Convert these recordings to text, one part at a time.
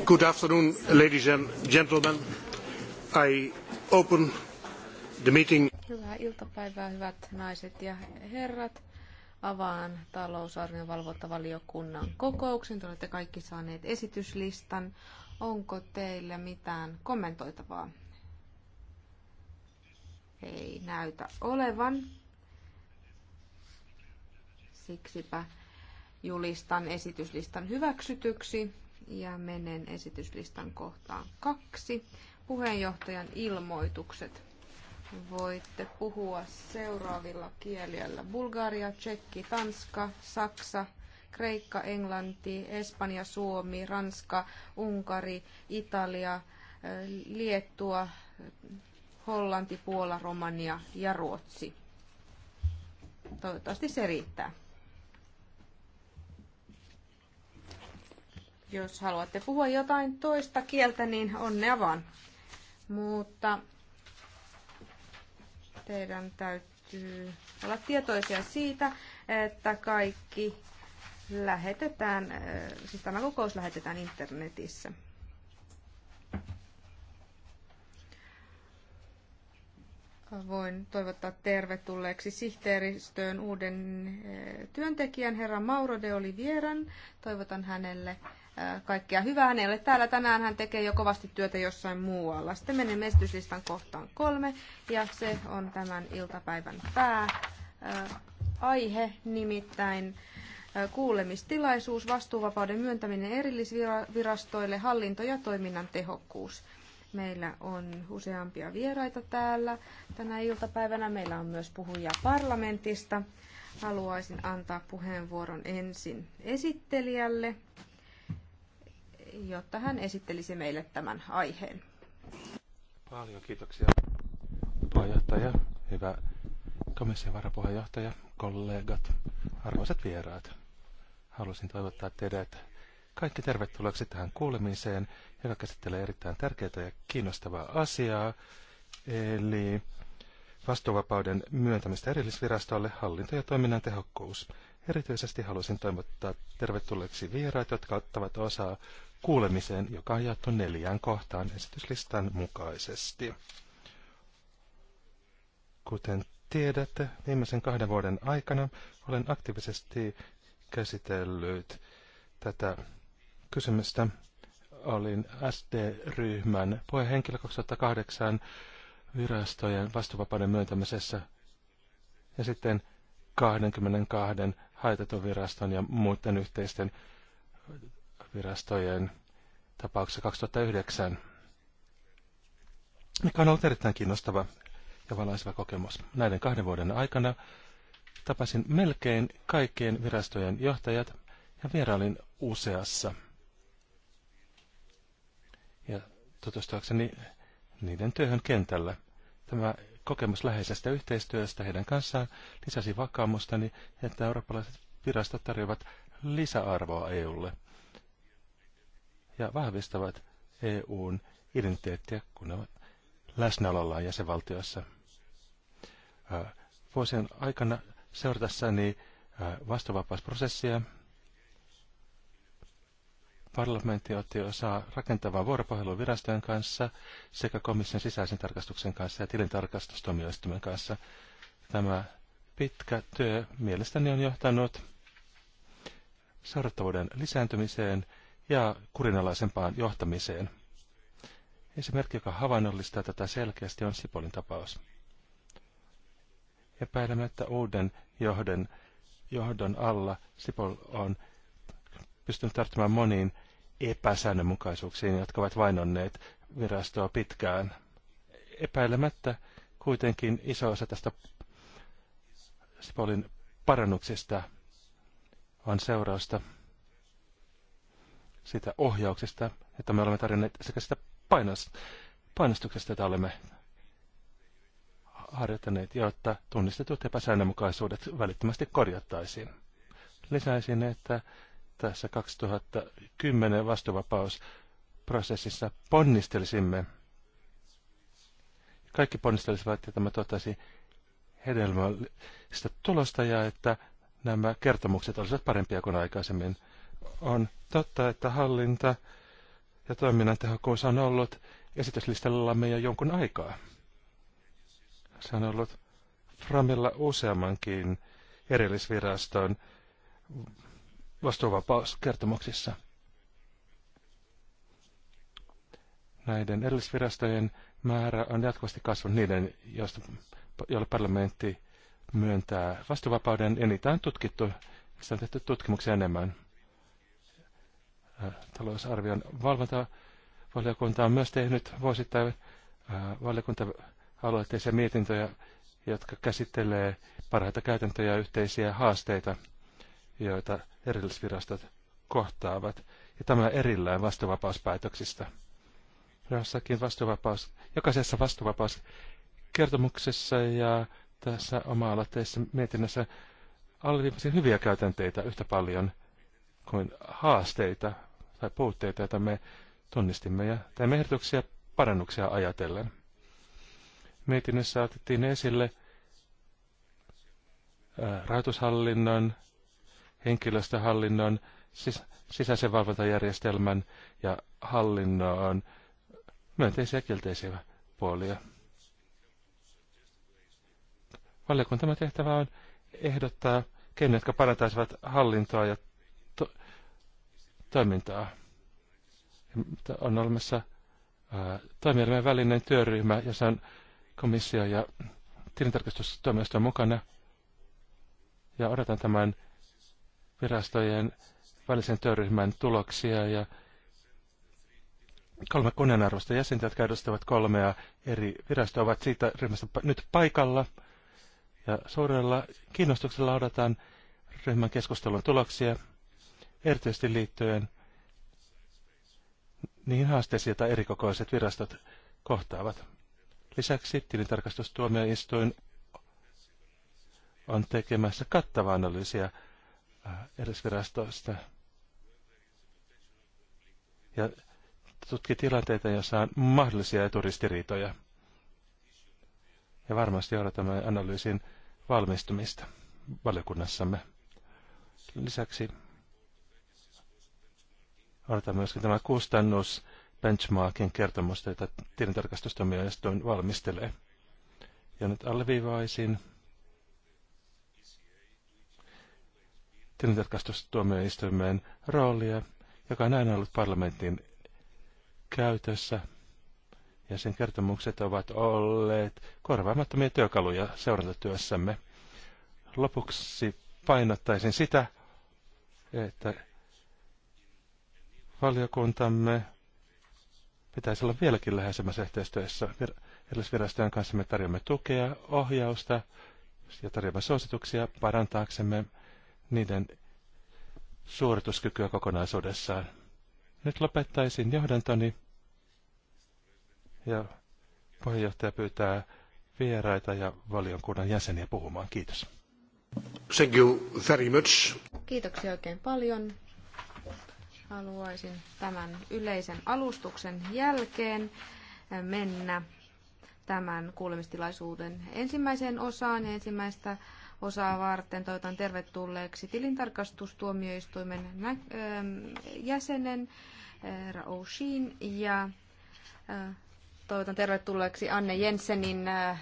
Good afternoon, ladies and gentlemen. I open the meeting. Hyvää iltapäivää, hyvät naiset ja herrat. Avaan talousarvion valvontavaliokunnan kokouksen. Te olette kaikki saaneet esityslistan. Onko teillä mitään kommentoitavaa? Ei näytä olevan. Siksipä julistan esityslistan hyväksytyksi ja menen esityslistan kohtaan kaksi. Puheenjohtajan ilmoitukset. Voitte puhua seuraavilla kielillä. Bulgaria, Tsekki, Tanska, Saksa, Kreikka, Englanti, Espanja, Suomi, Ranska, Unkari, Italia, eh, Liettua, Hollanti, Puola, Romania ja Ruotsi. Toivottavasti se riittää. Jos haluatte puhua jotain toista kieltä, niin onnea vaan. Mutta teidän täytyy olla tietoisia siitä, että kaikki lähetetään, äh, siis tämä kokous lähetetään internetissä. Voin toivottaa tervetulleeksi sihteeristöön uuden äh, työntekijän, herra Mauro de Olivieran. Toivotan hänelle kaikkea hyvää hänelle täällä. Tänään hän tekee jo kovasti työtä jossain muualla. Sitten menemme esityslistan kohtaan kolme ja se on tämän iltapäivän pää. Aihe nimittäin kuulemistilaisuus, vastuuvapauden myöntäminen erillisvirastoille, hallinto ja toiminnan tehokkuus. Meillä on useampia vieraita täällä tänä iltapäivänä. Meillä on myös puhuja parlamentista. Haluaisin antaa puheenvuoron ensin esittelijälle, jotta hän esittelisi meille tämän aiheen. Paljon kiitoksia puheenjohtaja, hyvä komission varapuheenjohtaja, kollegat, arvoisat vieraat. Haluaisin toivottaa teidät kaikki tervetulleeksi tähän kuulemiseen, joka käsittelee erittäin tärkeää ja kiinnostavaa asiaa, eli vastuuvapauden myöntämistä erillisvirastolle hallinto- ja toiminnan tehokkuus. Erityisesti haluaisin toivottaa tervetulleeksi vieraat, jotka ottavat osaa kuulemiseen, joka on jaettu neljään kohtaan esityslistan mukaisesti. Kuten tiedätte, viimeisen kahden vuoden aikana olen aktiivisesti käsitellyt tätä kysymystä. Olin SD-ryhmän puheenhenkilö 2008 virastojen vastuvapauden myöntämisessä ja sitten 22 haitetun viraston ja muiden yhteisten virastojen tapauksessa 2009, mikä on ollut erittäin kiinnostava ja valaiseva kokemus. Näiden kahden vuoden aikana tapasin melkein kaikkien virastojen johtajat ja vierailin useassa. Ja tutustuakseni niiden työhön kentällä. Tämä kokemus läheisestä yhteistyöstä heidän kanssaan lisäsi vakaumustani, että eurooppalaiset virastot tarjoavat lisäarvoa EUlle ja vahvistavat EUn identiteettiä, kun ne läsnäolollaan jäsenvaltioissa. Vuosien aikana seuratessani vastuvapausprosessia parlamentti otti osaa rakentavaan vuoropuheluun virastojen kanssa sekä komission sisäisen tarkastuksen kanssa ja tilintarkastustuomioistuimen kanssa. Tämä pitkä työ mielestäni on johtanut seurattavuuden lisääntymiseen ja kurinalaisempaan johtamiseen. Esimerkki, joka havainnollistaa tätä selkeästi, on Sipolin tapaus. Epäilemättä uuden johdon, johdon alla Sipol on pystynyt tarttumaan moniin epäsäännönmukaisuuksiin, jotka ovat vainonneet virastoa pitkään. Epäilemättä kuitenkin iso osa tästä Sipolin parannuksesta on seurausta siitä ohjauksesta, että me olemme tarjonneet, sekä sitä painostuksesta, jota olemme harjoittaneet, jotta tunnistetut epäsäännönmukaisuudet välittömästi korjattaisiin. Lisäisin, että tässä 2010 vastuvapausprosessissa ponnistelisimme. Kaikki ponnistelisivat, että tämä tuottaisi hedelmällistä tulosta ja että nämä kertomukset olisivat parempia kuin aikaisemmin – on totta, että hallinta ja toiminnan tehokkuus on ollut esityslistallamme jo jonkun aikaa. Se on ollut Framilla useammankin erillisviraston vastuuvapauskertomuksissa. Näiden erillisvirastojen määrä on jatkuvasti kasvanut niiden, joille parlamentti myöntää vastuuvapauden. Eniten on tutkittu, sitä on tehty tutkimuksia enemmän talousarvion valvonta Valiokunta on myös tehnyt vuosittain äh, valiokunta-aloitteisia mietintöjä, jotka käsittelee parhaita käytäntöjä ja yhteisiä haasteita, joita erillisvirastot kohtaavat, ja tämä erillään vastuvapauspäätöksistä. Jossakin vastuvapaus, jokaisessa vastuvapauskertomuksessa ja tässä oma-aloitteessa mietinnässä alleviivasin hyviä käytänteitä yhtä paljon kuin haasteita tai puutteita, joita me tunnistimme ja teemme ehdotuksia parannuksia ajatellen. Mietinnössä otettiin esille rahoitushallinnon, henkilöstöhallinnon, sis- sisäisen valvontajärjestelmän ja hallinnon myönteisiä ja kielteisiä puolia. Valiokuntamme tehtävä on ehdottaa keinoja, jotka parantaisivat hallintoa ja toimintaa. On olemassa toimielimen välinen työryhmä, jossa on komissio ja tilintarkastustoimisto mukana. Ja odotan tämän virastojen välisen työryhmän tuloksia ja kolme kunnianarvoista jäsentä, jotka edustavat kolmea eri virastoa, ovat siitä ryhmästä nyt paikalla. Ja suurella kiinnostuksella odotan ryhmän keskustelun tuloksia erityisesti liittyen niihin haasteisiin, joita erikokoiset virastot kohtaavat. Lisäksi tilintarkastustuomioistuin on tekemässä kattavaa analyysiä äh, erisvirastoista ja tutki tilanteita, joissa on mahdollisia turistiriitoja. Ja varmasti odotamme analyysin valmistumista valiokunnassamme. Lisäksi Odotan myöskin tämä kustannus benchmarkin kertomusta, jota tilintarkastustoimijoistuin valmistelee. Ja nyt alleviivaisin. Tilintarkastustuomioistuimen roolia, joka on aina ollut parlamentin käytössä. Ja sen kertomukset ovat olleet korvaamattomia työkaluja seurantatyössämme. Lopuksi painottaisin sitä, että valiokuntamme pitäisi olla vieläkin läheisemmässä yhteistyössä erillisvirastojen kanssa. Me tarjoamme tukea, ohjausta ja tarjoamme suosituksia parantaaksemme niiden suorituskykyä kokonaisuudessaan. Nyt lopettaisin johdantoni ja puheenjohtaja pyytää vieraita ja valiokunnan jäseniä puhumaan. Kiitos. Thank you very much. Kiitoksia oikein paljon. Haluaisin tämän yleisen alustuksen jälkeen mennä tämän kuulemistilaisuuden ensimmäiseen osaan ja ensimmäistä osaa varten toivotan tervetulleeksi tilintarkastustuomioistuimen nä- ähm, jäsenen Herra äh, O'Sheen ja äh, toivotan tervetulleeksi Anne Jensenin äh,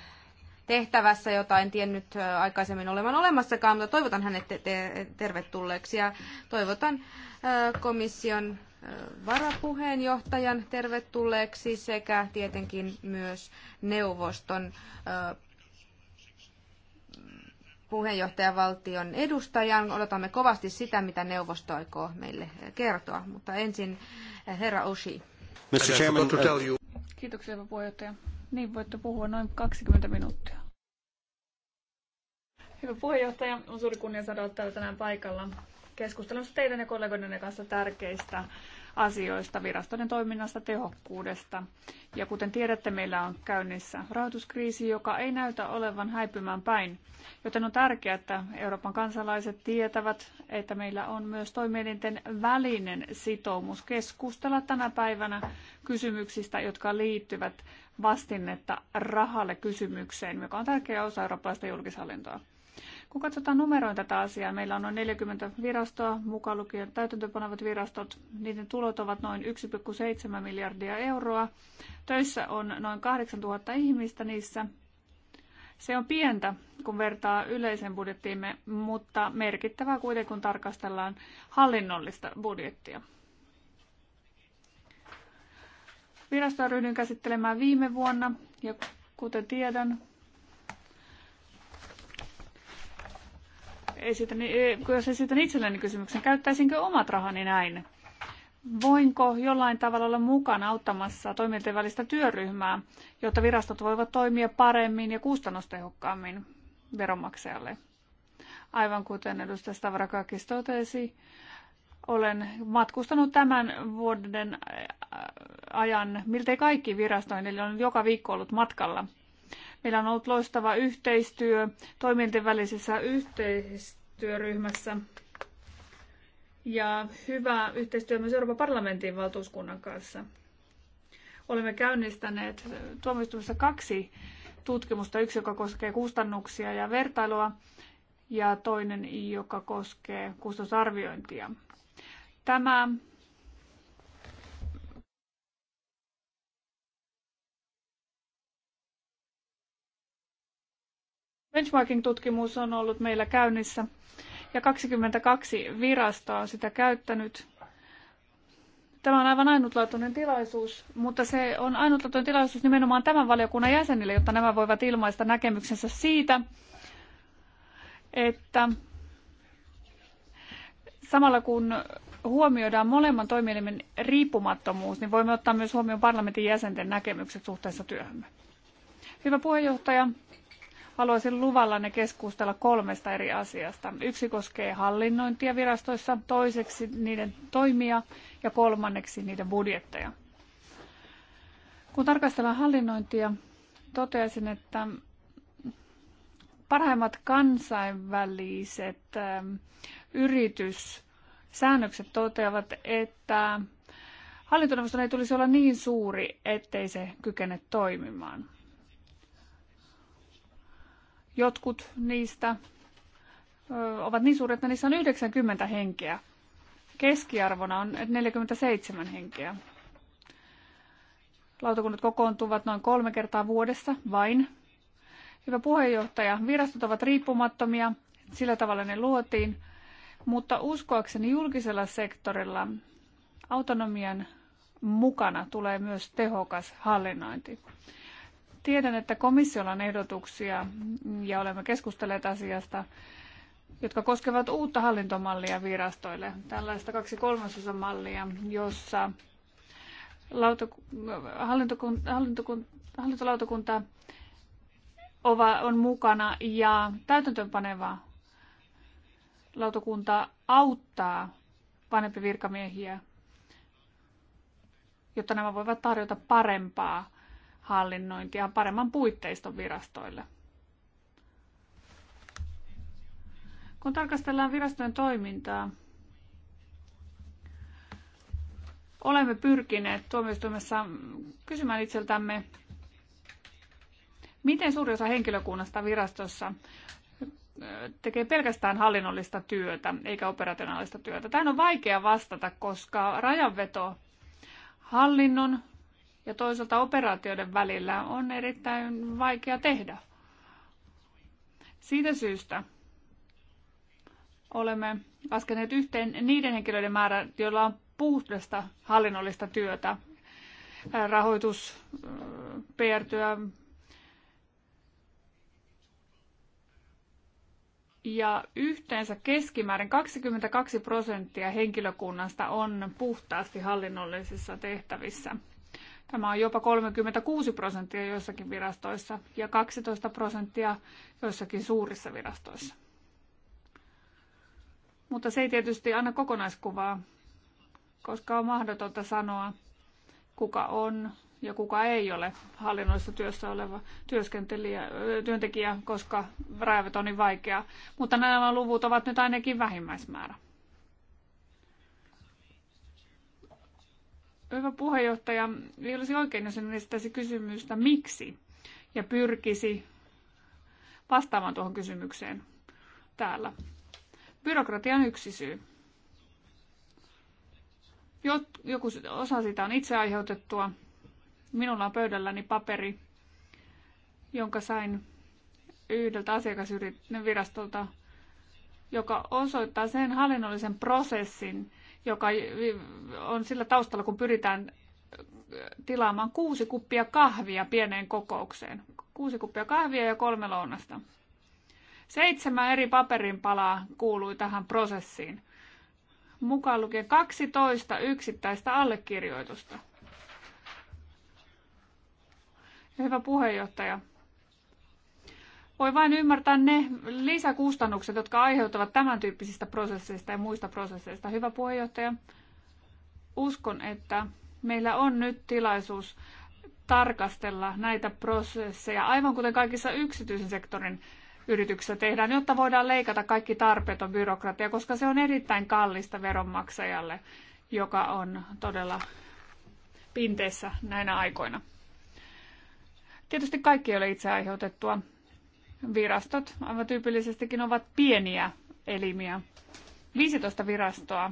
tehtävässä, jota en tiennyt aikaisemmin olevan olemassakaan, mutta toivotan hänet te- te- tervetulleeksi ja toivotan komission varapuheenjohtajan tervetulleeksi sekä tietenkin myös neuvoston puheenjohtajavaltion edustajan. Odotamme kovasti sitä, mitä neuvosto aikoo meille kertoa, mutta ensin herra Oshi. Mr. Chairman, uh, Kiitoksia, puheenjohtaja. Niin voitte puhua noin 20 minuuttia. Hyvä puheenjohtaja, on suuri kunnia saada olla täällä tänään paikalla keskustelussa teidän ja kollegoidenne kanssa tärkeistä asioista, virastojen toiminnasta, tehokkuudesta. Ja kuten tiedätte, meillä on käynnissä rahoituskriisi, joka ei näytä olevan häipymään päin. Joten on tärkeää, että Euroopan kansalaiset tietävät, että meillä on myös toimielinten välinen sitoumus keskustella tänä päivänä kysymyksistä, jotka liittyvät vastinnetta rahalle kysymykseen, joka on tärkeä osa eurooppalaista julkishallintoa. Kun katsotaan numeroin tätä asiaa, meillä on noin 40 virastoa, mukaan lukien täytäntöpanevat virastot. Niiden tulot ovat noin 1,7 miljardia euroa. Töissä on noin 8000 ihmistä niissä. Se on pientä, kun vertaa yleisen budjettiimme, mutta merkittävää kuitenkin, kun tarkastellaan hallinnollista budjettia. Virastoa ryhdyin käsittelemään viime vuonna ja kuten tiedän, esitän, eh, jos esitän itselleni kysymyksen, käyttäisinkö omat rahani näin? Voinko jollain tavalla olla mukana auttamassa toimijoiden välistä työryhmää, jotta virastot voivat toimia paremmin ja kustannustehokkaammin veronmaksajalle? Aivan kuten edustaja Stavrakakis totesi, olen matkustanut tämän vuoden eh, ajan miltei kaikki virastoihin, eli olen joka viikko ollut matkalla – Meillä on ollut loistava yhteistyö toimijoiden välisessä yhteistyöryhmässä ja hyvä yhteistyö myös Euroopan parlamentin valtuuskunnan kanssa. Olemme käynnistäneet tuomioistuimessa kaksi tutkimusta, yksi joka koskee kustannuksia ja vertailua ja toinen, joka koskee kustannusarviointia. Tämä Benchmarking-tutkimus on ollut meillä käynnissä ja 22 virastoa on sitä käyttänyt. Tämä on aivan ainutlaatuinen tilaisuus, mutta se on ainutlaatuinen tilaisuus nimenomaan tämän valiokunnan jäsenille, jotta nämä voivat ilmaista näkemyksensä siitä, että samalla kun huomioidaan molemman toimielimen riippumattomuus, niin voimme ottaa myös huomioon parlamentin jäsenten näkemykset suhteessa työhömme. Hyvä puheenjohtaja, haluaisin luvallanne keskustella kolmesta eri asiasta. Yksi koskee hallinnointia virastoissa, toiseksi niiden toimia ja kolmanneksi niiden budjetteja. Kun tarkastellaan hallinnointia, toteaisin, että parhaimmat kansainväliset ähm, yrityssäännökset toteavat, että hallintoneuvoston ei tulisi olla niin suuri, ettei se kykene toimimaan. Jotkut niistä ovat niin suuret, että niissä on 90 henkeä. Keskiarvona on 47 henkeä. Lautakunnat kokoontuvat noin kolme kertaa vuodessa vain. Hyvä puheenjohtaja, virastot ovat riippumattomia, sillä tavalla ne luotiin, mutta uskoakseni julkisella sektorilla autonomian mukana tulee myös tehokas hallinnointi. Tiedän, että komissiolla on ehdotuksia ja olemme keskustelleet asiasta, jotka koskevat uutta hallintomallia virastoille, tällaista kaksi kolmasosa mallia, jossa hallintolautakunta on mukana ja täytäntöönpaneva lautakunta auttaa vanhempi virkamiehiä, jotta nämä voivat tarjota parempaa hallinnointia, paremman puitteiston virastoille. Kun tarkastellaan virastojen toimintaa, olemme pyrkineet tuomioistuimessa kysymään itseltämme, miten suuri osa henkilökunnasta virastossa tekee pelkästään hallinnollista työtä eikä operationaalista työtä. Tähän on vaikea vastata, koska rajanveto hallinnon ja toisaalta operaatioiden välillä on erittäin vaikea tehdä. Siitä syystä olemme laskeneet yhteen niiden henkilöiden määrän, joilla on puhdasta hallinnollista työtä, rahoitus, PR-työ ja yhteensä keskimäärin 22 prosenttia henkilökunnasta on puhtaasti hallinnollisissa tehtävissä – Tämä on jopa 36 prosenttia joissakin virastoissa ja 12 prosenttia joissakin suurissa virastoissa. Mutta se ei tietysti anna kokonaiskuvaa, koska on mahdotonta sanoa, kuka on ja kuka ei ole hallinnoissa työssä oleva työskentelijä, työntekijä, koska rajaveto on niin vaikea. Mutta nämä luvut ovat nyt ainakin vähimmäismäärä. Hyvä puheenjohtaja, ei olisi oikein, jos en esittäisi kysymystä miksi ja pyrkisi vastaamaan tuohon kysymykseen täällä. Byrokratia on yksi syy. Joku osa sitä on itse aiheutettua. Minulla on pöydälläni paperi, jonka sain yhdeltä asiakasvirastolta, joka osoittaa sen hallinnollisen prosessin, joka on sillä taustalla, kun pyritään tilaamaan kuusi kuppia kahvia pieneen kokoukseen. Kuusi kuppia kahvia ja kolme lounasta. Seitsemän eri paperin palaa kuului tähän prosessiin. Mukaan lukee 12 yksittäistä allekirjoitusta. Hyvä puheenjohtaja, voi vain ymmärtää ne lisäkustannukset, jotka aiheutuvat tämän tyyppisistä prosesseista ja muista prosesseista. Hyvä puheenjohtaja, uskon, että meillä on nyt tilaisuus tarkastella näitä prosesseja, aivan kuten kaikissa yksityisen sektorin yrityksissä tehdään, jotta voidaan leikata kaikki tarpeeton byrokratia, koska se on erittäin kallista veronmaksajalle, joka on todella pinteessä näinä aikoina. Tietysti kaikki ei ole itse aiheutettua. Virastot aivan tyypillisestikin ovat pieniä elimiä. 15 virastoa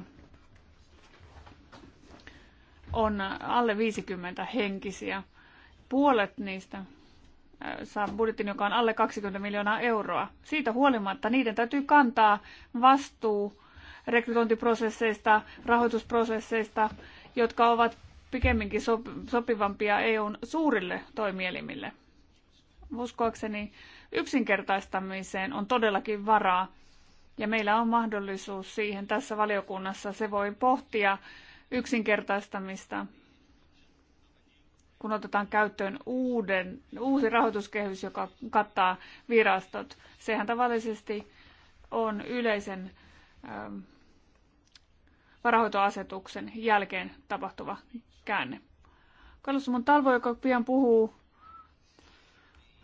on alle 50 henkisiä. Puolet niistä äh, saa budjetin, joka on alle 20 miljoonaa euroa. Siitä huolimatta niiden täytyy kantaa vastuu rekrytointiprosesseista, rahoitusprosesseista, jotka ovat pikemminkin sopivampia EUn suurille toimielimille. Uskoakseni yksinkertaistamiseen on todellakin varaa. Ja meillä on mahdollisuus siihen tässä valiokunnassa. Se voi pohtia yksinkertaistamista, kun otetaan käyttöön uuden, uusi rahoituskehys, joka kattaa virastot. Sehän tavallisesti on yleisen ähm, varahoitoasetuksen jälkeen tapahtuva käänne. mun talvo, joka pian puhuu,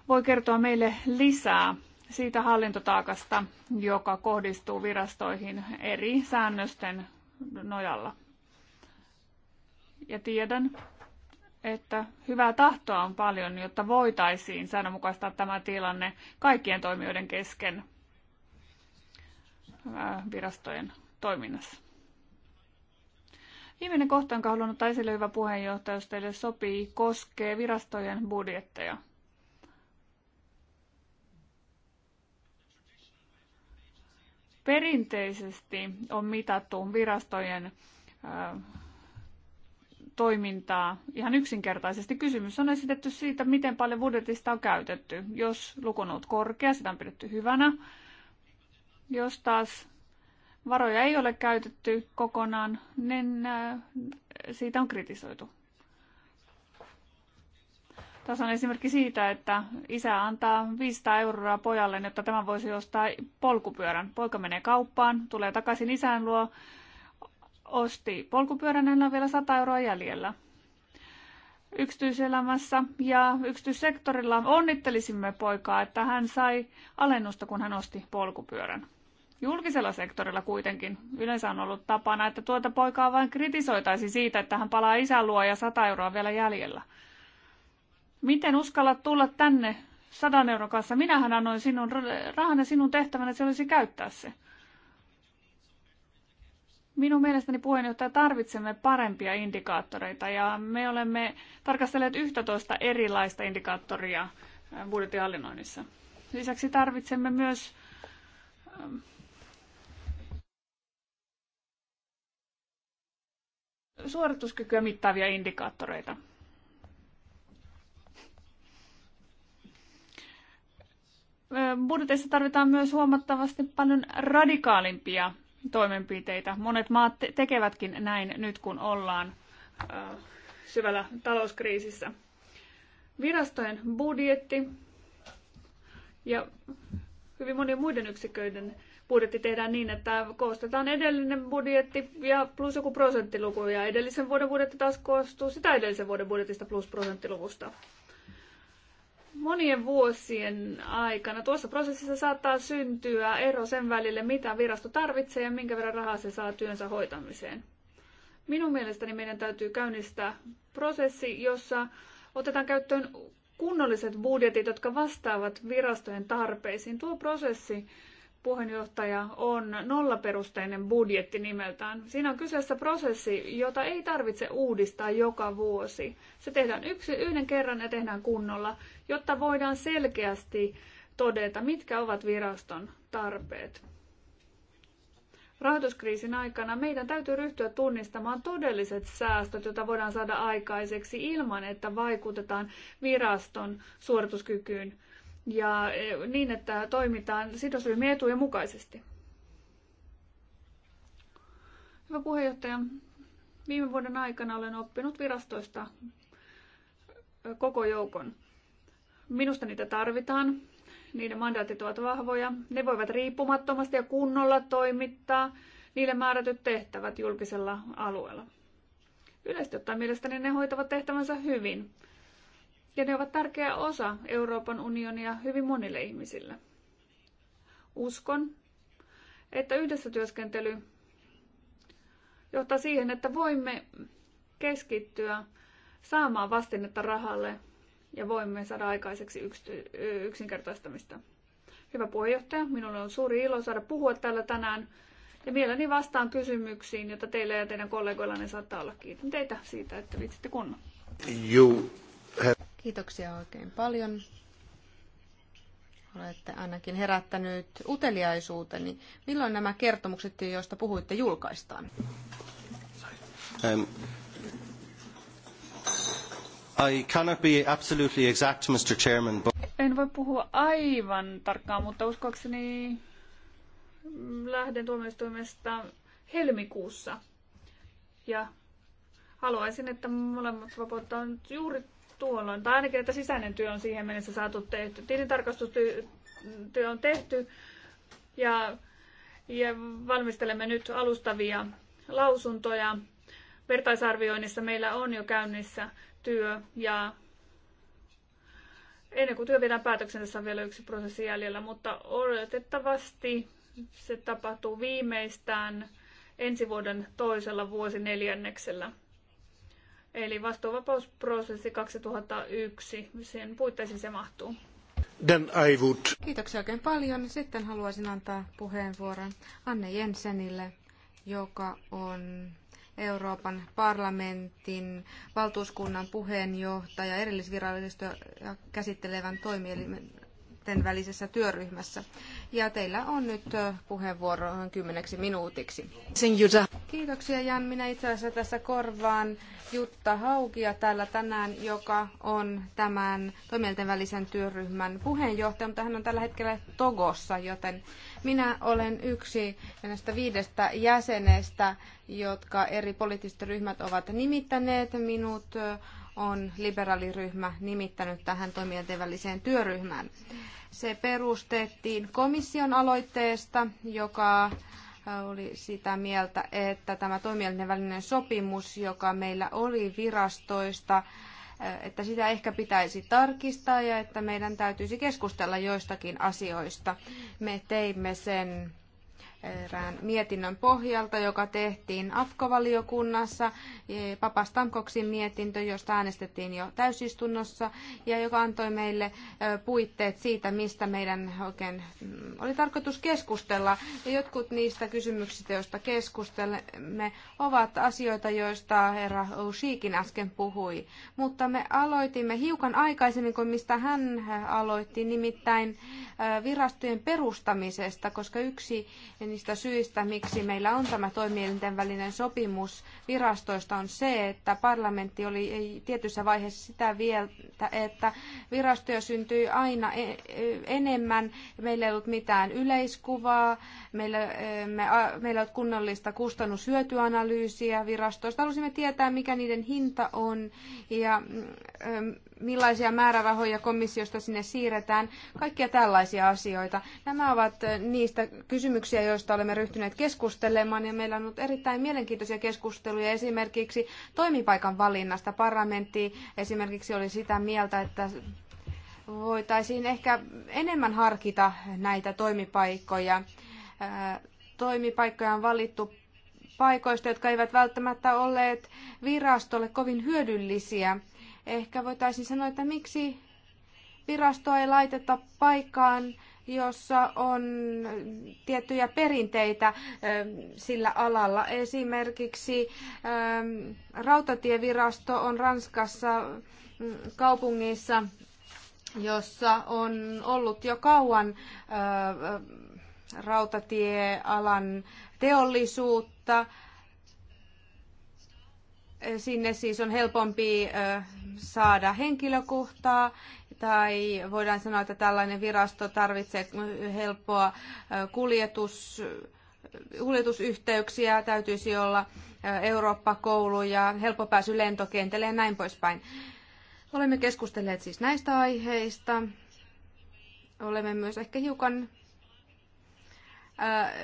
voi kertoa meille lisää siitä hallintotaakasta, joka kohdistuu virastoihin eri säännösten nojalla. Ja tiedän, että hyvää tahtoa on paljon, jotta voitaisiin säännönmukaistaa tämä tilanne kaikkien toimijoiden kesken virastojen toiminnassa. Viimeinen kohta, jonka haluan ottaa esille, hyvä puheenjohtaja, jos teille sopii, koskee virastojen budjetteja. Perinteisesti on mitattu virastojen toimintaa. Ihan yksinkertaisesti kysymys on esitetty siitä, miten paljon budjetista on käytetty. Jos luku on ollut korkea, sitä on pidetty hyvänä. Jos taas varoja ei ole käytetty kokonaan, niin siitä on kritisoitu. Tässä on esimerkki siitä, että isä antaa 500 euroa pojalle, jotta tämä voisi ostaa polkupyörän. Poika menee kauppaan, tulee takaisin isän luo, osti polkupyörän, hänellä on vielä 100 euroa jäljellä. Yksityiselämässä ja yksityissektorilla onnittelisimme poikaa, että hän sai alennusta, kun hän osti polkupyörän. Julkisella sektorilla kuitenkin yleensä on ollut tapana, että tuota poikaa vain kritisoitaisi siitä, että hän palaa isän luo ja 100 euroa vielä jäljellä. Miten uskallat tulla tänne sadan euron kanssa? Minähän annoin sinun rahan ja sinun tehtävänä se olisi käyttää se. Minun mielestäni puheenjohtaja tarvitsemme parempia indikaattoreita ja me olemme tarkastelleet 11 erilaista indikaattoria äh, budjettihallinnoinnissa. Lisäksi tarvitsemme myös ähm, suorituskykyä mittaavia indikaattoreita. Budjetissa tarvitaan myös huomattavasti paljon radikaalimpia toimenpiteitä. Monet maat tekevätkin näin nyt, kun ollaan syvällä talouskriisissä. Virastojen budjetti ja hyvin monien muiden yksiköiden budjetti tehdään niin, että koostetaan edellinen budjetti ja plus joku prosenttiluku ja edellisen vuoden budjetti taas koostuu sitä edellisen vuoden budjetista plus prosenttiluvusta monien vuosien aikana tuossa prosessissa saattaa syntyä ero sen välille, mitä virasto tarvitsee ja minkä verran rahaa se saa työnsä hoitamiseen. Minun mielestäni meidän täytyy käynnistää prosessi, jossa otetaan käyttöön kunnolliset budjetit, jotka vastaavat virastojen tarpeisiin. Tuo prosessi puheenjohtaja on nollaperusteinen budjetti nimeltään. Siinä on kyseessä prosessi, jota ei tarvitse uudistaa joka vuosi. Se tehdään yksi, yhden kerran ja tehdään kunnolla jotta voidaan selkeästi todeta, mitkä ovat viraston tarpeet. Rahoituskriisin aikana meidän täytyy ryhtyä tunnistamaan todelliset säästöt, joita voidaan saada aikaiseksi ilman, että vaikutetaan viraston suorituskykyyn ja e, niin, että toimitaan sidosryhmien etujen mukaisesti. Hyvä puheenjohtaja, viime vuoden aikana olen oppinut virastoista koko joukon. Minusta niitä tarvitaan. Niiden mandaatit ovat vahvoja. Ne voivat riippumattomasti ja kunnolla toimittaa niille määrätyt tehtävät julkisella alueella. Yleisesti ottaen mielestäni ne hoitavat tehtävänsä hyvin. Ja ne ovat tärkeä osa Euroopan unionia hyvin monille ihmisille. Uskon, että yhdessä työskentely johtaa siihen, että voimme keskittyä saamaan vastinetta rahalle ja voimme saada aikaiseksi yksity- yksinkertaistamista. Hyvä puheenjohtaja, minulle on suuri ilo saada puhua täällä tänään ja mielelläni vastaan kysymyksiin, joita teillä ja teidän kollegoillanne saattaa olla. Kiitän teitä siitä, että viitsitte kunnon. Kiitoksia oikein paljon. Olette ainakin herättänyt uteliaisuuteni. Milloin nämä kertomukset, joista puhuitte, julkaistaan? Um, I cannot be absolutely exact, Mr. Chairman, but... En voi puhua aivan tarkkaan, mutta uskoakseni lähden tuomioistuimesta helmikuussa. Ja haluaisin, että molemmat vapauttaa nyt juuri tuolloin, tai ainakin, että sisäinen työ on siihen mennessä saatu tehty. Tilintarkastustyö on tehty ja, ja valmistelemme nyt alustavia lausuntoja. Vertaisarvioinnissa meillä on jo käynnissä työ ja ennen kuin työ viedään päätöksen, tässä on vielä yksi prosessi jäljellä, mutta oletettavasti se tapahtuu viimeistään ensi vuoden toisella vuosineljänneksellä. Eli vastuuvapausprosessi 2001, sen puitteisiin se mahtuu. Then I would. Kiitoksia oikein paljon. Sitten haluaisin antaa puheenvuoron Anne Jensenille, joka on Euroopan parlamentin valtuuskunnan puheenjohtaja erillisvirallista käsittelevän toimielimen sitten välisessä työryhmässä. Ja teillä on nyt puheenvuoro kymmeneksi minuutiksi. Kiitoksia Jan. Minä itse asiassa tässä korvaan Jutta Haukia täällä tänään, joka on tämän toimielten välisen työryhmän puheenjohtaja, mutta hän on tällä hetkellä Togossa, joten minä olen yksi näistä viidestä jäsenestä, jotka eri poliittiset ryhmät ovat nimittäneet minut on liberaaliryhmä nimittänyt tähän toimijoiden väliseen työryhmään. Se perustettiin komission aloitteesta, joka äh, oli sitä mieltä, että tämä toimijoiden välinen sopimus, joka meillä oli virastoista, äh, että sitä ehkä pitäisi tarkistaa ja että meidän täytyisi keskustella joistakin asioista. Me teimme sen erään mietinnön pohjalta, joka tehtiin AFKO-valiokunnassa, e, Papastamkoksin mietintö, josta äänestettiin jo täysistunnossa, ja joka antoi meille e, puitteet siitä, mistä meidän oikein mm, oli tarkoitus keskustella. Ja jotkut niistä kysymyksistä, joista keskustelemme, ovat asioita, joista herra Ushikin äsken puhui. Mutta me aloitimme hiukan aikaisemmin kuin mistä hän e, aloitti, nimittäin virastojen perustamisesta, koska yksi niistä syistä, miksi meillä on tämä toimielinten välinen sopimus virastoista, on se, että parlamentti oli tietyssä vaiheessa sitä vielä, että virastoja syntyi aina e- enemmän. Meillä ei ollut mitään yleiskuvaa, meillä, e- me, meillä ei ollut kunnollista kustannushyötyanalyysiä virastoista. Halusimme tietää, mikä niiden hinta on ja mm, millaisia määrärahoja komissiosta sinne siirretään, kaikkia tällaisia asioita. Nämä ovat eh, niistä kysymyksiä, joista olemme ryhtyneet keskustelemaan ja meillä on ollut erittäin mielenkiintoisia keskusteluja esimerkiksi toimipaikan valinnasta. Parlamentti esimerkiksi oli sitä mieltä, että voitaisiin ehkä enemmän harkita näitä toimipaikkoja. Eh, toimipaikkoja on valittu paikoista, jotka eivät välttämättä olleet virastolle kovin hyödyllisiä Ehkä voitaisiin sanoa, että miksi virastoa ei laiteta paikkaan, jossa on tiettyjä perinteitä ähm, sillä alalla. Esimerkiksi ähm, rautatievirasto on Ranskassa mm, kaupungissa, jossa on ollut jo kauan äh, rautatiealan teollisuutta. Sinne siis on helpompi äh, saada henkilökohtaa tai voidaan sanoa, että tällainen virasto tarvitsee helppoa kuljetus, kuljetusyhteyksiä, täytyisi olla eurooppa ja helppo pääsy lentokentälle ja näin poispäin. Olemme keskustelleet siis näistä aiheista. Olemme myös ehkä hiukan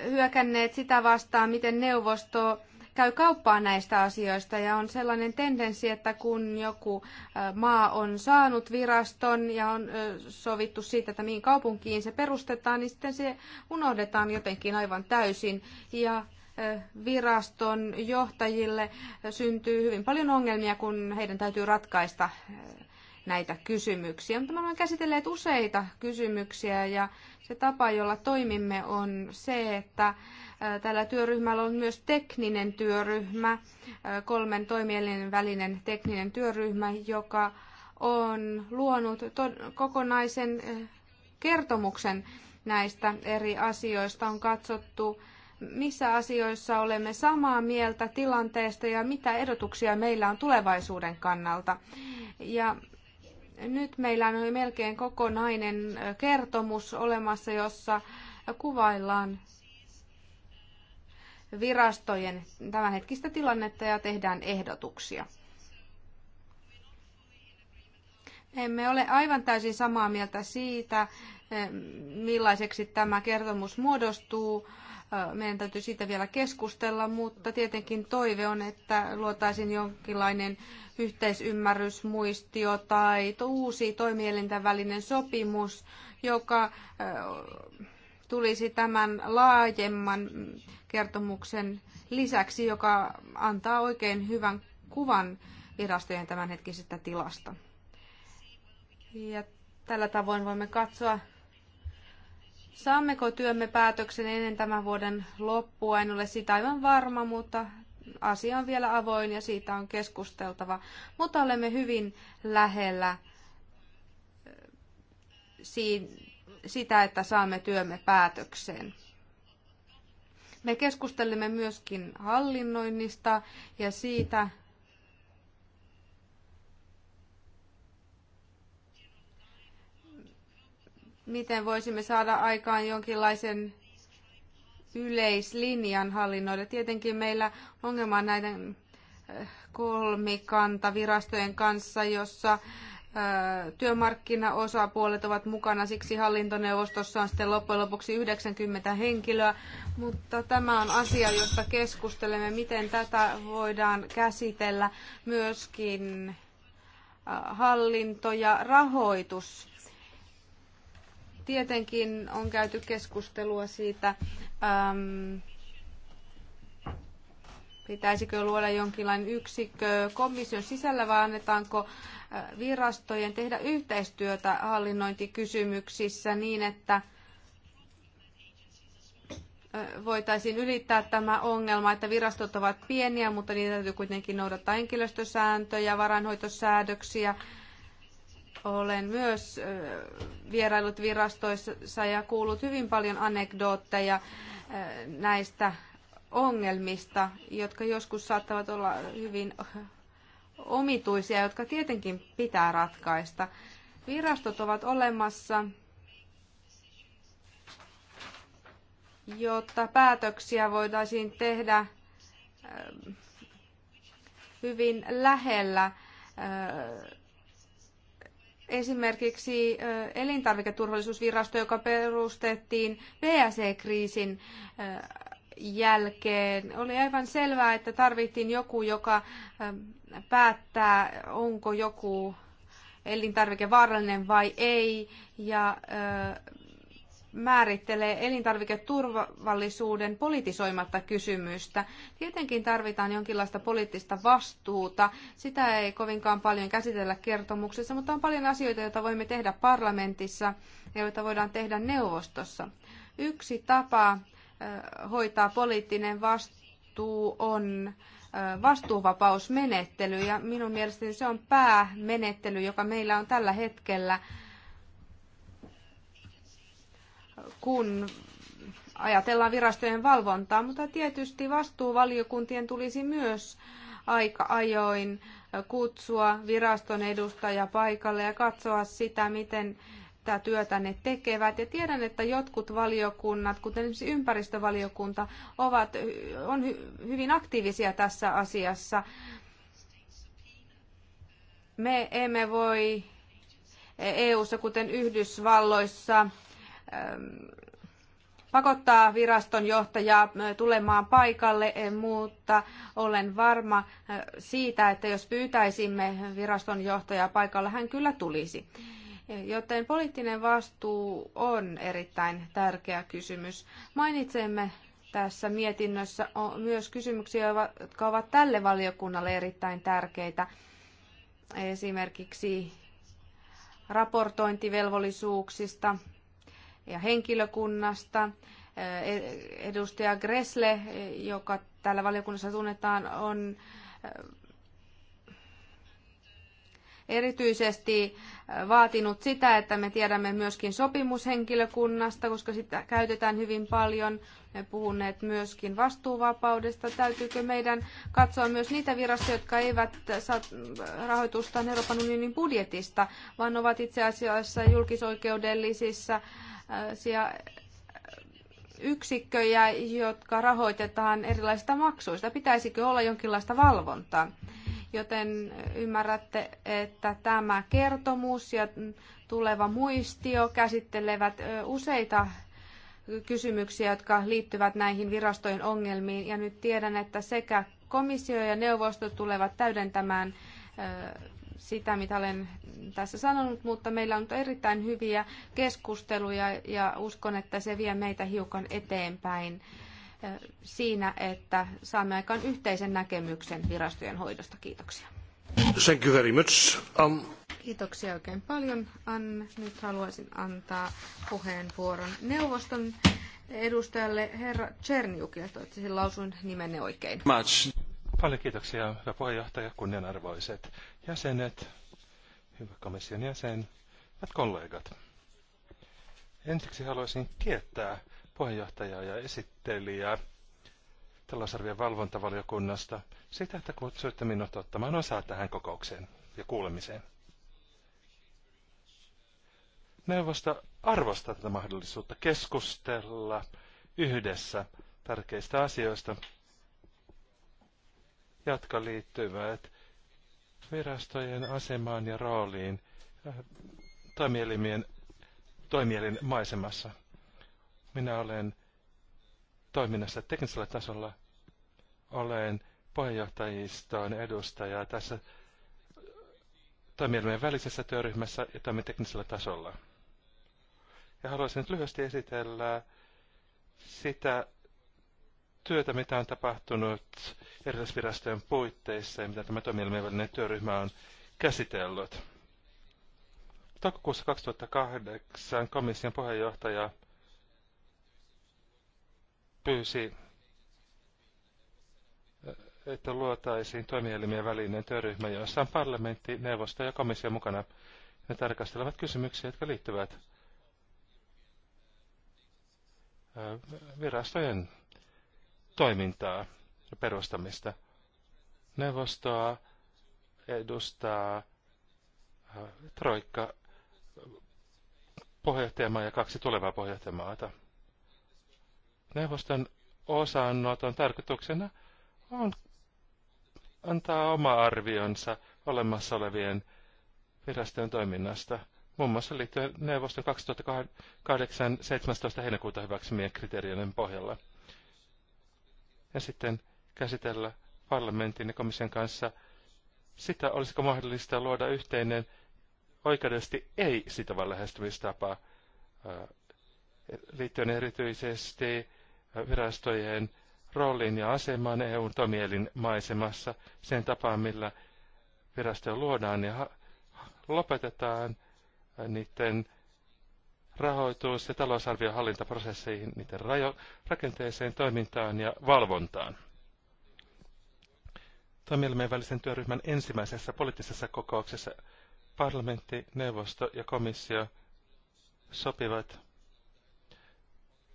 hyökänneet sitä vastaan, miten neuvosto käy kauppaa näistä asioista ja on sellainen tendenssi, että kun joku maa on saanut viraston ja on sovittu siitä, että mihin kaupunkiin se perustetaan, niin sitten se unohdetaan jotenkin aivan täysin ja viraston johtajille syntyy hyvin paljon ongelmia, kun heidän täytyy ratkaista näitä kysymyksiä. Mutta me olemme käsitelleet useita kysymyksiä ja se tapa, jolla toimimme, on se, että Tällä työryhmällä on myös tekninen työryhmä, kolmen toimielinen välinen tekninen työryhmä, joka on luonut kokonaisen kertomuksen näistä eri asioista. On katsottu, missä asioissa olemme samaa mieltä tilanteesta ja mitä ehdotuksia meillä on tulevaisuuden kannalta. Ja nyt meillä on melkein kokonainen kertomus olemassa, jossa kuvaillaan virastojen tämänhetkistä tilannetta ja tehdään ehdotuksia. Emme ole aivan täysin samaa mieltä siitä, eh, millaiseksi tämä kertomus muodostuu. Eh, meidän täytyy siitä vielä keskustella, mutta tietenkin toive on, että luotaisiin jonkinlainen yhteisymmärrysmuistio tai uusi toimielintävälinen sopimus, joka eh, tulisi tämän laajemman kertomuksen lisäksi, joka antaa oikein hyvän kuvan virastojen tämänhetkisestä tilasta. Ja tällä tavoin voimme katsoa, saammeko työmme päätöksen ennen tämän vuoden loppua. En ole sitä aivan varma, mutta asia on vielä avoin ja siitä on keskusteltava. Mutta olemme hyvin lähellä siinä sitä, että saamme työmme päätökseen. Me keskustelimme myöskin hallinnoinnista ja siitä, miten voisimme saada aikaan jonkinlaisen yleislinjan hallinnoida. Tietenkin meillä ongelma on näiden kolmikantavirastojen kanssa, jossa työmarkkinaosapuolet ovat mukana, siksi hallintoneuvostossa on sitten loppujen lopuksi 90 henkilöä, mutta tämä on asia, josta keskustelemme, miten tätä voidaan käsitellä myöskin hallinto ja rahoitus. Tietenkin on käyty keskustelua siitä, pitäisikö luoda jonkinlainen yksikkö komission sisällä vai annetaanko virastojen tehdä yhteistyötä hallinnointikysymyksissä niin, että voitaisiin ylittää tämä ongelma, että virastot ovat pieniä, mutta niitä täytyy kuitenkin noudattaa henkilöstösääntöjä, varainhoitosäädöksiä. Olen myös vierailut virastoissa ja kuullut hyvin paljon anekdootteja näistä ongelmista, jotka joskus saattavat olla hyvin omituisia, jotka tietenkin pitää ratkaista. Virastot ovat olemassa, jotta päätöksiä voitaisiin tehdä hyvin lähellä esimerkiksi elintarviketurvallisuusvirasto, joka perustettiin PSE-kriisin jälkeen oli aivan selvää, että tarvittiin joku, joka ähm, päättää, onko joku elintarvike vaarallinen vai ei, ja äh, määrittelee elintarviketurvallisuuden politisoimatta kysymystä. Tietenkin tarvitaan jonkinlaista poliittista vastuuta. Sitä ei kovinkaan paljon käsitellä kertomuksessa, mutta on paljon asioita, joita voimme tehdä parlamentissa ja joita voidaan tehdä neuvostossa. Yksi tapa hoitaa poliittinen vastuu on vastuuvapausmenettely ja minun mielestäni se on päämenettely, joka meillä on tällä hetkellä, kun ajatellaan virastojen valvontaa, mutta tietysti vastuuvaliokuntien tulisi myös aika ajoin kutsua viraston edustaja paikalle ja katsoa sitä, miten tätä työtä ne tekevät. Ja tiedän, että jotkut valiokunnat, kuten esimerkiksi ympäristövaliokunta, ovat, on hy- hyvin aktiivisia tässä asiassa. Me emme voi EU-ssa, kuten Yhdysvalloissa, ähm, pakottaa viraston johtajaa äh, tulemaan paikalle, eh, mutta olen varma äh, siitä, että jos pyytäisimme viraston johtajaa paikalle, hän kyllä tulisi. Joten poliittinen vastuu on erittäin tärkeä kysymys. Mainitsemme tässä mietinnössä on myös kysymyksiä, jotka ovat tälle valiokunnalle erittäin tärkeitä. Esimerkiksi raportointivelvollisuuksista ja henkilökunnasta. E- edustaja Gresle, joka täällä valiokunnassa tunnetaan, on erityisesti äh, vaatinut sitä, että me tiedämme myöskin sopimushenkilökunnasta, koska sitä käytetään hyvin paljon. Me puhuneet myöskin vastuuvapaudesta. Täytyykö meidän katsoa myös niitä virastoja, jotka eivät saa äh, rahoitustaan Euroopan unionin budjetista, vaan ovat itse asiassa julkisoikeudellisissa äh, yksikköjä, jotka rahoitetaan erilaisista maksuista. Pitäisikö olla jonkinlaista valvontaa? joten ymmärrätte, että tämä kertomus ja tuleva muistio käsittelevät useita kysymyksiä, jotka liittyvät näihin virastojen ongelmiin. Ja nyt tiedän, että sekä komissio ja neuvosto tulevat täydentämään sitä, mitä olen tässä sanonut, mutta meillä on erittäin hyviä keskusteluja ja uskon, että se vie meitä hiukan eteenpäin siinä, että saamme aikaan yhteisen näkemyksen virastojen hoidosta. Kiitoksia. Thank you very much. Um... Kiitoksia oikein paljon, Anne. Nyt haluaisin antaa puheenvuoron neuvoston edustajalle herra Czerniukille. Toivottavasti lausun nimenne oikein. Much. Paljon kiitoksia, herra puheenjohtaja, kunnianarvoiset jäsenet, hyvä komission jäsen, hyvät kollegat. Ensiksi haluaisin kiittää puheenjohtajaa ja esittelijää talousarvion valvontavaliokunnasta sitä, että kutsuitte minut ottamaan osaa tähän kokoukseen ja kuulemiseen. Neuvosto arvostaa tätä mahdollisuutta keskustella yhdessä tärkeistä asioista, jotka liittyvät virastojen asemaan ja rooliin äh, toimielimien toimielin maisemassa. Minä olen toiminnassa teknisellä tasolla. Olen puheenjohtajiston edustaja tässä toimielimen välisessä työryhmässä ja toimin teknisellä tasolla. Ja haluaisin nyt lyhyesti esitellä sitä työtä, mitä on tapahtunut erilaisvirastojen puitteissa ja mitä tämä toimielimen välinen työryhmä on käsitellyt. Toukokuussa 2008 komission puheenjohtaja pyysi, että luotaisiin toimielimien välinen työryhmä, jossa on parlamentti, neuvosto ja komissio mukana. Ne tarkastelevat kysymyksiä, jotka liittyvät virastojen toimintaa ja perustamista. Neuvostoa edustaa Troikka puheenjohtajamaa ja kaksi tulevaa puheenjohtajamaata. Neuvoston osaannoton tarkoituksena on antaa oma arvionsa olemassa olevien virastojen toiminnasta, muun muassa liittyen neuvoston 2008 17. heinäkuuta hyväksymien kriteerien pohjalla. Ja sitten käsitellä parlamentin ja komission kanssa sitä, olisiko mahdollista luoda yhteinen oikeudellisesti ei sitova lähestymistapa liittyen erityisesti virastojen rooliin ja asemaan EUn tomielin maisemassa, sen tapaan, millä virastoja luodaan ja lopetetaan niiden rahoitus- ja talousarviohallintaprosesseihin, niiden rajo- rakenteeseen, toimintaan ja valvontaan. Toimielimen välisen työryhmän ensimmäisessä poliittisessa kokouksessa parlamentti, neuvosto ja komissio sopivat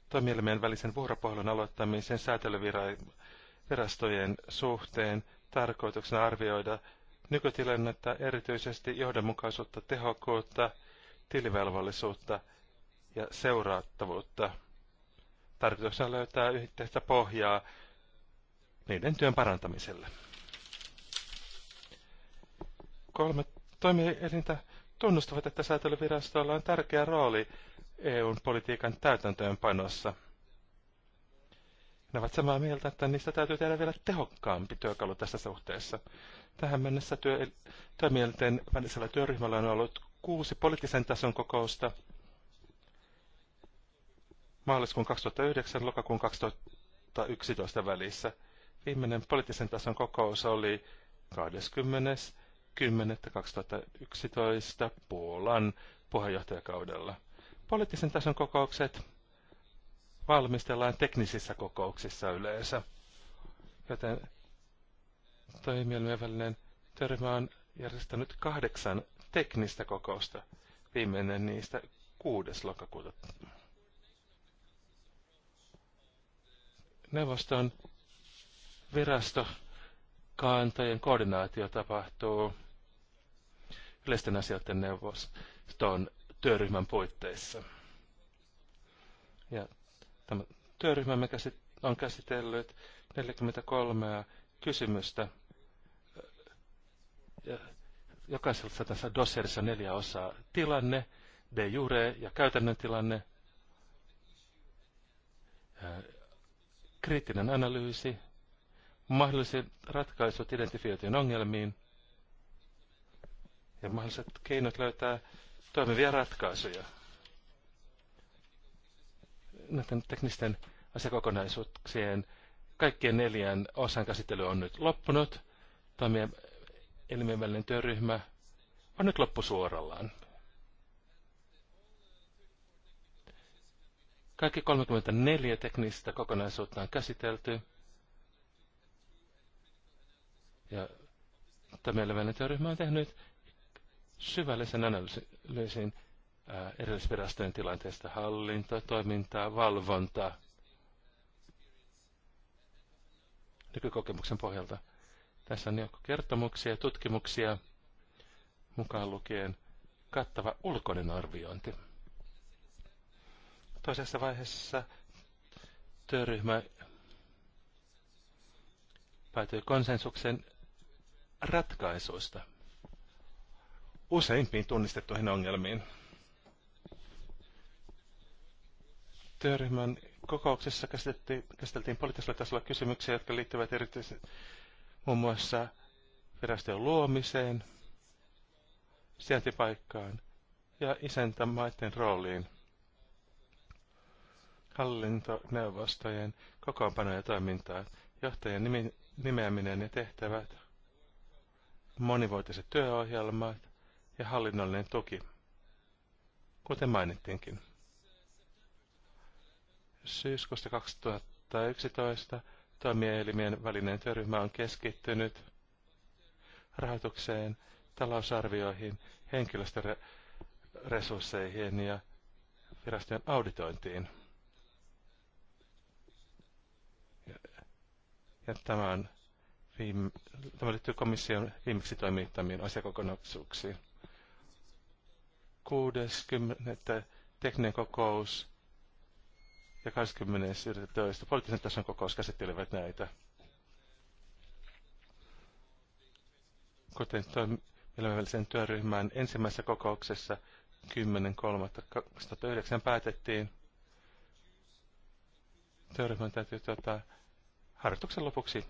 toimielimien välisen vuoropuhelun aloittamisen säätelyvirastojen suhteen tarkoituksena arvioida nykytilannetta, erityisesti johdonmukaisuutta, tehokkuutta, tilivelvollisuutta ja seurattavuutta. Tarkoituksena löytää yhteistä pohjaa niiden työn parantamiselle. Kolme toimielintä tunnustavat, että säätelyvirastolla on tärkeä rooli EUn politiikan täytäntöönpanossa. Ne ovat samaa mieltä, että niistä täytyy tehdä vielä tehokkaampi työkalu tässä suhteessa. Tähän mennessä työ, työmielten välisellä työryhmällä on ollut kuusi poliittisen tason kokousta maaliskuun 2009 lokakuun 2011 välissä. Viimeinen poliittisen tason kokous oli 20.10.2011 Puolan puheenjohtajakaudella. Poliittisen tason kokoukset valmistellaan teknisissä kokouksissa yleensä, joten toimielimien törmä on järjestänyt kahdeksan teknistä kokousta, viimeinen niistä 6. lokakuuta. Neuvoston virastokantojen koordinaatio tapahtuu yleisten asioiden neuvoston työryhmän puitteissa. Ja tämä työryhmä on käsitellyt 43 kysymystä. Ja jokaisessa tässä dosserissa neljä osaa. Tilanne, de jure ja käytännön tilanne, kriittinen analyysi, mahdolliset ratkaisut identifioitujen ongelmiin ja mahdolliset keinot löytää toimivia ratkaisuja näiden teknisten asiakokonaisuuksien kaikkien neljän osan käsittely on nyt loppunut. Toimia elimien välinen työryhmä on nyt loppusuorallaan. Kaikki 34 teknistä kokonaisuutta on käsitelty. Ja tämä työryhmä on tehnyt syvällisen analyysin äh, erillisvirastojen tilanteesta hallinta, toimintaa, valvontaa nykykokemuksen pohjalta. Tässä on joku kertomuksia ja tutkimuksia, mukaan lukien kattava ulkoinen arviointi. Toisessa vaiheessa työryhmä päätyi konsensuksen ratkaisuista – useimpiin tunnistettuihin ongelmiin. Työryhmän kokouksessa käsiteltiin poliittisella tasolla kysymyksiä, jotka liittyvät erityisesti muun muassa virastojen luomiseen, sijaintipaikkaan ja isäntämaiden rooliin, hallintoneuvostojen kokoonpano ja toimintaa, johtajien nimeäminen ja tehtävät, monivuotiset työohjelmat, ja hallinnollinen tuki, kuten mainittiinkin. Syyskuusta 2011 toimielimien välinen työryhmä on keskittynyt rahoitukseen, talousarvioihin, henkilöstöresursseihin ja virastojen auditointiin. Ja tämä, on viime, tämä liittyy komission viimeksi toimittamiin asiakokonaisuuksiin. 60. tekninen kokous ja 20. poliittisen tason kokous käsittelevät näitä. Kuten toimielämällisen työryhmän ensimmäisessä kokouksessa 10.3.2009 päätettiin, työryhmän täytyy tuota, harjoituksen lopuksi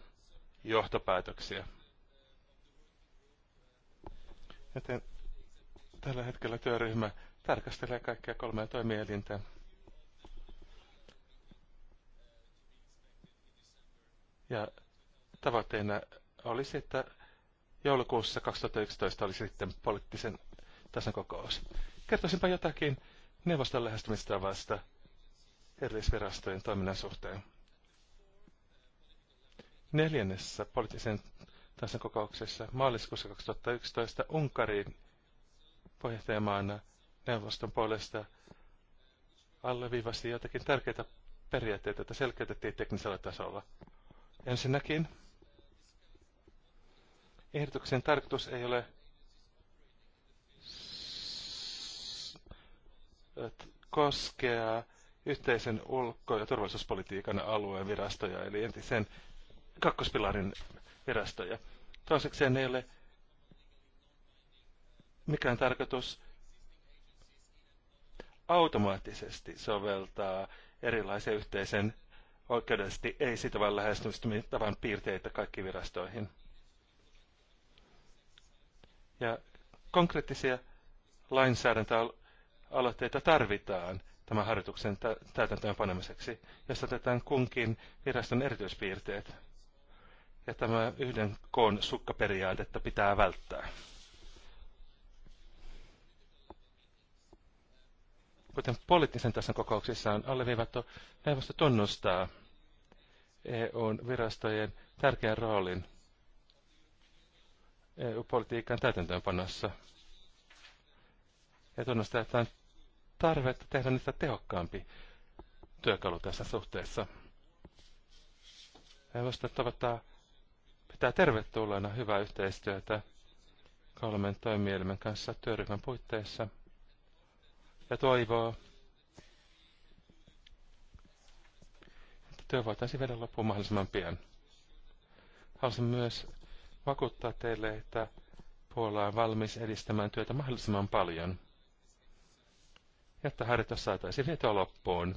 johtopäätöksiä. Joten Tällä hetkellä työryhmä tarkastelee kaikkia kolmea toimielintä. Ja tavoitteena olisi, että joulukuussa 2011 olisi sitten poliittisen tasan kokous. Kertoisinpa jotakin neuvoston lähestymistavasta erillisvirastojen toiminnan suhteen. Neljännessä poliittisen tasan kokouksessa maaliskuussa 2011 Unkariin puheenjohtajamaana neuvoston puolesta alleviivasti jotakin tärkeitä periaatteita, joita selkeytettiin teknisellä tasolla. Ensinnäkin ehdotuksen tarkoitus ei ole koskea yhteisen ulko- ja turvallisuuspolitiikan alueen virastoja, eli entisen kakkospilarin virastoja. Toisekseen ei ole mikä on tarkoitus automaattisesti soveltaa erilaisia yhteisen oikeudellisesti ei sitovan lähestymistavan piirteitä kaikkiin virastoihin. Ja konkreettisia lainsäädäntöaloitteita tarvitaan tämän harjoituksen täytäntöön panemiseksi, jossa otetaan kunkin viraston erityispiirteet. Ja tämä yhden koon sukkaperiaatetta pitää välttää. kuten poliittisen tason kokouksissa on alleviivattu, neuvosto tunnustaa eu virastojen tärkeän roolin EU-politiikan täytäntöönpanossa ja tunnustaa, että on tarvetta tehdä niistä tehokkaampi työkalu tässä suhteessa. Neuvosto tavoittaa pitää tervetulleena hyvää yhteistyötä kolmen toimielimen kanssa työryhmän puitteissa ja toivoo. Työ voitaisiin vielä loppuun mahdollisimman pian. Haluaisin myös vakuuttaa teille, että Puola on valmis edistämään työtä mahdollisimman paljon, jotta harjoitus saataisiin vietoa loppuun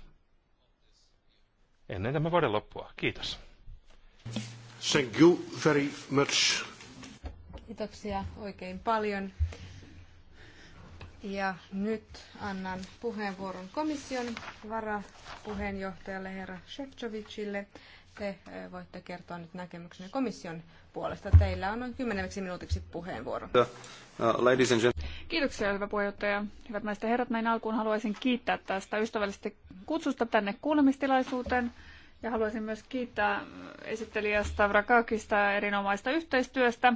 ennen tämän vuoden loppua. Kiitos. Thank you very much. Kiitoksia oikein paljon ja nyt annan puheenvuoron komission varapuheenjohtajalle herra Shevchovicille. Te eh, voitte kertoa nyt näkemyksenne komission puolesta. Teillä on noin 10 minuutiksi puheenvuoro. Uh, ladies and Kiitoksia, hyvä puheenjohtaja. Hyvät naiset ja herrat, näin alkuun haluaisin kiittää tästä ystävällisesti kutsusta tänne kuulemistilaisuuteen. Ja haluaisin myös kiittää esittelijästä Vrakakista erinomaista yhteistyöstä.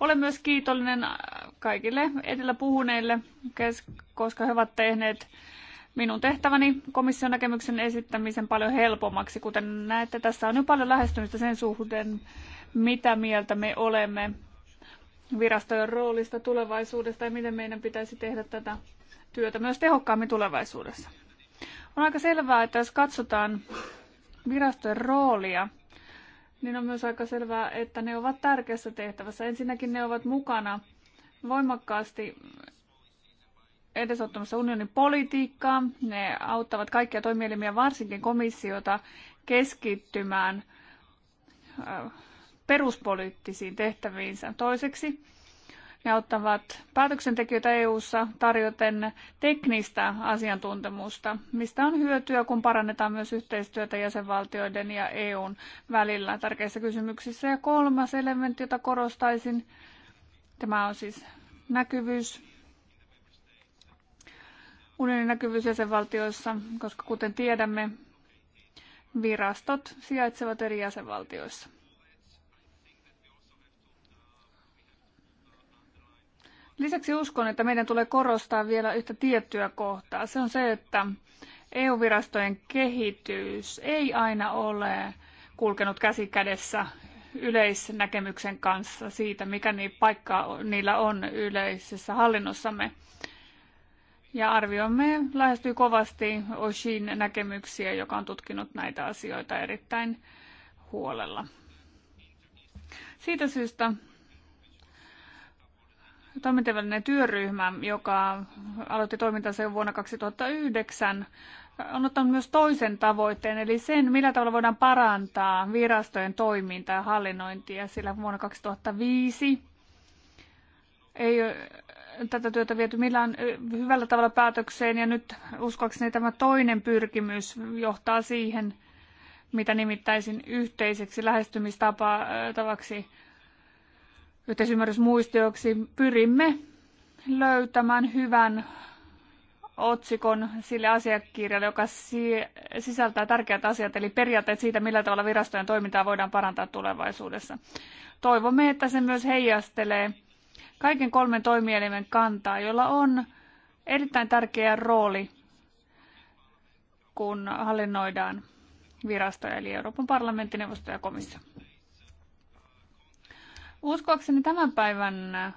Olen myös kiitollinen kaikille edellä puhuneille, koska he ovat tehneet minun tehtäväni komission näkemyksen esittämisen paljon helpommaksi. Kuten näette, tässä on jo paljon lähestymistä sen suhteen, mitä mieltä me olemme virastojen roolista tulevaisuudesta ja miten meidän pitäisi tehdä tätä työtä myös tehokkaammin tulevaisuudessa. On aika selvää, että jos katsotaan virastojen roolia, niin on myös aika selvää, että ne ovat tärkeässä tehtävässä. Ensinnäkin ne ovat mukana voimakkaasti edesottamassa unionin politiikkaa. Ne auttavat kaikkia toimielimiä, varsinkin komissiota, keskittymään äh, peruspoliittisiin tehtäviinsä. Toiseksi ne auttavat päätöksentekijöitä EU-ssa tarjoten teknistä asiantuntemusta, mistä on hyötyä, kun parannetaan myös yhteistyötä jäsenvaltioiden ja EUn välillä tärkeissä kysymyksissä. Ja kolmas elementti, jota korostaisin, Tämä on siis näkyvyys, unionin näkyvyys jäsenvaltioissa, koska kuten tiedämme, virastot sijaitsevat eri jäsenvaltioissa. Lisäksi uskon, että meidän tulee korostaa vielä yhtä tiettyä kohtaa. Se on se, että EU-virastojen kehitys ei aina ole kulkenut käsi kädessä yleisnäkemyksen kanssa siitä, mikä niin paikka niillä on yleisessä hallinnossamme. Ja arviomme lähestyy kovasti Oshin näkemyksiä, joka on tutkinut näitä asioita erittäin huolella. Siitä syystä toimintavälinen työryhmä, joka aloitti toimintansa jo vuonna 2009, on ottanut myös toisen tavoitteen, eli sen, millä tavalla voidaan parantaa virastojen toimintaa ja hallinnointia, sillä vuonna 2005 ei tätä työtä viety millään hyvällä tavalla päätökseen, ja nyt uskoakseni tämä toinen pyrkimys johtaa siihen, mitä nimittäisin yhteiseksi lähestymistapaksi yhteisymmärrysmuistioksi. Pyrimme löytämään hyvän otsikon sille asiakirjalle, joka sisältää tärkeät asiat, eli periaatteet siitä, millä tavalla virastojen toimintaa voidaan parantaa tulevaisuudessa. Toivomme, että se myös heijastelee kaiken kolmen toimielimen kantaa, jolla on erittäin tärkeä rooli, kun hallinnoidaan virastoja, eli Euroopan parlamentti, neuvosto ja komissio. Uskoakseni tämän päivän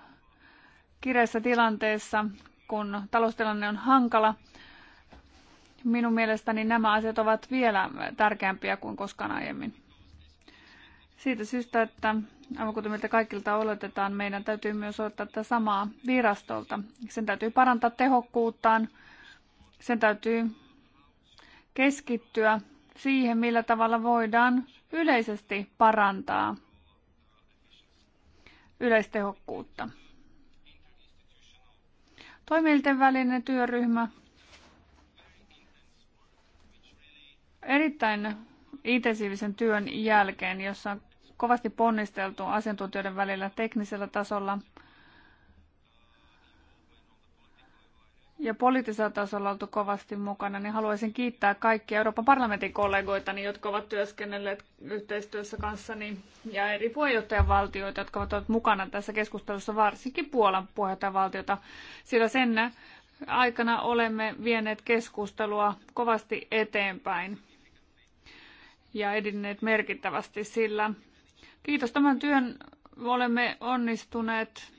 kireessä tilanteessa kun taloustilanne on hankala. Minun mielestäni nämä asiat ovat vielä tärkeämpiä kuin koskaan aiemmin. Siitä syystä, että aivan kuten meiltä kaikilta oletetaan, meidän täytyy myös ottaa tätä samaa virastolta. Sen täytyy parantaa tehokkuuttaan, sen täytyy keskittyä siihen, millä tavalla voidaan yleisesti parantaa yleistehokkuutta toimielten välinen työryhmä. Erittäin intensiivisen työn jälkeen, jossa on kovasti ponnisteltu asiantuntijoiden välillä teknisellä tasolla – ja poliittisella tasolla oltu kovasti mukana, niin haluaisin kiittää kaikkia Euroopan parlamentin kollegoita, jotka ovat työskennelleet yhteistyössä kanssani ja eri puheenjohtajavaltioita, jotka ovat olleet mukana tässä keskustelussa, varsinkin Puolan puheenjohtajavaltiota, sillä sen aikana olemme vieneet keskustelua kovasti eteenpäin ja edinneet merkittävästi sillä. Kiitos tämän työn olemme onnistuneet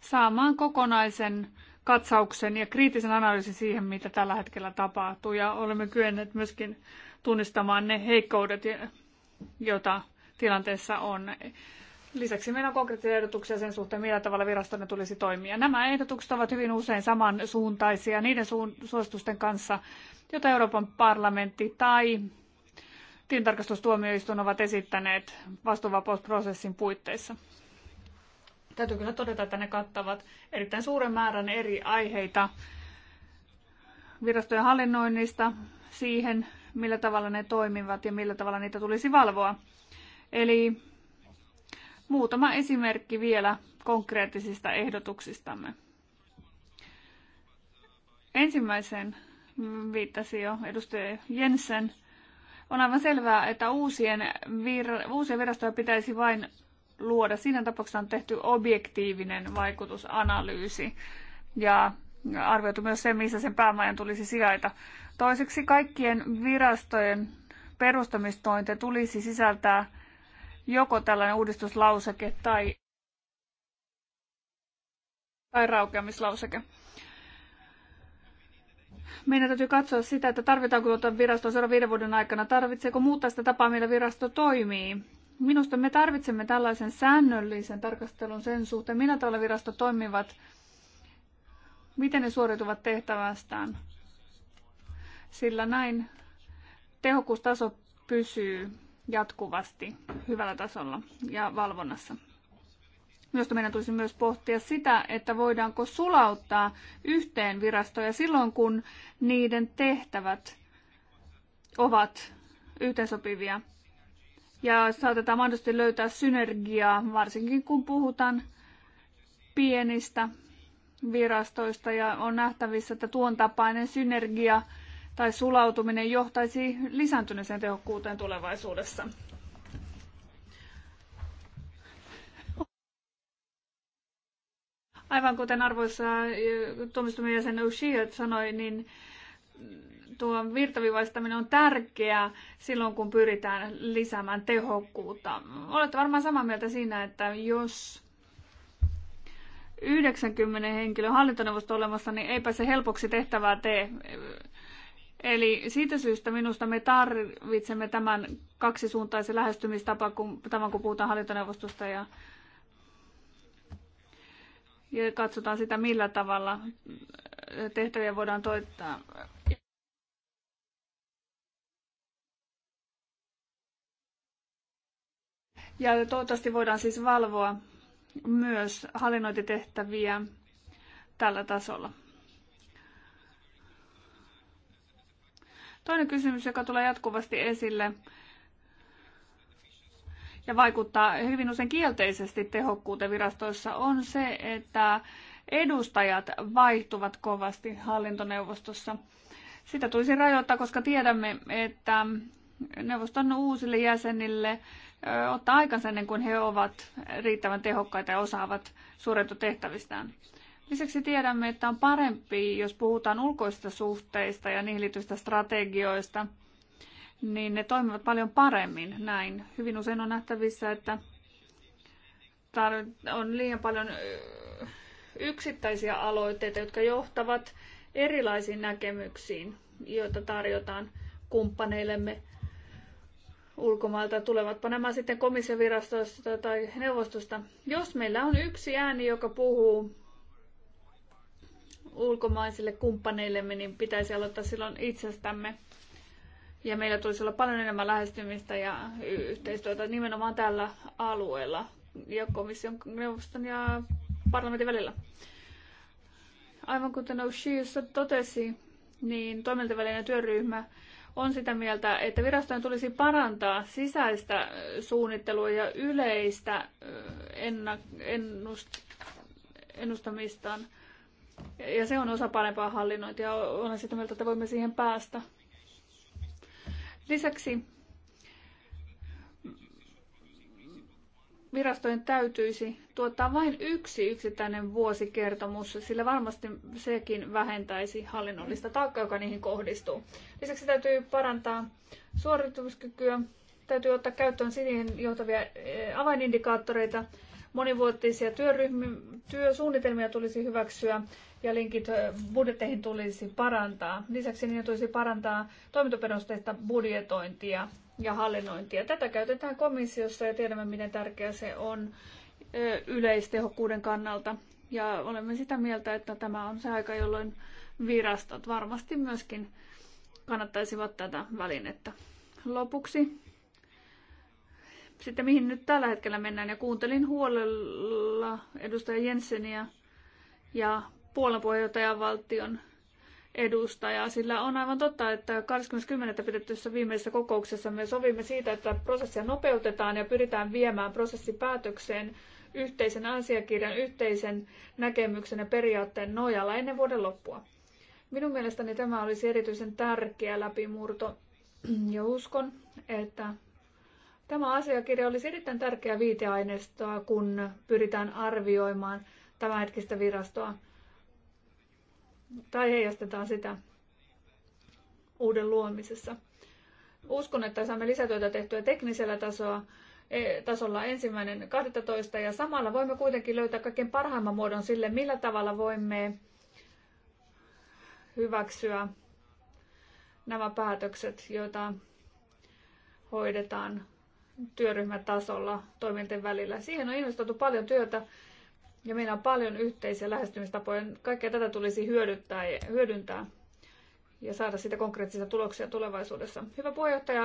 saamaan kokonaisen katsauksen ja kriittisen analyysin siihen, mitä tällä hetkellä tapahtuu. Ja olemme kyenneet myöskin tunnistamaan ne heikkoudet, joita tilanteessa on. Lisäksi meillä on konkreettisia ehdotuksia sen suhteen, millä tavalla virastonne tulisi toimia. Nämä ehdotukset ovat hyvin usein samansuuntaisia niiden suositusten kanssa, joita Euroopan parlamentti tai tilintarkastustuomioistuin ovat esittäneet vastuuvapausprosessin puitteissa. Täytyy kyllä todeta, että ne kattavat erittäin suuren määrän eri aiheita virastojen hallinnoinnista siihen, millä tavalla ne toimivat ja millä tavalla niitä tulisi valvoa. Eli muutama esimerkki vielä konkreettisista ehdotuksistamme. Ensimmäisen viittasi jo edustaja Jensen. On aivan selvää, että uusien vir- uusia virastoja pitäisi vain luoda. Siinä tapauksessa on tehty objektiivinen vaikutusanalyysi ja arvioitu myös se, missä sen päämajan tulisi sijaita. Toiseksi kaikkien virastojen perustamistointe tulisi sisältää joko tällainen uudistuslauseke tai, tai raukeamislauseke. Meidän täytyy katsoa sitä, että tarvitaanko tuota virastoa seuraavan viiden vuoden aikana, tarvitseeko muuttaa sitä tapaa, millä virasto toimii. Minusta me tarvitsemme tällaisen säännöllisen tarkastelun sen suhteen, millä tavalla virasto toimivat, miten ne suorituvat tehtävästään, sillä näin tehokkuustaso pysyy jatkuvasti hyvällä tasolla ja valvonnassa. Minusta meidän tulisi myös pohtia sitä, että voidaanko sulauttaa yhteen virastoja silloin, kun niiden tehtävät ovat yhteensopivia ja saatetaan mahdollisesti löytää synergiaa, varsinkin kun puhutaan pienistä virastoista ja on nähtävissä, että tuon tapainen synergia tai sulautuminen johtaisi lisääntyneeseen tehokkuuteen tulevaisuudessa. Aivan kuten arvoisa eh, tuomistumien jäsen O'Sheard sanoi, niin tuo virtavivaistaminen on tärkeää silloin, kun pyritään lisäämään tehokkuutta. Olette varmaan samaa mieltä siinä, että jos 90 henkilön hallintoneuvosto olemassa, niin eipä se helpoksi tehtävää tee. Eli siitä syystä minusta me tarvitsemme tämän kaksisuuntaisen lähestymistapan, kun, tämän, kun puhutaan hallintoneuvostosta ja, ja katsotaan sitä, millä tavalla tehtäviä voidaan toittaa. Ja toivottavasti voidaan siis valvoa myös hallinnointitehtäviä tällä tasolla. Toinen kysymys, joka tulee jatkuvasti esille ja vaikuttaa hyvin usein kielteisesti tehokkuuteen virastoissa, on se, että edustajat vaihtuvat kovasti hallintoneuvostossa. Sitä tulisi rajoittaa, koska tiedämme, että neuvoston uusille jäsenille ottaa aikansa ennen kuin he ovat riittävän tehokkaita ja osaavat suoriutua tehtävistään. Lisäksi tiedämme, että on parempi, jos puhutaan ulkoista suhteista ja niihin liittyvistä strategioista, niin ne toimivat paljon paremmin näin. Hyvin usein on nähtävissä, että on liian paljon yksittäisiä aloitteita, jotka johtavat erilaisiin näkemyksiin, joita tarjotaan kumppaneillemme ulkomailta, tulevatpa nämä sitten komissiovirastosta tai neuvostosta. Jos meillä on yksi ääni, joka puhuu ulkomaisille kumppaneillemme, niin pitäisi aloittaa silloin itsestämme. Ja meillä tulisi olla paljon enemmän lähestymistä ja yhteistyötä nimenomaan tällä alueella ja komission, neuvoston ja parlamentin välillä. Aivan kuten O'Shears totesi, niin toimintavälinen työryhmä on sitä mieltä, että virastojen tulisi parantaa sisäistä suunnittelua ja yleistä ennustamistaan. Ja se on osa parempaa hallinnointia. Olen sitä mieltä, että voimme siihen päästä. Lisäksi virastojen täytyisi tuottaa vain yksi yksittäinen vuosikertomus, sillä varmasti sekin vähentäisi hallinnollista taakkaa, joka niihin kohdistuu. Lisäksi täytyy parantaa suorituskykyä, täytyy ottaa käyttöön siihen johtavia eh, avainindikaattoreita monivuotisia työryhmi- työsuunnitelmia tulisi hyväksyä ja linkit budjetteihin tulisi parantaa. Lisäksi niitä tulisi parantaa toimintaperusteista budjetointia ja hallinnointia. Tätä käytetään komissiossa ja tiedämme, miten tärkeä se on yleistehokkuuden kannalta. Ja olemme sitä mieltä, että tämä on se aika, jolloin virastot varmasti myöskin kannattaisivat tätä välinettä. Lopuksi sitten mihin nyt tällä hetkellä mennään. Ja kuuntelin huolella edustaja Jenseniä ja Puolan valtion edustajaa, sillä on aivan totta, että 20.10. pidetyssä viimeisessä kokouksessa me sovimme siitä, että prosessia nopeutetaan ja pyritään viemään prosessi päätökseen yhteisen asiakirjan, yhteisen näkemyksen ja periaatteen nojalla ennen vuoden loppua. Minun mielestäni tämä olisi erityisen tärkeä läpimurto ja uskon, että Tämä asiakirja olisi erittäin tärkeä viiteaineistoa, kun pyritään arvioimaan tämänhetkistä virastoa tai heijastetaan sitä uuden luomisessa. Uskon, että saamme lisätyötä tehtyä teknisellä tasoa, e, tasolla ensimmäinen 12 ja samalla voimme kuitenkin löytää kaikkein parhaimman muodon sille, millä tavalla voimme hyväksyä nämä päätökset, joita hoidetaan työryhmätasolla toiminten välillä. Siihen on investoitu paljon työtä ja meillä on paljon yhteisiä lähestymistapoja. Kaikkea tätä tulisi hyödyntää ja, hyödyntää ja saada siitä konkreettisia tuloksia tulevaisuudessa. Hyvä puheenjohtaja,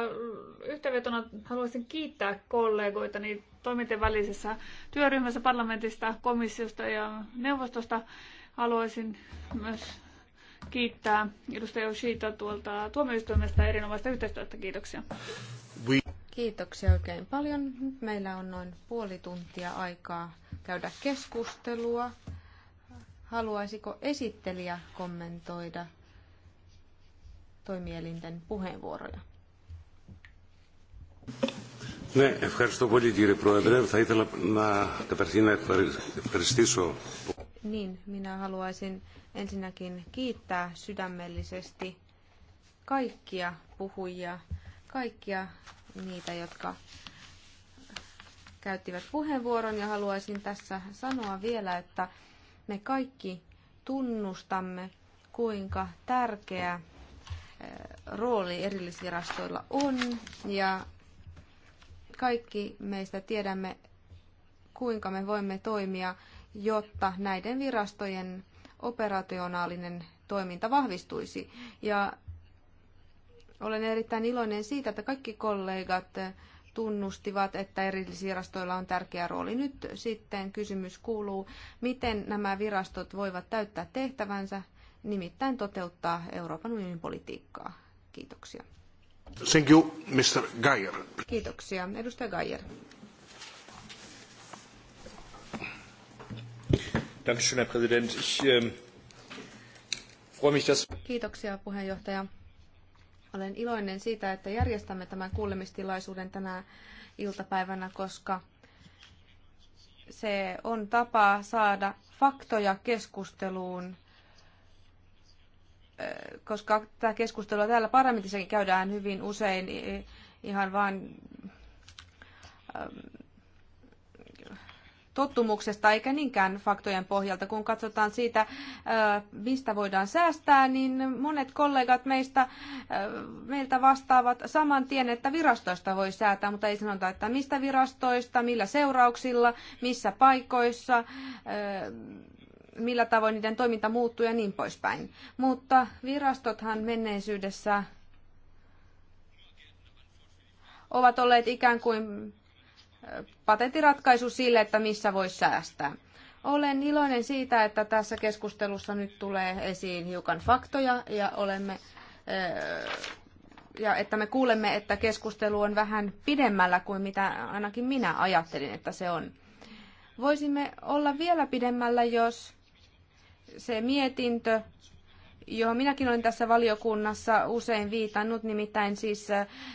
yhteenvetona haluaisin kiittää kollegoita niin toiminten välisessä työryhmässä parlamentista, komissiosta ja neuvostosta. Haluaisin myös kiittää edustaja Oshita tuolta tuomioistuimesta erinomaista yhteistyötä. Kiitoksia. Kiitoksia oikein paljon. Nyt meillä on noin puoli tuntia aikaa käydä keskustelua. Haluaisiko esittelijä kommentoida toimielinten puheenvuoroja? Ναι, ευχαριστώ πολύ κύριε Πρόεδρε. Θα ήθελα να καταρχήν να ευχαριστήσω. Niin, minä haluaisin ensinnäkin kiittää sydämellisesti kaikkia puhujia, kaikkia niitä, jotka käyttivät puheenvuoron ja haluaisin tässä sanoa vielä, että me kaikki tunnustamme, kuinka tärkeä eh, rooli erillisvirastoilla on ja kaikki meistä tiedämme, kuinka me voimme toimia, jotta näiden virastojen operationaalinen toiminta vahvistuisi. Ja olen erittäin iloinen siitä, että kaikki kollegat tunnustivat, että erillisvirastoilla on tärkeä rooli. Nyt sitten kysymys kuuluu, miten nämä virastot voivat täyttää tehtävänsä, nimittäin toteuttaa Euroopan unionin politiikkaa. Kiitoksia. Thank you, Mr. Geyer. Kiitoksia. Edustaja Geyer. Dankeschön, Herr Präsident. Ich ähm, freue mich, dass... Kiitoksia, puheenjohtaja. Olen iloinen siitä, että järjestämme tämän kuulemistilaisuuden tänä iltapäivänä, koska se on tapa saada faktoja keskusteluun, koska tämä keskustelua täällä parlamentissakin käydään hyvin usein ihan vain tottumuksesta eikä niinkään faktojen pohjalta. Kun katsotaan siitä, mistä voidaan säästää, niin monet kollegat meistä, meiltä vastaavat saman tien, että virastoista voi säätää, mutta ei sanota, että mistä virastoista, millä seurauksilla, missä paikoissa, millä tavoin niiden toiminta muuttuu ja niin poispäin. Mutta virastothan menneisyydessä ovat olleet ikään kuin patenttiratkaisu sille, että missä voi säästää. Olen iloinen siitä, että tässä keskustelussa nyt tulee esiin hiukan faktoja ja olemme eh, ja että me kuulemme, että keskustelu on vähän pidemmällä kuin mitä ainakin minä ajattelin, että se on. Voisimme olla vielä pidemmällä, jos se mietintö johon minäkin olen tässä valiokunnassa usein viitannut, nimittäin siis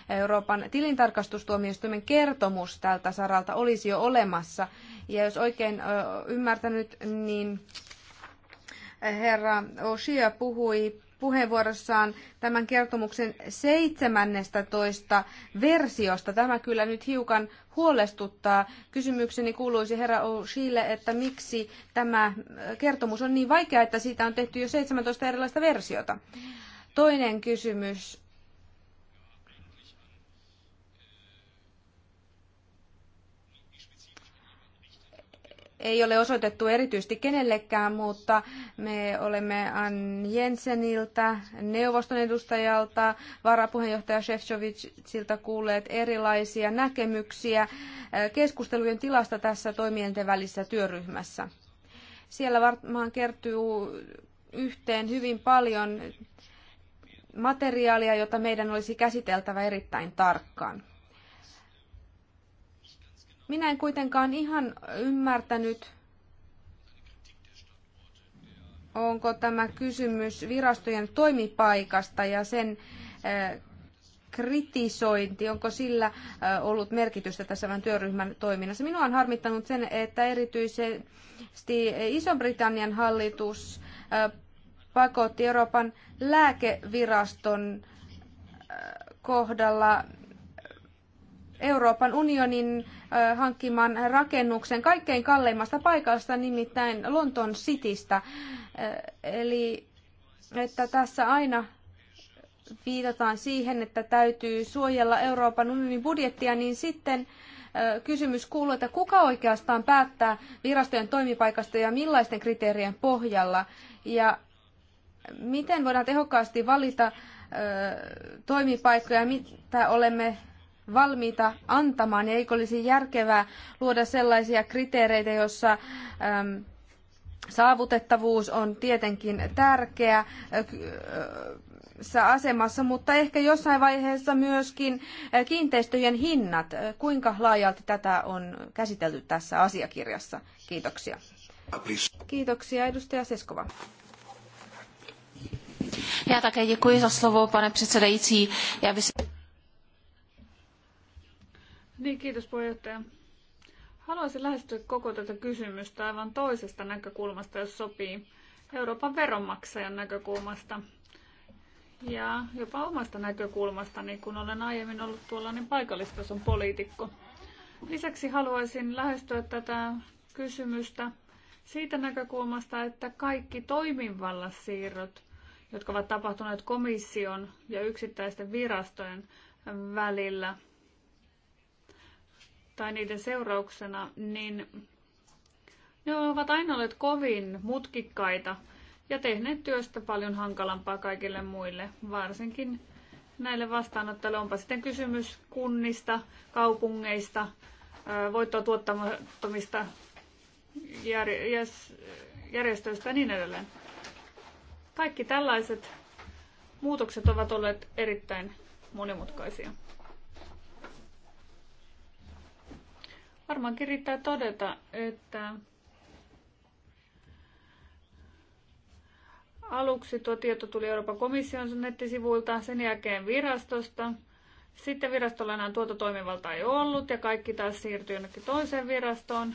Euroopan tilintarkastustuomioistuimen kertomus tältä saralta olisi jo olemassa. Ja jos oikein ymmärtänyt, niin herra Oshia puhui puheenvuorossaan tämän kertomuksen 17 versiosta. Tämä kyllä nyt hiukan huolestuttaa. Kysymykseni kuuluisi herra O'Sheille, että miksi tämä kertomus on niin vaikea, että siitä on tehty jo 17 erilaista versiota. Toinen kysymys ei ole osoitettu erityisesti kenellekään, mutta me olemme Ann Jenseniltä, neuvoston edustajalta, varapuheenjohtaja Shevchovicilta kuulleet erilaisia näkemyksiä eh, keskustelujen tilasta tässä toimijoiden välisessä työryhmässä. Siellä varmaan kertyy yhteen hyvin paljon materiaalia, jota meidän olisi käsiteltävä erittäin tarkkaan. Minä en kuitenkaan ihan ymmärtänyt, onko tämä kysymys virastojen toimipaikasta ja sen eh, kritisointi, onko sillä eh, ollut merkitystä tässä tämän työryhmän toiminnassa. Minua on harmittanut sen, että erityisesti Iso-Britannian hallitus eh, pakotti Euroopan lääkeviraston kohdalla Euroopan unionin hankkiman rakennuksen kaikkein kalleimmasta paikasta, nimittäin Lontoon Citystä. Eli että tässä aina viitataan siihen, että täytyy suojella Euroopan unionin budjettia, niin sitten kysymys kuuluu, että kuka oikeastaan päättää virastojen toimipaikasta ja millaisten kriteerien pohjalla ja miten voidaan tehokkaasti valita toimipaikkoja, mitä olemme valmiita antamaan. Ja eikö olisi järkevää luoda sellaisia kriteereitä, joissa ähm, saavutettavuus on tietenkin tärkeä äh, äh, asemassa, mutta ehkä jossain vaiheessa myöskin äh, kiinteistöjen hinnat. Kuinka laajalti tätä on käsitelty tässä asiakirjassa? Kiitoksia. Kiitoksia, edustaja Seskova. Já také děkuji za slovo, pane předsedající. Já bych... Niin, kiitos puheenjohtaja. Haluaisin lähestyä koko tätä kysymystä aivan toisesta näkökulmasta, jos sopii, Euroopan veronmaksajan näkökulmasta. Ja jopa omasta näkökulmasta, niin kun olen aiemmin ollut tuolla, niin paikallistason poliitikko. Lisäksi haluaisin lähestyä tätä kysymystä siitä näkökulmasta, että kaikki toimivallassiirrot, jotka ovat tapahtuneet komission ja yksittäisten virastojen välillä – tai niiden seurauksena, niin ne ovat aina olleet kovin mutkikkaita ja tehneet työstä paljon hankalampaa kaikille muille, varsinkin näille vastaanottajille. Onpa sitten kysymys kunnista, kaupungeista, voittoa tuottamattomista järjestöistä ja niin edelleen. Kaikki tällaiset muutokset ovat olleet erittäin monimutkaisia. Varmaankin riittää todeta, että aluksi tuo tieto tuli Euroopan komission nettisivuilta, sen jälkeen virastosta. Sitten virastolla enää tuota toimivalta ei ollut ja kaikki taas siirtyi jonnekin toiseen virastoon.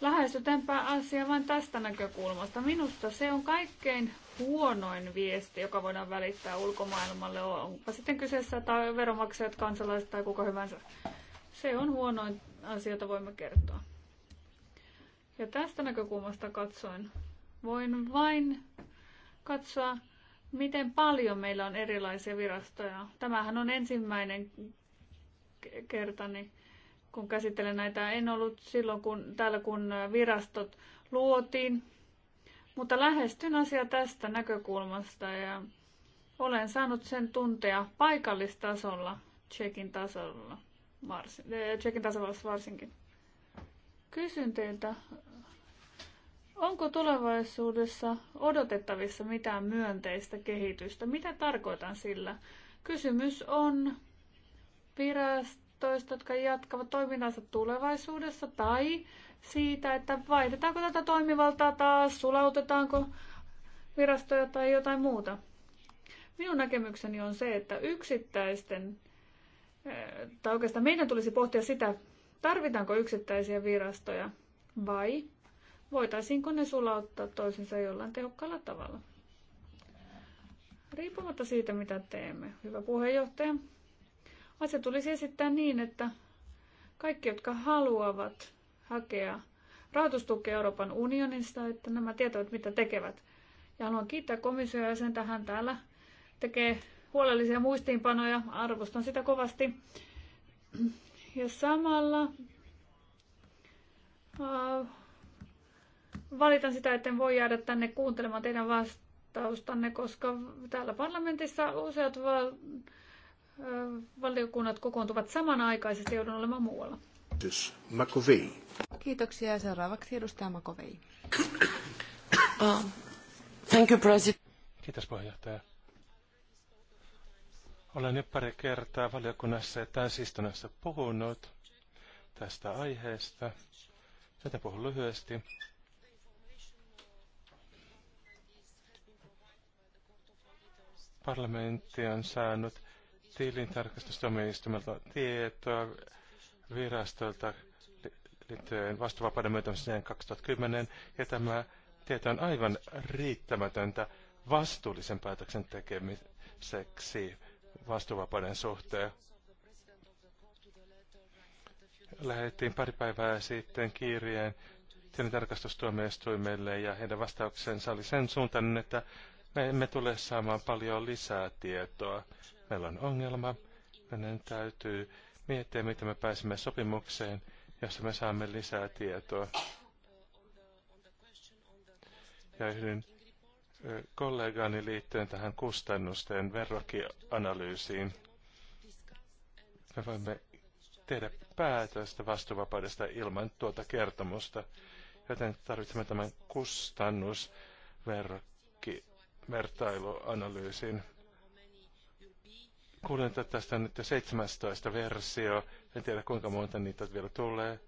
Lähestytäänpä asia vain tästä näkökulmasta. Minusta se on kaikkein huonoin viesti, joka voidaan välittää ulkomaailmalle, onpa sitten kyseessä tai veronmaksajat, kansalaiset tai kuka hyvänsä. Se on huonoin asioita voimme kertoa. Ja tästä näkökulmasta katsoen voin vain katsoa, miten paljon meillä on erilaisia virastoja. Tämähän on ensimmäinen kertani, kun käsittelen näitä. En ollut silloin kun, täällä, kun virastot luotiin, mutta lähestyn asia tästä näkökulmasta ja olen saanut sen tuntea paikallistasolla, checkin tasolla varsin, eh, Tsekin tasavallassa varsinkin. Kysyn teiltä, onko tulevaisuudessa odotettavissa mitään myönteistä kehitystä? Mitä tarkoitan sillä? Kysymys on virastoista, jotka jatkavat toimintansa tulevaisuudessa, tai siitä, että vaihdetaanko tätä toimivaltaa taas, sulautetaanko virastoja tai jotain muuta. Minun näkemykseni on se, että yksittäisten tai oikeastaan meidän tulisi pohtia sitä, tarvitaanko yksittäisiä virastoja vai voitaisiinko ne sulauttaa toisensa jollain tehokkaalla tavalla. Riippumatta siitä, mitä teemme, hyvä puheenjohtaja, asia tulisi esittää niin, että kaikki, jotka haluavat hakea rahoitustukea Euroopan unionista, että nämä tietävät, mitä tekevät. Ja haluan kiittää komission sen tähän täällä tekee huolellisia muistiinpanoja, arvostan sitä kovasti. Ja samalla äh, valitan sitä, etten voi jäädä tänne kuuntelemaan teidän vastaustanne, koska täällä parlamentissa useat äh, valiokunnat kokoontuvat samanaikaisesti, joudun olemaan muualla. Makovei. Kiitoksia. Seuraavaksi edustaja Makovei. Uh, thank you, President. Kiitos puheenjohtaja. Olen jo pari kertaa valiokunnassa ja täysistunnossa puhunut tästä aiheesta, joten puhun lyhyesti. Parlamentti on saanut tilintarkastustuomioistuimelta tietoa virastolta liittyen vastuvapauden myöntämiseen 2010, ja tämä tieto on aivan riittämätöntä vastuullisen päätöksen tekemiseksi vastuuvapauden suhteen. Lähettiin pari päivää sitten kirjeen tilintarkastustuomioistuimelle ja heidän vastauksensa oli sen suuntainen, että me emme tule saamaan paljon lisää tietoa. Meillä on ongelma, meidän täytyy miettiä, miten me pääsemme sopimukseen, jossa me saamme lisää tietoa. Ja yhdyn kollegaani liittyen tähän kustannusten verrokianalyysiin. Me voimme tehdä päätöstä vastuuvapaudesta ilman tuota kertomusta, joten tarvitsemme tämän kustannusvertailuanalyysin. Kuulen, että tästä on nyt 17 versio. En tiedä, kuinka monta niitä vielä tulee.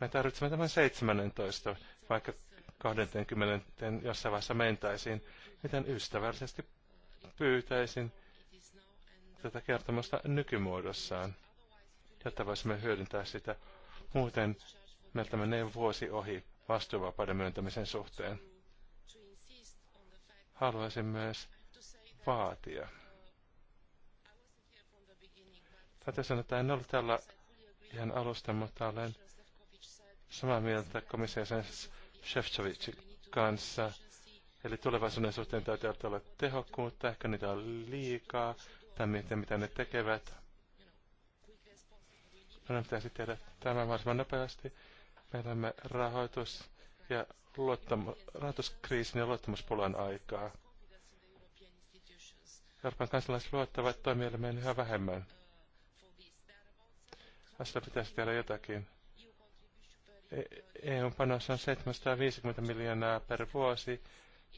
Me tarvitsemme tämän 17, vaikka 20 jossain vaiheessa mentäisiin, miten ystävällisesti pyytäisin tätä kertomusta nykymuodossaan, jotta voisimme hyödyntää sitä. Muuten meiltä menee vuosi ohi vastuuvapauden myöntämisen suhteen. Haluaisin myös vaatia. Täytyy sanoa, että en ollut täällä ihan alusta, mutta olen samaa mieltä komissiaisen Shevchovicin kanssa. Eli tulevaisuuden suhteen täytyy olla tehokkuutta, ehkä niitä on liikaa, tai miten, mitä ne tekevät. Meidän pitäisi tehdä tämä mahdollisimman nopeasti. Meillä on rahoitus ja luottamu, rahoituskriisin ja luottamuspulan aikaa. Euroopan kansalaiset luottavat toimielimeen yhä vähemmän. Asia pitäisi tehdä jotakin. EUn e panos on 750 miljoonaa per vuosi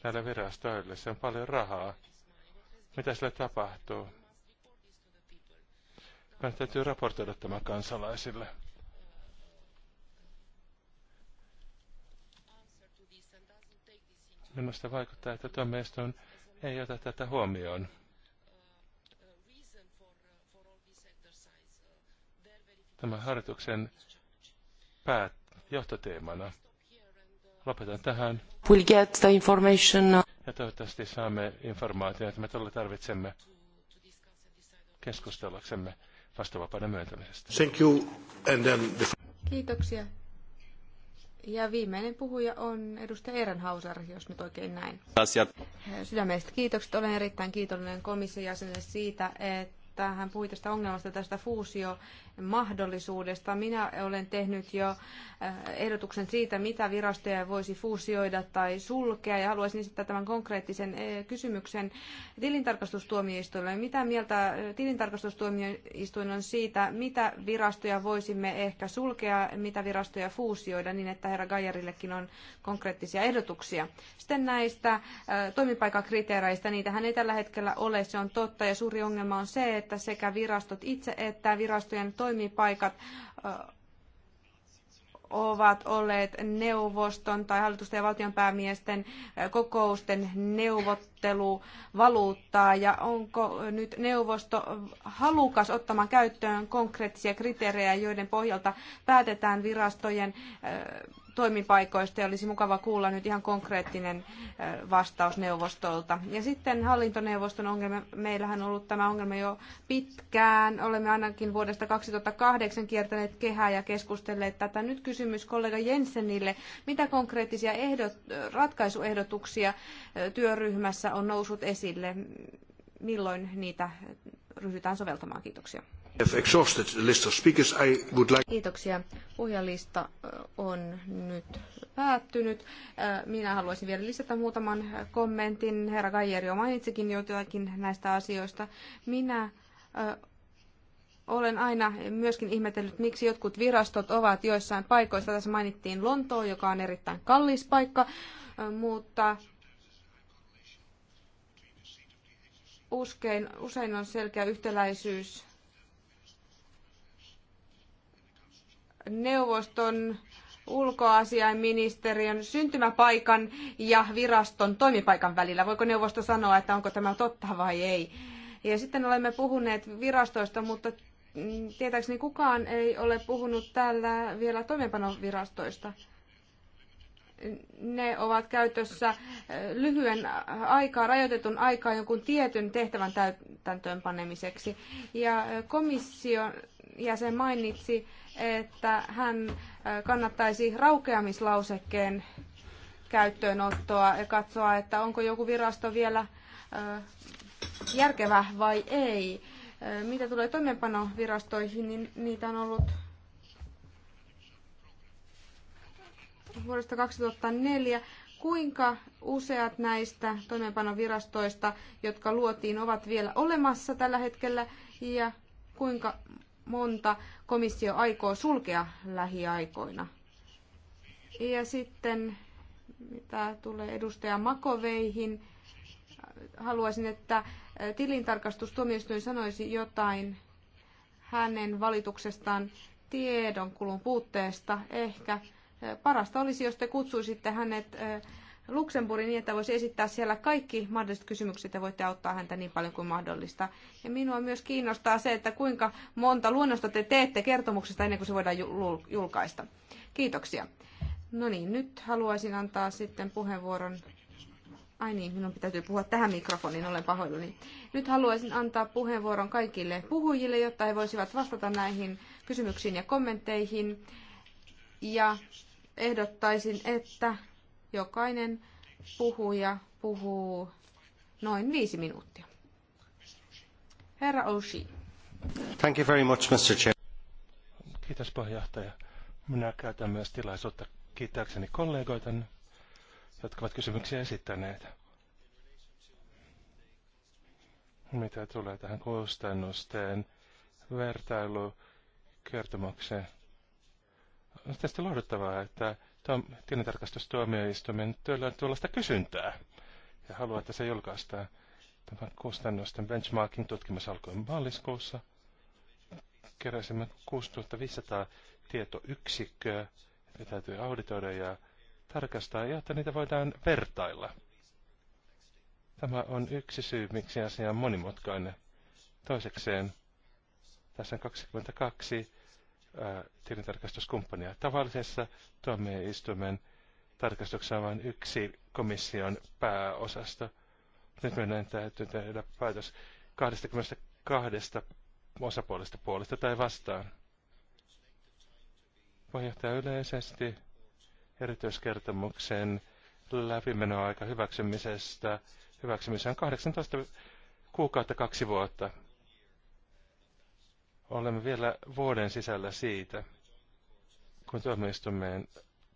näille virastoille. Se on paljon rahaa. Mitä sille tapahtuu? Meidän täytyy raportoida tämä kansalaisille. Minusta vaikuttaa, että tuomioistuin ei ota tätä huomioon. Tämä hallituksen päät johtoteemana. Lopetan tähän. We'll get the information. Ja toivottavasti saamme informaatiota, että me todella tarvitsemme keskustellaksemme vastavapauden myöntämisestä. Thank you. And then the... Kiitoksia. Ja viimeinen puhuja on edustaja Ehrenhauser, jos nyt oikein näin. Asiat. Sydämestä kiitokset. Olen erittäin kiitollinen komission jäsenelle siitä, että tähän tästä ongelmasta, tästä fuusiomahdollisuudesta. Minä olen tehnyt jo eh, ehdotuksen siitä, mitä virastoja voisi fuusioida tai sulkea, ja haluaisin esittää tämän konkreettisen eh, kysymyksen tilintarkastustuomioistuimelle. Mitä mieltä eh, tilintarkastustuomioistuin on siitä, mitä virastoja voisimme ehkä sulkea, mitä virastoja fuusioida, niin että herra Gajarillekin on konkreettisia ehdotuksia. Sitten näistä toimipaikakriteereistä, niitähän ei tällä hetkellä ole, se on totta, ja suuri ongelma on se, että sekä virastot itse että virastojen toimipaikat ovat olleet neuvoston tai hallitusten ja valtionpäämiesten kokousten neuvotteluvaluuttaa ja onko nyt neuvosto halukas ottamaan käyttöön konkreettisia kriteerejä, joiden pohjalta päätetään virastojen toimipaikoista ja olisi mukava kuulla nyt ihan konkreettinen vastaus neuvostolta. Ja sitten hallintoneuvoston ongelma. Meillähän on ollut tämä ongelma jo pitkään. Olemme ainakin vuodesta 2008 kiertäneet kehää ja keskustelleet tätä. Nyt kysymys kollega Jensenille. Mitä konkreettisia ehdot, ratkaisuehdotuksia työryhmässä on noussut esille? Milloin niitä ryhdytään soveltamaan? Kiitoksia. Kiitoksia. Puhujalista on nyt päättynyt. Minä haluaisin vielä lisätä muutaman kommentin. Herra Gajeri jo mainitsikin jotakin näistä asioista. Minä olen aina myöskin ihmetellyt, miksi jotkut virastot ovat joissain paikoissa. Tässä mainittiin Lontoa, joka on erittäin kallis paikka, mutta usein, usein on selkeä yhtäläisyys neuvoston ulkoasiainministeriön syntymäpaikan ja viraston toimipaikan välillä. Voiko neuvosto sanoa, että onko tämä totta vai ei? Ja sitten olemme puhuneet virastoista, mutta mm, tietääkseni kukaan ei ole puhunut täällä vielä toimeenpanovirastoista. Ne ovat käytössä äh, lyhyen aikaa, rajoitetun aikaa jonkun tietyn tehtävän täytäntöönpanemiseksi. Ja äh, komission jäsen mainitsi että hän äh, kannattaisi raukeamislausekkeen käyttöönottoa ja katsoa, että onko joku virasto vielä äh, järkevä vai ei. Äh, mitä tulee toimeenpanovirastoihin, niin niitä on ollut vuodesta 2004. Kuinka useat näistä toimeenpanovirastoista, jotka luotiin, ovat vielä olemassa tällä hetkellä ja kuinka monta komissio aikoo sulkea lähiaikoina. Ja sitten mitä tulee edustaja Makoveihin, haluaisin, että tilintarkastustuomioistuin sanoisi jotain hänen valituksestaan tiedonkulun puutteesta. Ehkä eh, parasta olisi, jos te kutsuisitte hänet eh, Luxemburgin niin, että voisi esittää siellä kaikki mahdolliset kysymykset ja voitte auttaa häntä niin paljon kuin mahdollista. Ja minua myös kiinnostaa se, että kuinka monta luonnosta te teette kertomuksesta ennen kuin se voidaan julkaista. Kiitoksia. No niin, nyt haluaisin antaa sitten puheenvuoron Ai niin, minun pitäisi puhua tähän mikrofoniin, olen pahoillani. Nyt haluaisin antaa puheenvuoron kaikille puhujille, jotta he voisivat vastata näihin kysymyksiin ja kommentteihin. Ja ehdottaisin, että jokainen puhuja puhuu noin viisi minuuttia. Herra Oshi. Thank you very much, Mr. Chair. Kiitos puheenjohtaja. Minä käytän myös tilaisuutta kiittääkseni kollegoita, jotka ovat kysymyksiä esittäneet. Mitä tulee tähän kustannusten vertailukertomukseen? On tästä lohduttavaa, että tilintarkastustuomioistuimen työllä on tuollaista kysyntää ja haluaa, että se julkaistaan. Tämä kustannusten benchmarking tutkimus alkoi maaliskuussa. Keräsimme 6500 tietoyksikköä, ne täytyy auditoida ja tarkastaa, jotta niitä voidaan vertailla. Tämä on yksi syy, miksi asia on monimutkainen. Toisekseen, tässä on 22 tilintarkastuskumppania. Tavallisessa tuomioistuimen tarkastuksessa on vain yksi komission pääosasto Nyt meidän täytyy tehdä päätös 22 osapuolesta puolesta tai vastaan. Puheenjohtaja yleisesti erityiskertomuksen läpimenoaika hyväksymisestä. Hyväksymisen on 18 kuukautta kaksi vuotta. Olemme vielä vuoden sisällä siitä, kun tuomioistuimeen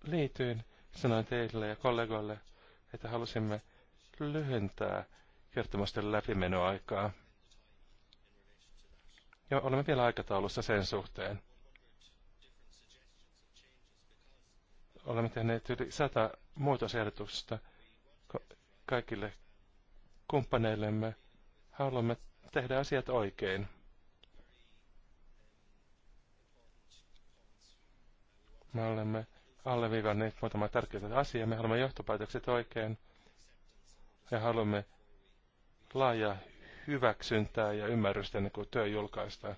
liityin, sanoin teille ja kollegoille, että halusimme lyhentää kertomusten läpimenoaikaa. Ja olemme vielä aikataulussa sen suhteen. Olemme tehneet yli sata muutosehdotusta kaikille kumppaneillemme. Haluamme tehdä asiat oikein. Me olemme alleviivanneet muutama tärkeä asia. Me haluamme johtopäätökset oikein ja haluamme laajaa hyväksyntää ja ymmärrystä ennen kuin työ julkaistaan.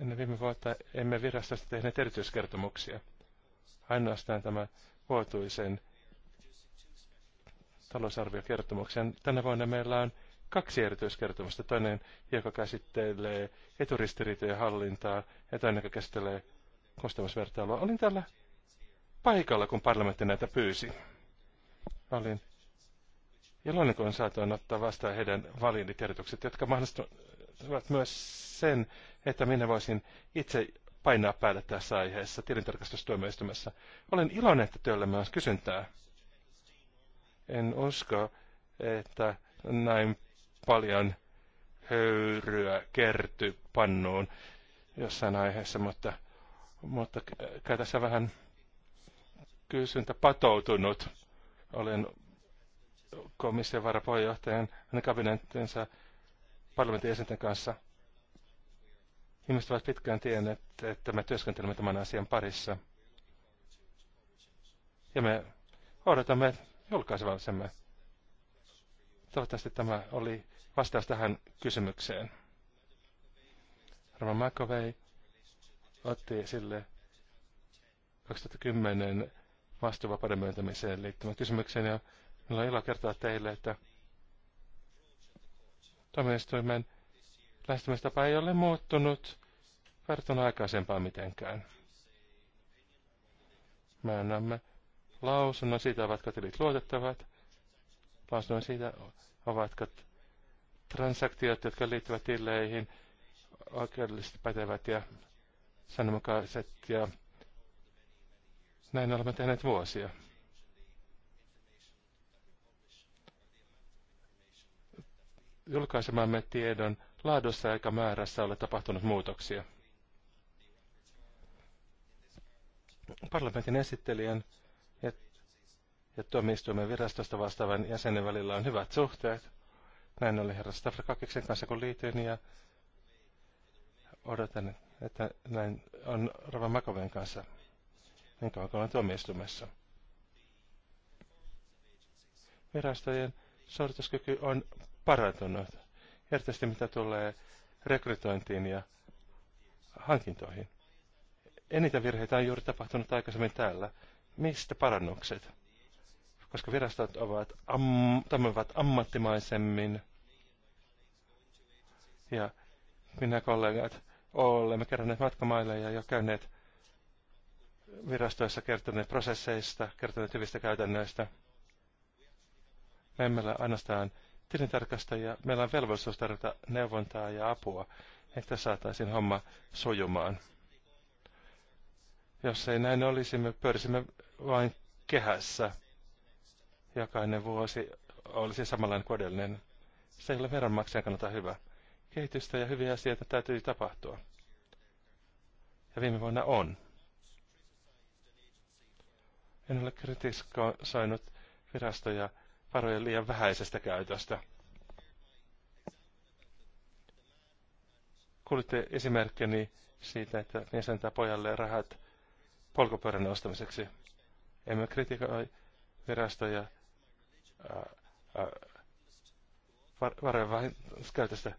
Ennen viime vuotta emme virastosta tehneet erityiskertomuksia. Ainoastaan tämä vuotuisen talousarviokertomuksen. Tänä vuonna meillä on kaksi Toinen, joka käsittelee eturistiriitojen hallintaa ja toinen, joka käsittelee kustannusvertailua. Olin täällä paikalla, kun parlamentti näitä pyysi. Olin iloinen, kun saatoin ottaa vastaan heidän valinnitiedotukset, jotka mahdollistavat myös sen, että minä voisin itse painaa päälle tässä aiheessa tilintarkastustuomioistumassa. Olen iloinen, että työllä on kysyntää. En usko, että näin paljon höyryä kerty pannuun jossain aiheessa, mutta, mutta kai tässä vähän kysyntä patoutunut. Olen komission varapuheenjohtajan hänen kabinettinsa parlamentin jäsenten kanssa. Ihmiset ovat pitkään tienneet, että me työskentelemme tämän asian parissa. Ja me odotamme julkaisevansemme Toivottavasti tämä oli vastaus tähän kysymykseen. Rama McAvey otti sille 2010 vastuuvapauden myöntämiseen liittyvän kysymyksen ja minulla on ilo kertoa teille, että tuomioistuimen lähestymistapa ei ole muuttunut verrattuna aikaisempaa mitenkään. Me annamme lausunnon siitä, ovatko tilit luotettavat, lausunnon siitä, ovatko transaktiot, jotka liittyvät tilleihin, oikeudellisesti pätevät ja sananmukaiset. Ja näin olemme tehneet vuosia. Julkaisemamme tiedon laadussa eikä määrässä ole tapahtunut muutoksia. Parlamentin esittelijän ja tuomioistuimen virastosta vastaavan jäsenen välillä on hyvät suhteet. Näin oli herra Stafrakakiksen kanssa, kun liityin ja odotan, että näin on Rava Makoven kanssa, niin kauan kuin tuomioistuimessa. Virastojen suorituskyky on parantunut, erityisesti mitä tulee rekrytointiin ja hankintoihin. Eniten virheitä on juuri tapahtunut aikaisemmin täällä. Mistä parannukset? koska virastot ovat, am, toimivat ammattimaisemmin. Ja minä kollegat olemme keränneet matkamaille ja jo käyneet virastoissa kertoneet prosesseista, kertoneet hyvistä käytännöistä. Me emme ole ainoastaan tilintarkastajia, meillä on velvollisuus tarjota neuvontaa ja apua, että saataisiin homma sojumaan. Jos ei näin olisi, me pyörisimme vain kehässä jokainen vuosi olisi siis samanlainen kuin edellinen. Se ei ole veronmaksajan kannalta hyvä. Kehitystä ja hyviä asioita täytyy tapahtua. Ja viime vuonna on. En ole kritisoinut virastoja varojen liian vähäisestä käytöstä. Kuulitte esimerkkini siitä, että mies antaa pojalle rahat polkupyörän ostamiseksi. Emme kritikoi virastoja varojen vähennyskäytöstä.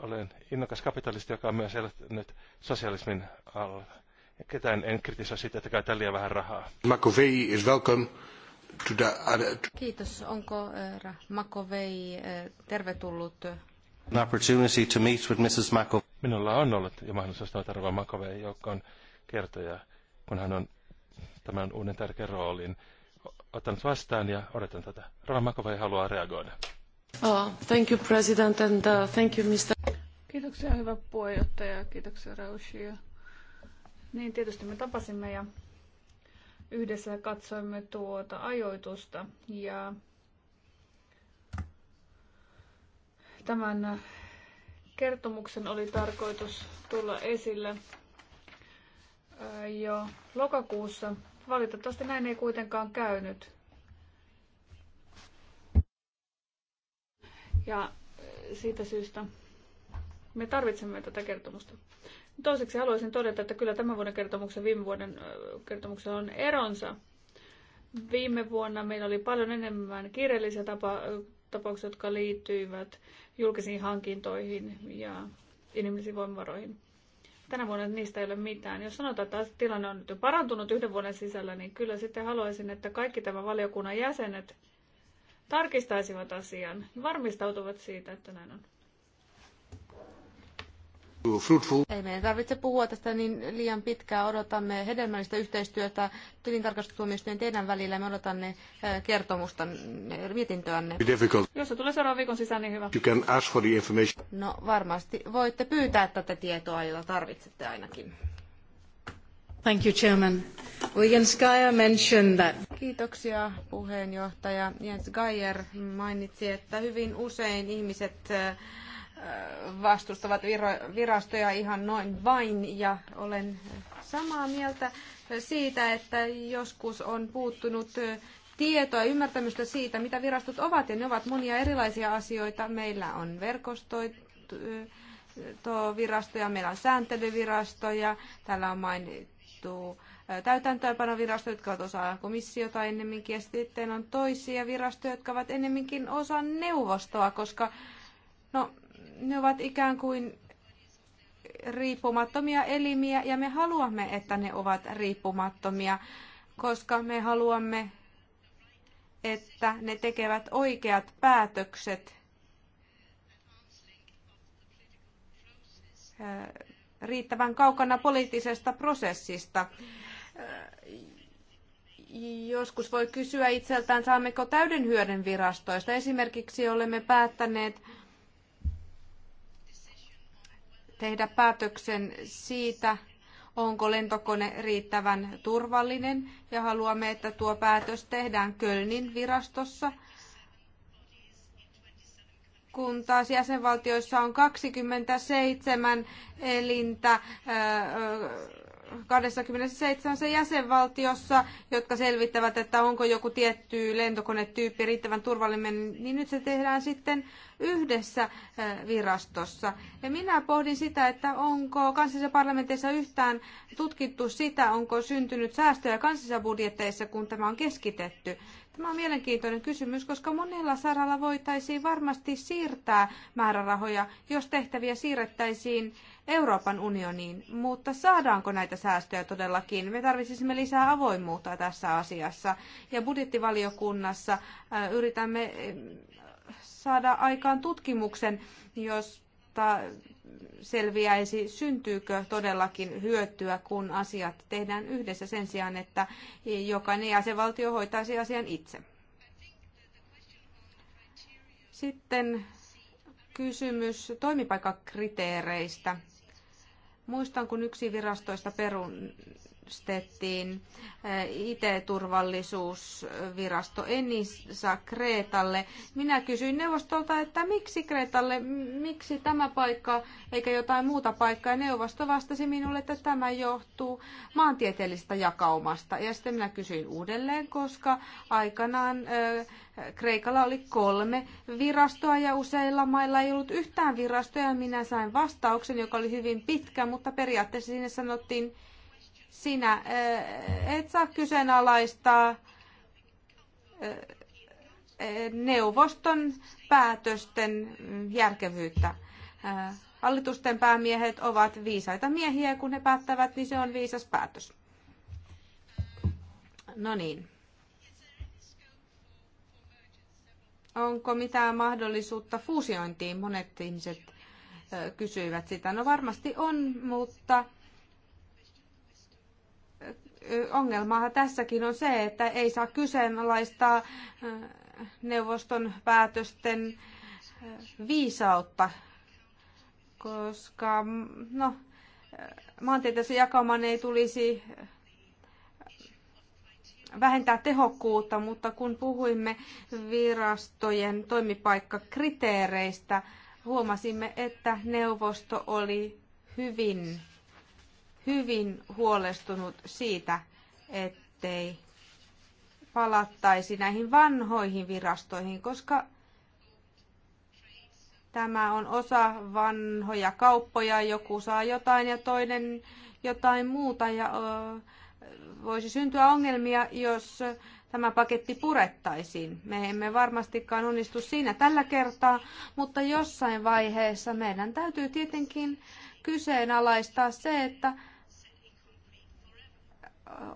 Olen innokas kapitalisti, joka on myös elänyt sosialismin alla. Ketään en kritisoi sitä, että käytän liian vähän rahaa. McAvey is welcome. To the, other... Kiitos. Onko uh, McAvey uh, tervetullut? An opportunity to meet with Mrs. McAvey. Minulla on ollut jo mahdollisuus tavata Rova McAvey, joka on kertoja, kun hän on tämän uuden tärkeän roolin ottanut vastaan ja odotan tätä. Rova haluaa reagoida. Oh, thank you, President, and uh, thank you, Mr. Kiitoksia, hyvä puheenjohtaja. Kiitoksia, Raushi. Niin, tietysti me tapasimme ja yhdessä katsoimme tuota ajoitusta ja tämän kertomuksen oli tarkoitus tulla esille äh, jo lokakuussa Valitettavasti näin ei kuitenkaan käynyt. Ja äh, siitä syystä me tarvitsemme tätä kertomusta. Toiseksi haluaisin todeta, että kyllä tämän vuoden kertomuksen viime vuoden äh, kertomuksen on eronsa. Viime vuonna meillä oli paljon enemmän kirjallisia tapa, äh, tapauksia, jotka liittyivät julkisiin hankintoihin ja inhimillisiin voimavaroihin tänä vuonna niistä ei ole mitään. Jos sanotaan, että tilanne on nyt jo parantunut yhden vuoden sisällä, niin kyllä sitten haluaisin, että kaikki tämän valiokunnan jäsenet tarkistaisivat asian ja varmistautuvat siitä, että näin on. Ei meidän tarvitse puhua tästä niin liian pitkään. Odotamme hedelmällistä yhteistyötä tilintarkastustuomioistuin teidän välillä. Me odotamme eh, kertomusta mietintöänne. Jos se tulee seuraavan viikon sisään, niin hyvä. You can ask for the information. No varmasti voitte pyytää tätä tietoa, jota tarvitsette ainakin. Thank you, Chairman. Jens mentioned that. Kiitoksia puheenjohtaja. Jens Geier mainitsi, että hyvin usein ihmiset äh, vastustavat virastoja ihan noin vain ja olen samaa mieltä siitä, että joskus on puuttunut tietoa, ymmärtämystä siitä, mitä virastot ovat ja ne ovat monia erilaisia asioita. Meillä on verkostovirastoja, meillä on sääntelyvirastoja, täällä on mainittu täytäntöönpanovirastoja, jotka ovat osa komissiota ennemminkin, ja sitten on toisia virastoja, jotka ovat ennemminkin osa neuvostoa, koska no, ne ovat ikään kuin riippumattomia elimiä ja me haluamme, että ne ovat riippumattomia, koska me haluamme, että ne tekevät oikeat päätökset riittävän kaukana poliittisesta prosessista. Joskus voi kysyä itseltään, saammeko täyden hyödyn virastoista. Esimerkiksi olemme päättäneet tehdä päätöksen siitä, onko lentokone riittävän turvallinen ja haluamme, että tuo päätös tehdään Kölnin virastossa, kun taas jäsenvaltioissa on 27 elintä 27 jäsenvaltiossa, jotka selvittävät, että onko joku tietty lentokonetyyppi riittävän turvallinen, niin nyt se tehdään sitten yhdessä eh, virastossa. Ja minä pohdin sitä, että onko kansallisessa parlamenteissa yhtään tutkittu sitä, onko syntynyt säästöjä kansallisissa budjetteissa, kun tämä on keskitetty. Tämä on mielenkiintoinen kysymys, koska monella saralla voitaisiin varmasti siirtää määrärahoja, jos tehtäviä siirrettäisiin Euroopan unioniin, mutta saadaanko näitä säästöjä todellakin? Me tarvitsisimme lisää avoimuutta tässä asiassa ja budjettivaliokunnassa äh, yritämme äh, saada aikaan tutkimuksen, josta selviäisi, syntyykö todellakin hyötyä, kun asiat tehdään yhdessä sen sijaan, että jokainen jäsenvaltio hoitaisi asian itse. Sitten kysymys toimipaikkakriteereistä. Muistan, kun yksi virastoista peru, perustettiin eh, IT-turvallisuusvirasto Enisa Kreetalle. Minä kysyin neuvostolta, että miksi Kreetalle, miksi tämä paikka eikä jotain muuta paikkaa. Neuvosto vastasi minulle, että tämä johtuu maantieteellisestä jakaumasta. Ja sitten minä kysyin uudelleen, koska aikanaan eh, Kreikalla oli kolme virastoa ja useilla mailla ei ollut yhtään virastoja. Minä sain vastauksen, joka oli hyvin pitkä, mutta periaatteessa sinne sanottiin sinä eh, et saa kyseenalaistaa eh, neuvoston päätösten järkevyyttä. Eh, hallitusten päämiehet ovat viisaita miehiä, kun he päättävät, niin se on viisas päätös. No niin. Onko mitään mahdollisuutta fuusiointiin? Monet ihmiset kysyivät sitä. No varmasti on, mutta ongelmahan tässäkin on se, että ei saa kyseenalaistaa neuvoston päätösten viisautta, koska no, maantieteellisen jakauman ei tulisi vähentää tehokkuutta, mutta kun puhuimme virastojen toimipaikkakriteereistä, huomasimme, että neuvosto oli hyvin hyvin huolestunut siitä, ettei palattaisi näihin vanhoihin virastoihin, koska tämä on osa vanhoja kauppoja, joku saa jotain ja toinen jotain muuta ja voisi syntyä ongelmia, jos tämä paketti purettaisiin. Me emme varmastikaan onnistu siinä tällä kertaa, mutta jossain vaiheessa meidän täytyy tietenkin kyseenalaistaa se, että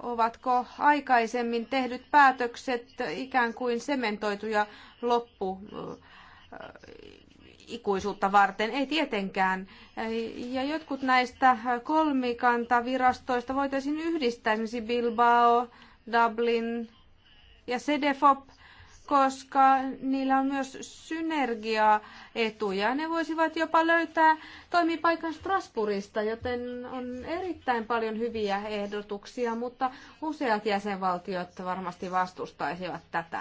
ovatko aikaisemmin tehdyt päätökset ikään kuin sementoituja loppu ikuisuutta varten? Ei tietenkään. Ja jotkut näistä kolmikantavirastoista voitaisiin yhdistää, esimerkiksi Bilbao, Dublin ja CDFOP – koska niillä on myös synergiaetuja. Ne voisivat jopa löytää toimipaikan Strasbourgista, joten on erittäin paljon hyviä ehdotuksia, mutta useat jäsenvaltiot varmasti vastustaisivat tätä.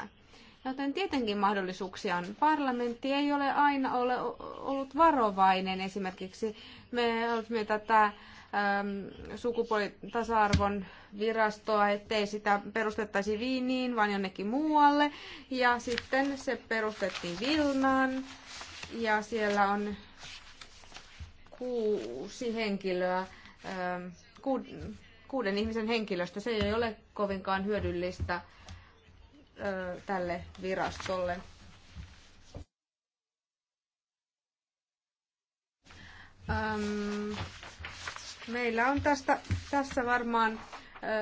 Joten tietenkin mahdollisuuksia on. Parlamentti ei ole aina ole ollut varovainen. Esimerkiksi me me tätä Ähm, sukupuolitasa-arvon virastoa, ettei sitä perustettaisi Viiniin, vaan jonnekin muualle. Ja sitten se perustettiin Vilnaan ja siellä on kuusi henkilöä, ähm, kuuden ihmisen henkilöstä. Se ei ole kovinkaan hyödyllistä äh, tälle virastolle. Um, Meillä on tästä, tässä varmaan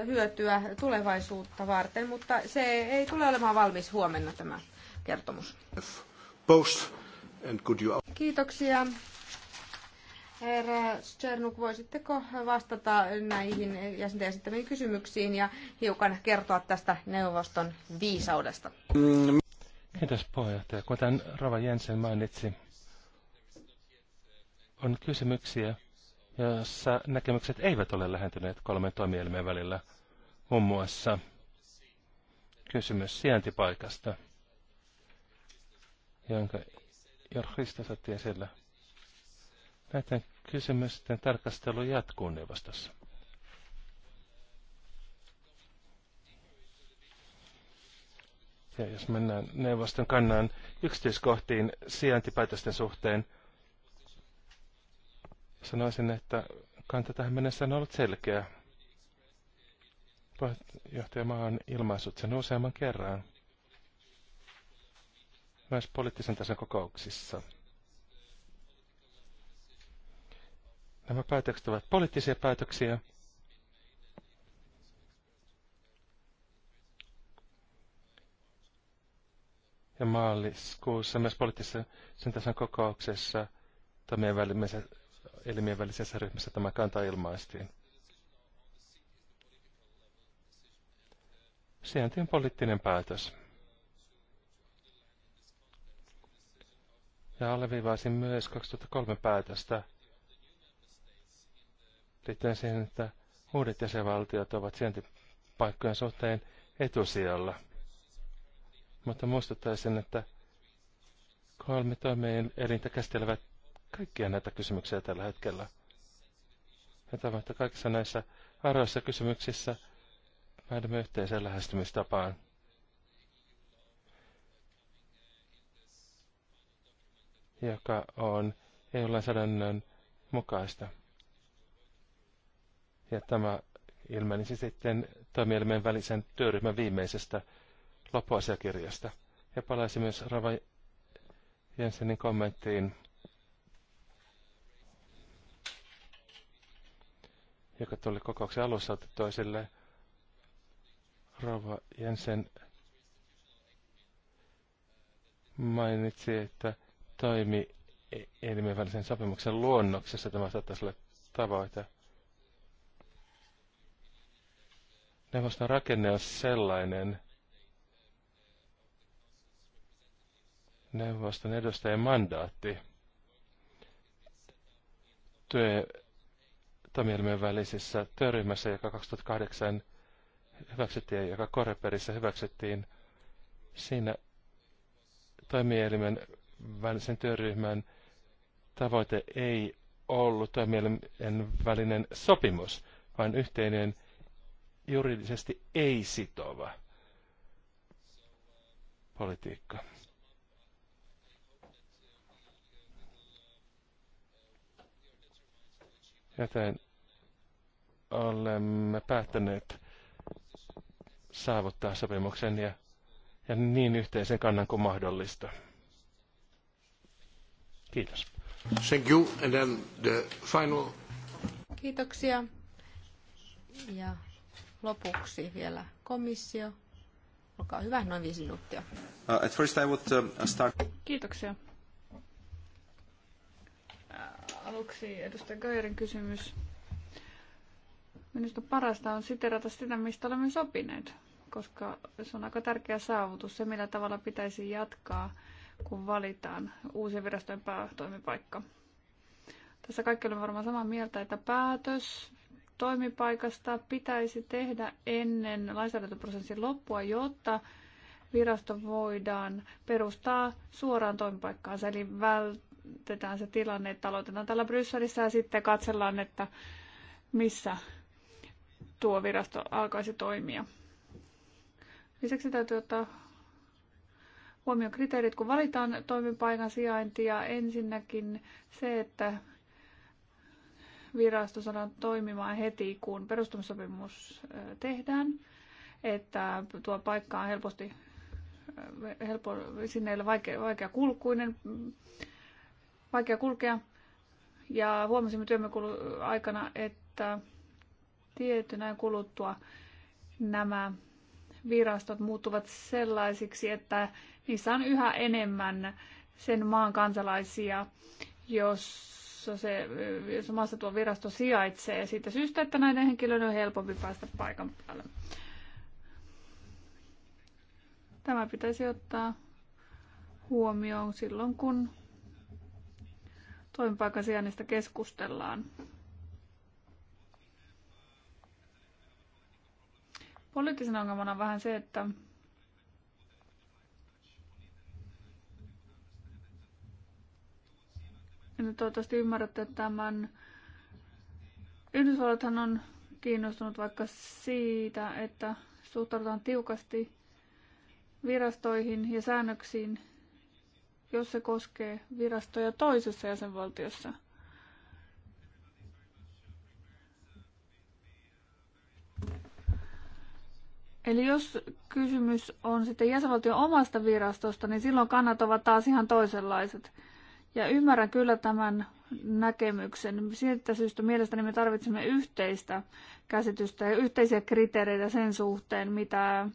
hyötyä tulevaisuutta varten, mutta se ei tule olemaan valmis huomenna tämä kertomus. Kiitoksia. Herra Stjernuk, voisitteko vastata näihin jäsenten esittämiin kysymyksiin ja hiukan kertoa tästä neuvoston viisaudesta? Kiitos puheenjohtaja. Kuten Rava Jensen mainitsi, on kysymyksiä, jossa näkemykset eivät ole lähentyneet kolmen toimielimen välillä. Muun muassa kysymys sijaintipaikasta, jonka Jorgista otti esille. Näiden kysymysten tarkastelu jatkuu neuvostossa. Ja jos mennään neuvoston kannan yksityiskohtiin sijaintipäätösten suhteen, Sanoisin, että kanta tähän mennessä on ollut selkeä. maa on ilmaissut sen useamman kerran, myös poliittisen tason kokouksissa. Nämä päätökset ovat poliittisia päätöksiä. Ja maaliskuussa myös poliittisen tason kokouksessa toimien välimessä elimien välisessä ryhmässä tämä kanta ilmaistiin. Sijainti on poliittinen päätös. Ja alleviivaisin myös 2003 päätöstä liittyen siihen, että uudet jäsenvaltiot ovat sijaintipaikkojen suhteen etusijalla. Mutta muistuttaisin, että kolme toimeen elintä käsittelevät kaikkia näitä kysymyksiä tällä hetkellä. Ja tämä, että kaikissa näissä arvoissa kysymyksissä päädymme yhteiseen lähestymistapaan. joka on EU-lainsäädännön mukaista. Ja tämä ilmenisi sitten toimielimen välisen työryhmän viimeisestä loppuasiakirjasta. Ja palaisi myös Rava Jensenin kommenttiin joka tuli kokouksen alussa toiselle. Rova Jensen mainitsi, että toimi elimen välisen sopimuksen luonnoksessa tämä saattaisi olla tavoite. Neuvoston rakenne on sellainen, neuvoston edustajan mandaatti työ toimielimen välisessä työryhmässä, joka 2008 hyväksyttiin ja joka Koreperissä hyväksyttiin. Siinä toimielimen välisen työryhmän tavoite ei ollut toimielimen välinen sopimus, vaan yhteinen juridisesti ei-sitova politiikka. eteen olemme päättäneet saavuttaa sopimuksen ja, ja niin yhteisen kannan kuin mahdollista. Kiitos. Thank you. And then the final... Kiitoksia. Ja lopuksi vielä komissio. Olkaa hyvä, noin viisi minuuttia. Uh, at first I would, uh, start... Kiitoksia. Aluksi edustaja Gairin kysymys. Minusta parasta on siterata sitä, mistä olemme sopineet, koska se on aika tärkeä saavutus, se millä tavalla pitäisi jatkaa, kun valitaan uusien virastojen päätoimipaikka. Tässä kaikki olemme varmaan samaa mieltä, että päätös toimipaikasta pitäisi tehdä ennen lainsäädäntöprosessin loppua, jotta virasto voidaan perustaa suoraan toimipaikkaansa, eli vält- selvitetään se tilanne, että aloitetaan täällä Brysselissä ja sitten katsellaan, että missä tuo virasto alkaisi toimia. Lisäksi täytyy ottaa huomioon kriteerit, kun valitaan toimipaikan sijaintia. Ensinnäkin se, että virasto saadaan toimimaan heti, kun perustumissopimus tehdään, että tuo paikka on helposti helpo, sinne ei ole vaikea, vaikea kulkuinen vaikea kulkea. Ja huomasimme työmme aikana, että tietyn kuluttua nämä virastot muuttuvat sellaisiksi, että niissä on yhä enemmän sen maan kansalaisia, jossa se jos maassa tuo virasto sijaitsee siitä syystä, että näiden henkilöiden on helpompi päästä paikan päälle. Tämä pitäisi ottaa huomioon silloin, kun toimipaikan sijainnista keskustellaan. Poliittisen ongelmana on vähän se, että nyt toivottavasti ymmärrätte tämän. Yhdysvallathan on kiinnostunut vaikka siitä, että suhtaudutaan tiukasti virastoihin ja säännöksiin, jos se koskee virastoja toisessa jäsenvaltiossa. Eli jos kysymys on sitten jäsenvaltion omasta virastosta, niin silloin kannat ovat taas ihan toisenlaiset. Ja ymmärrän kyllä tämän näkemyksen. Siitä syystä mielestäni me tarvitsemme yhteistä käsitystä ja yhteisiä kriteereitä sen suhteen, mitä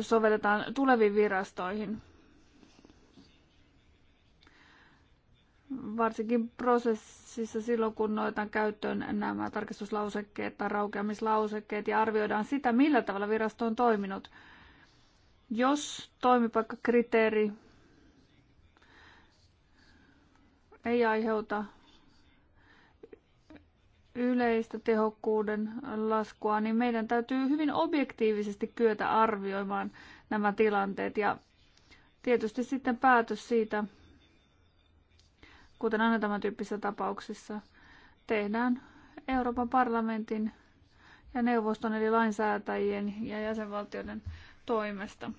sovelletaan tuleviin virastoihin. varsinkin prosessissa silloin, kun noitan käyttöön nämä tarkistuslausekkeet tai raukeamislausekkeet ja arvioidaan sitä, millä tavalla virasto on toiminut. Jos toimipaikkakriteeri ei aiheuta yleistä tehokkuuden laskua, niin meidän täytyy hyvin objektiivisesti kyetä arvioimaan nämä tilanteet ja tietysti sitten päätös siitä, kuten aina tämän tyyppisissä tapauksissa, tehdään Euroopan parlamentin ja neuvoston eli lainsäätäjien ja jäsenvaltioiden toimesta.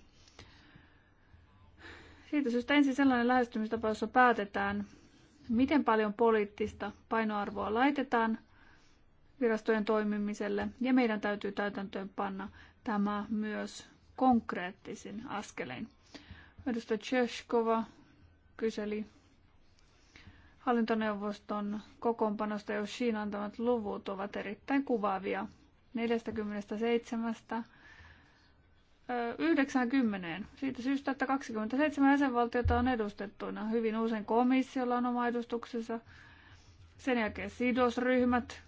Siitä syystä ensin sellainen lähestymistapa, jossa päätetään, miten paljon poliittista painoarvoa laitetaan virastojen toimimiselle, ja meidän täytyy täytäntöön panna tämä myös konkreettisin askelein. Edustaja Cheshkova kyseli hallintoneuvoston kokoonpanosta, jos antamat luvut ovat erittäin kuvaavia. 47 90. Siitä syystä, että 27 jäsenvaltiota on edustettuina. Hyvin usein komissiolla on oma edustuksensa. Sen jälkeen sidosryhmät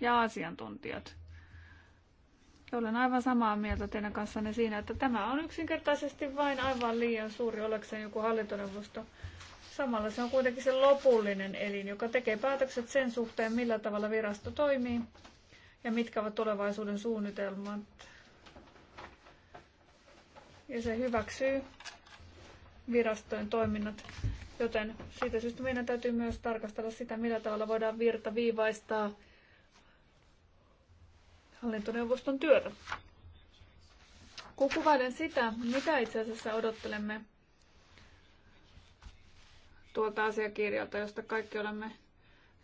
ja asiantuntijat. Olen aivan samaa mieltä teidän kanssanne siinä, että tämä on yksinkertaisesti vain aivan liian suuri ollakseen joku hallintoneuvosto Samalla se on kuitenkin se lopullinen elin, joka tekee päätökset sen suhteen, millä tavalla virasto toimii ja mitkä ovat tulevaisuuden suunnitelmat. Ja se hyväksyy virastojen toiminnat, joten siitä syystä meidän täytyy myös tarkastella sitä, millä tavalla voidaan virta viivaistaa hallintoneuvoston työtä. Kun kuvailen sitä, mitä itse asiassa odottelemme tuolta asiakirjalta, josta kaikki olemme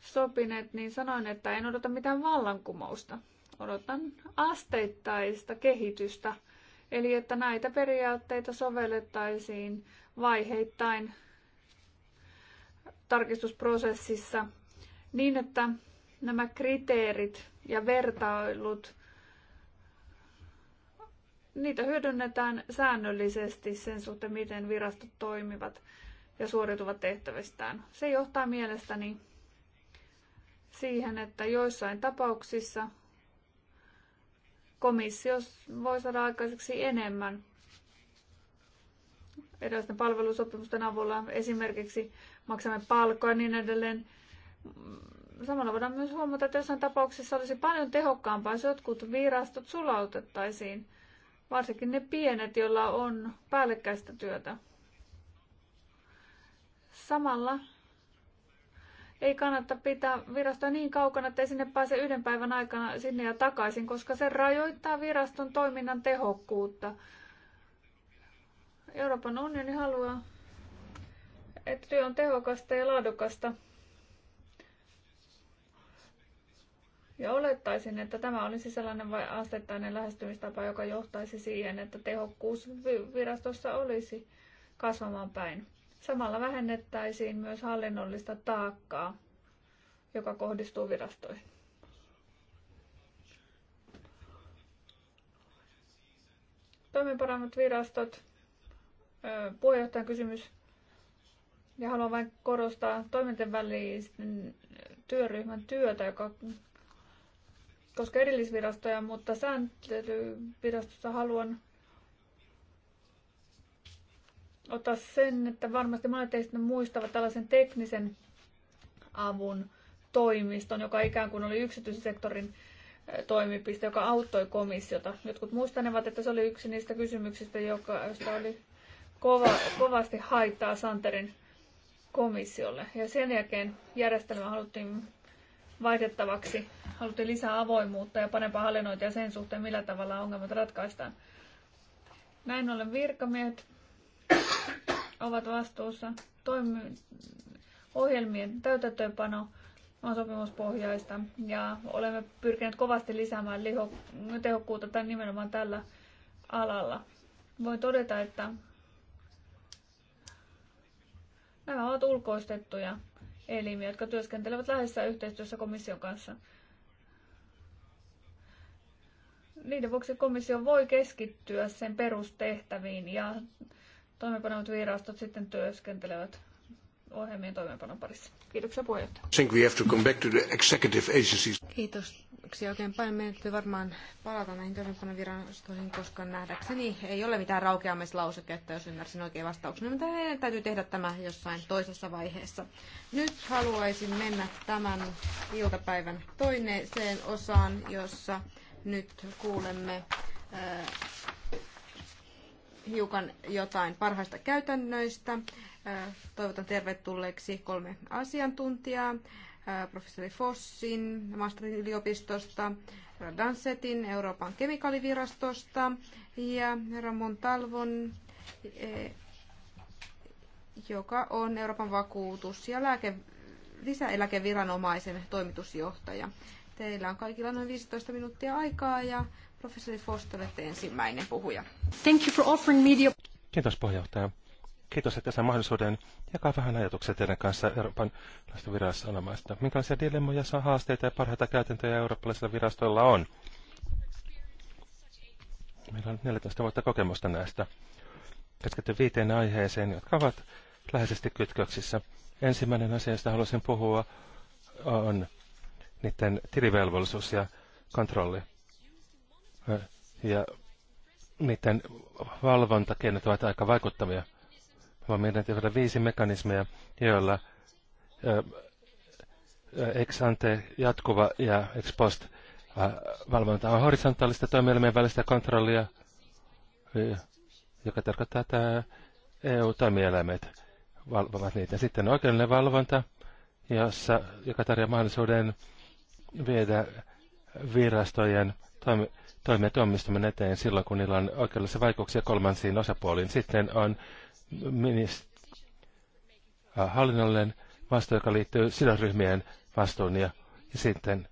sopineet, niin sanoin, että en odota mitään vallankumousta. Odotan asteittaista kehitystä, eli että näitä periaatteita sovellettaisiin vaiheittain tarkistusprosessissa niin, että nämä kriteerit ja vertailut, niitä hyödynnetään säännöllisesti sen suhteen, miten virastot toimivat ja suoriutuvat tehtävistään. Se johtaa mielestäni siihen, että joissain tapauksissa komissio voi saada aikaiseksi enemmän erilaisten palvelusopimusten avulla, esimerkiksi maksamme palkkoja ja niin edelleen. Samalla voidaan myös huomata, että jossain tapauksessa olisi paljon tehokkaampaa, jos jotkut virastot sulautettaisiin, varsinkin ne pienet, joilla on päällekkäistä työtä. Samalla ei kannata pitää virastoa niin kaukana, että sinne pääse yhden päivän aikana sinne ja takaisin, koska se rajoittaa viraston toiminnan tehokkuutta. Euroopan unioni haluaa, että työ on tehokasta ja laadukasta. Ja olettaisin, että tämä olisi sellainen vai asteittainen lähestymistapa, joka johtaisi siihen, että tehokkuus virastossa olisi kasvamaan päin. Samalla vähennettäisiin myös hallinnollista taakkaa, joka kohdistuu virastoihin. Toimenparanut virastot. Puheenjohtajan kysymys. Ja haluan vain korostaa toiminten välisen työryhmän työtä, joka koskee erillisvirastoja, mutta sääntelyvirastossa haluan ottaa sen, että varmasti monet teistä muistavat tällaisen teknisen avun toimiston, joka ikään kuin oli yksityissektorin toimipiste, joka auttoi komissiota. Jotkut muistanevat, että se oli yksi niistä kysymyksistä, joka, josta oli kova, kovasti haittaa Santerin komissiolle. Ja sen jälkeen järjestelmä haluttiin vaihdettavaksi, haluttiin lisää avoimuutta ja parempaa hallinnointia sen suhteen, millä tavalla ongelmat ratkaistaan. Näin ollen virkamiehet ovat vastuussa. Toimi- ohjelmien täytäntöönpano on sopimuspohjaista ja olemme pyrkineet kovasti lisäämään liho- tehokkuutta tämän nimenomaan tällä alalla. Voin todeta, että nämä ovat ulkoistettuja elimiä, jotka työskentelevät läheisessä yhteistyössä komission kanssa. Niiden vuoksi komissio voi keskittyä sen perustehtäviin ja toimeenpanevat virastot sitten työskentelevät ohjelmien toimeenpanon parissa. Kiitoksia puheenjohtaja. think we have to come back to the executive agencies. Kiitoksia oikein paljon. Meidän täytyy varmaan palata näihin toimeenpanovirastoihin, koska nähdäkseni ei ole mitään raukeamislauseketta, jos ymmärsin oikein vastauksen. Mutta niin meidän täytyy tehdä tämä jossain toisessa vaiheessa. Nyt haluaisin mennä tämän iltapäivän toiseen osaan, jossa nyt kuulemme äh, hiukan jotain parhaista käytännöistä. Toivotan tervetulleeksi kolme asiantuntijaa. Professori Fossin Maastrin yliopistosta, Dansetin Euroopan kemikaalivirastosta ja Ramon Talvon, e, joka on Euroopan vakuutus- ja lääke, lisäeläkeviranomaisen toimitusjohtaja. Teillä on kaikilla noin 15 minuuttia aikaa ja Professori Foster, olette ensimmäinen puhuja. Thank you for offering media. Kiitos puheenjohtaja. Kiitos, että saan mahdollisuuden jakaa vähän ajatuksia teidän kanssa Euroopan virastonomaista. Minkälaisia dilemmoja, saa haasteita ja parhaita käytäntöjä eurooppalaisilla virastoilla on? Meillä on 14 vuotta kokemusta näistä. Keskityn viiteen aiheeseen, jotka ovat läheisesti kytköksissä. Ensimmäinen asia, josta haluaisin puhua, on niiden tilivelvollisuus ja kontrolli ja niiden valvontakeinot ovat aika vaikuttavia. Vaan meidän olla viisi mekanismeja joilla ex ante jatkuva ja ex post valvonta on horisontaalista toimielimien välistä kontrollia, joka tarkoittaa, että EU-toimielimet valvovat niitä. Sitten oikeudellinen valvonta, jossa, joka tarjoaa mahdollisuuden viedä virastojen toimia tuomistamme eteen silloin, kun niillä on oikeudellisia vaikutuksia kolmansiin osapuoliin. Sitten on minist- äh, hallinnollinen vastuu, joka liittyy sidosryhmien vastuun ja, ja sitten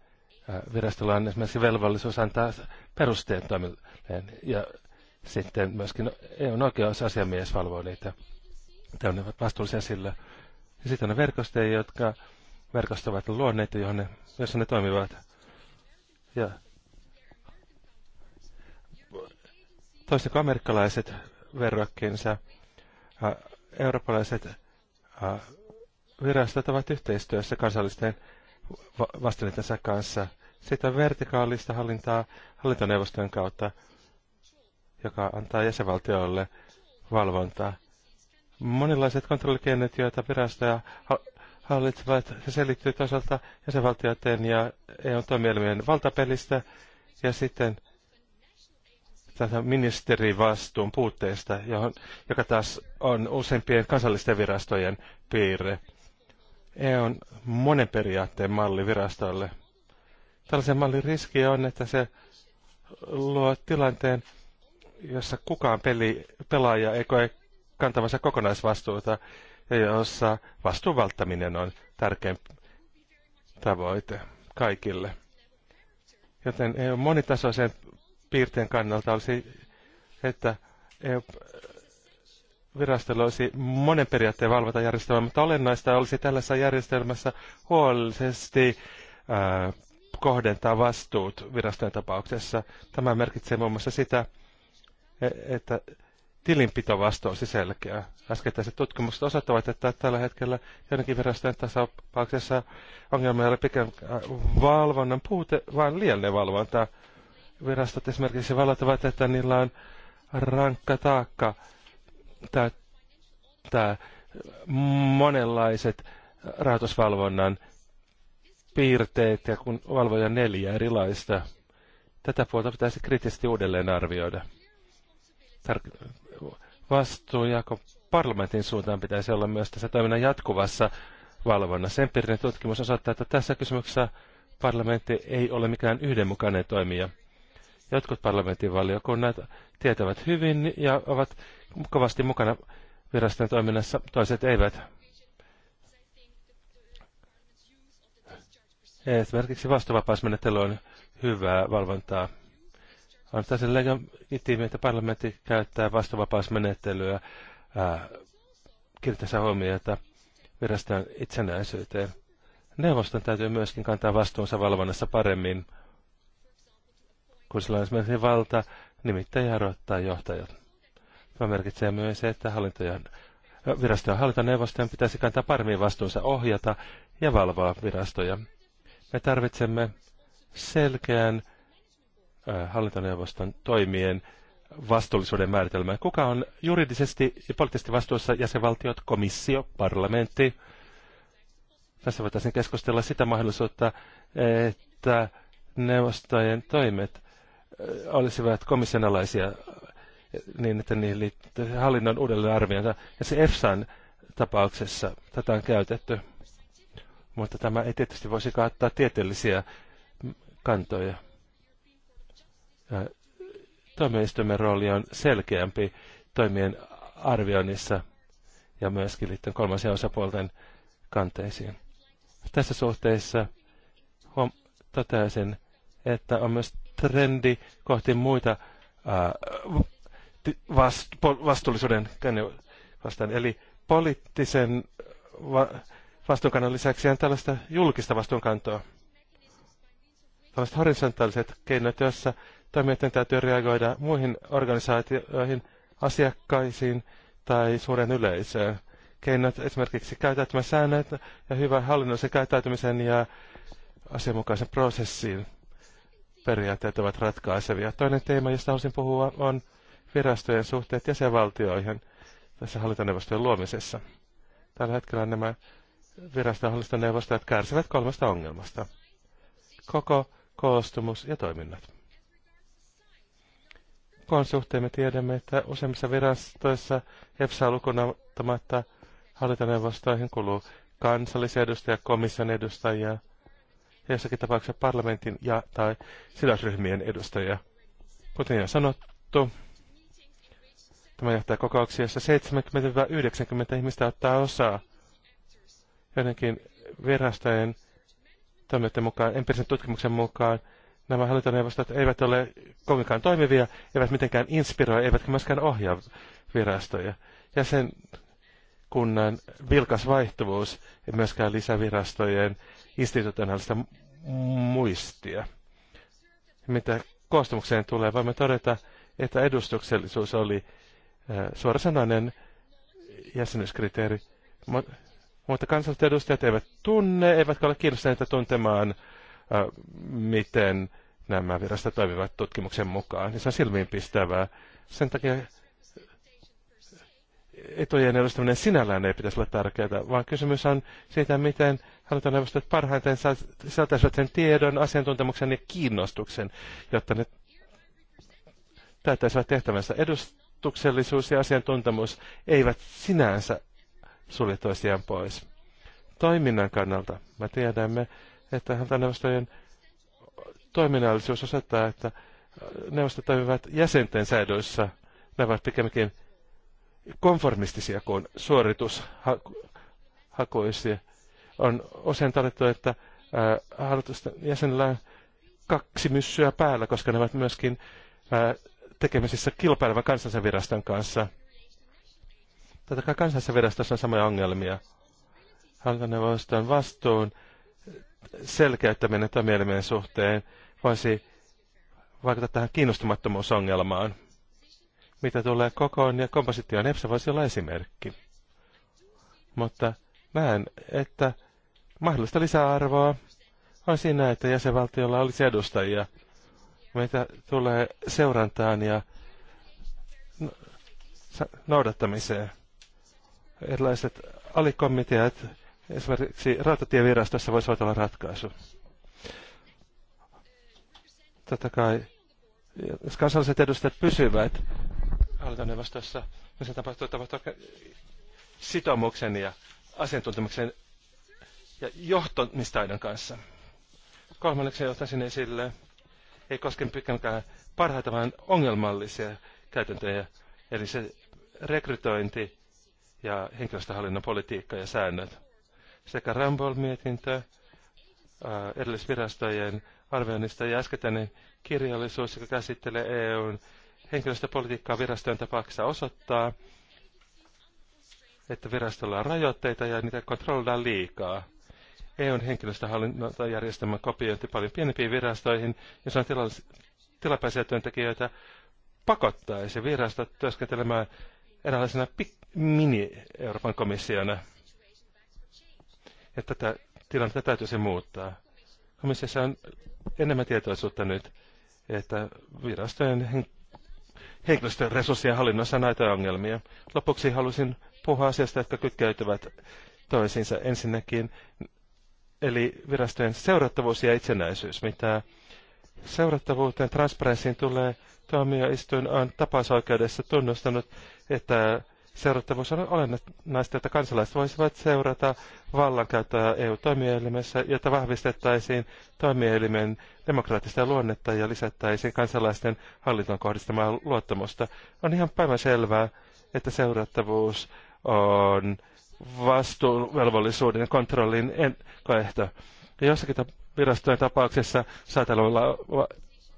äh, virastolla on esimerkiksi velvollisuus antaa perusteet toimilleen ja sitten myöskin EUn oikeusasiamies valvoo niitä. Te ovat vastuullisia sillä. Ja sitten on verkostoja, jotka verkostovat luonneita, joissa ne, ne toimivat. Ja kuin amerikkalaiset verrokkinsa, eurooppalaiset virastot ovat yhteistyössä kansallisten vastineitensa kanssa. Sitä vertikaalista hallintaa hallintoneuvostojen kautta, joka antaa jäsenvaltioille valvontaa. Monenlaiset kontrollikennet, joita virastoja hallitsevat, se selittyy toisaalta jäsenvaltioiden ja eu toimielimien valtapelistä ja sitten tätä ministerivastuun puutteesta, johon, joka taas on useimpien kansallisten virastojen piirre. EU on monen periaatteen malli virastolle. Tällaisen mallin riski on, että se luo tilanteen, jossa kukaan peli, pelaaja ei koe kantavansa kokonaisvastuuta ja jossa vastuun välttäminen on tärkein tavoite kaikille. Joten e monitasoisen piirteen kannalta olisi, että virastolla olisi monen periaatteen valvontajärjestelmä, mutta olennaista olisi tällaisessa järjestelmässä huolellisesti kohdentaa vastuut virastojen tapauksessa. Tämä merkitsee muun muassa sitä, e, että tilinpitovastuu olisi selkeä. Äskettäiset tutkimukset osoittavat, että tällä hetkellä jonkin virastojen tapauksessa ongelma ei ole pikemmin valvonnan puute, vaan liian valvontaa virastot esimerkiksi valottavat, että niillä on rankka taakka täyttää monenlaiset rahoitusvalvonnan piirteet ja kun valvoja neljä erilaista. Tätä puolta pitäisi kriittisesti uudelleen arvioida. Tar- vastuujako parlamentin suuntaan pitäisi olla myös tässä toiminnan jatkuvassa valvonnassa. Empiirinen tutkimus osoittaa, että tässä kysymyksessä parlamentti ei ole mikään yhdenmukainen toimija. Jotkut parlamentin valiokunnat tietävät hyvin ja ovat kovasti mukana viraston toiminnassa, toiset eivät. Esimerkiksi vastuvapausmenettely on hyvää valvontaa. On täysin legitiimi, että parlamentti käyttää vastuvapausmenettelyä kiinnittäessä huomiota viraston itsenäisyyteen. Neuvoston täytyy myöskin kantaa vastuunsa valvonnassa paremmin kun sillä on esimerkiksi valta nimittäin ja johtajat. Tämä merkitsee myös, että hallintojen virastojen hallintoneuvostojen pitäisi kantaa paremmin vastuunsa ohjata ja valvoa virastoja. Me tarvitsemme selkeän hallintoneuvoston toimien vastuullisuuden määritelmää. Kuka on juridisesti ja poliittisesti vastuussa jäsenvaltiot, komissio, parlamentti? Tässä voitaisiin keskustella sitä mahdollisuutta, että neuvostojen toimet Äh, olisivat komissionalaisia äh, niin, että niihin liittyy hallinnon uudelleenarviointa. Ja se EFSAn tapauksessa tätä on käytetty, mutta tämä ei tietysti voisi kattaa tieteellisiä kantoja. Äh, tuomioistuimen rooli on selkeämpi toimien arvioinnissa ja myöskin liittyen kolmansien osapuolten kanteisiin. Tässä suhteessa huom- toteaisin, että on myös trendi kohti muita ää, vastuullisuuden vastaan. Eli poliittisen va, vastuunkannon lisäksi on tällaista julkista vastuunkantoa. Tällaiset horisontaaliset keinot, joissa toimijoiden täytyy reagoida muihin organisaatioihin, asiakkaisiin tai suuren yleisöön. Keinot esimerkiksi käyttäytymäsäännöt ja hyvän hallinnollisen käyttäytymisen ja asianmukaisen prosessin periaatteet ovat ratkaisevia. Toinen teema, josta haluaisin puhua, on virastojen suhteet jäsenvaltioihin tässä hallintoneuvostojen luomisessa. Tällä hetkellä nämä virastohallintoneuvostot kärsivät kolmesta ongelmasta. Koko, koostumus ja toiminnat. Koon suhteen me tiedämme, että useimmissa virastoissa EFSA lukunottamatta hallintoneuvostoihin kuluu kansallisia edustajia, komission edustajia, ja jossakin tapauksessa parlamentin ja tai sidosryhmien edustajia. Kuten jo sanottu, tämä johtaa kokouksia, jossa 70-90 ihmistä ottaa osaa joidenkin virastojen toimijoiden mukaan, empiirisen tutkimuksen mukaan, nämä hallintoneuvostot eivät ole kovinkaan toimivia, eivät mitenkään inspiroi, eivätkä myöskään ohjaa virastoja. Ja sen kunnan vilkas vaihtuvuus ja myöskään lisävirastojen institutionaalista muistia. Mitä koostumukseen tulee, voimme todeta, että edustuksellisuus oli äh, suorasanainen jäsenyyskriteeri, mutta kansalliset edustajat eivät tunne, eivätkä ole kiinnostuneita tuntemaan, äh, miten nämä virastot toimivat tutkimuksen mukaan. se on silmiinpistävää. Sen takia etujen edustaminen sinällään ei pitäisi olla tärkeää, vaan kysymys on siitä, miten hallintoneuvostot parhaiten saataisivat sen tiedon, asiantuntemuksen ja kiinnostuksen, jotta ne täyttäisivät tehtävänsä. Edustuksellisuus ja asiantuntemus eivät sinänsä sulje toisiaan pois. Toiminnan kannalta me tiedämme, että hallintoneuvostojen toiminnallisuus osoittaa, että neuvostot toimivat jäsenten säädöissä, Ne ovat pikemminkin konformistisia kuin suoritushakuisia. On usein todettu, että hallitusten jäsenillä on kaksi myssyä päällä, koska ne ovat myöskin tekemisissä kilpailevan kansallisen viraston kanssa. Totta kai kansallisessa virastossa on samoja ongelmia. Hallintoneuvoston vastuun selkeyttäminen toimielimen suhteen voisi vaikuttaa tähän kiinnostumattomuusongelmaan. Mitä tulee kokoon ja kompositioon, niin EPSA voisi olla esimerkki. Mutta näen, että mahdollista lisäarvoa on siinä, että jäsenvaltiolla olisi edustajia. mitä tulee seurantaan ja noudattamiseen. Erilaiset alikomiteat esimerkiksi rautatievirastossa voisi olla ratkaisu. Totta kai, jos kansalliset edustajat pysyvät hallintoneuvostossa, missä tapahtuu, tapahtuu sitoumuksen ja asiantuntemuksen ja johtamistaidon kanssa. Kolmanneksi ottaisin esille, ei koske pitkäänkään parhaita, vaan ongelmallisia käytäntöjä, eli se rekrytointi ja henkilöstöhallinnon politiikka ja säännöt. Sekä Rambol-mietintö, äh, edellisvirastojen arvioinnista ja äskettäinen kirjallisuus, joka käsittelee EUn henkilöstöpolitiikkaa virastojen tapauksessa osoittaa, että virastolla on rajoitteita ja niitä kontrolloidaan liikaa. EUn henkilöstöhallintojärjestelmän kopiointi paljon pienempiin virastoihin, jos on tila- tilapäisiä työntekijöitä, pakottaisi virastot työskentelemään eräänlaisena mini-Euroopan komissiona. Ja tätä tilannetta täytyisi muuttaa. Komissiossa on enemmän tietoisuutta nyt, että virastojen henkilöstön resurssien hallinnossa näitä ongelmia. Lopuksi halusin puhua asiasta, jotka kytkeytyvät toisiinsa ensinnäkin, eli virastojen seurattavuus ja itsenäisyys. Mitä seurattavuuteen transparenssiin tulee, tuomioistuin on tapausoikeudessa tunnustanut, että seurattavuus on olennaista, että kansalaiset voisivat seurata vallankäyttöä EU-toimielimessä, jotta vahvistettaisiin toimielimen demokraattista luonnetta ja lisättäisiin kansalaisten hallintoon kohdistamaa luottamusta. On ihan selvää, että seurattavuus on vastuuvelvollisuuden ja kontrollin ehto. Ja jossakin virastojen tapauksessa saattaa olla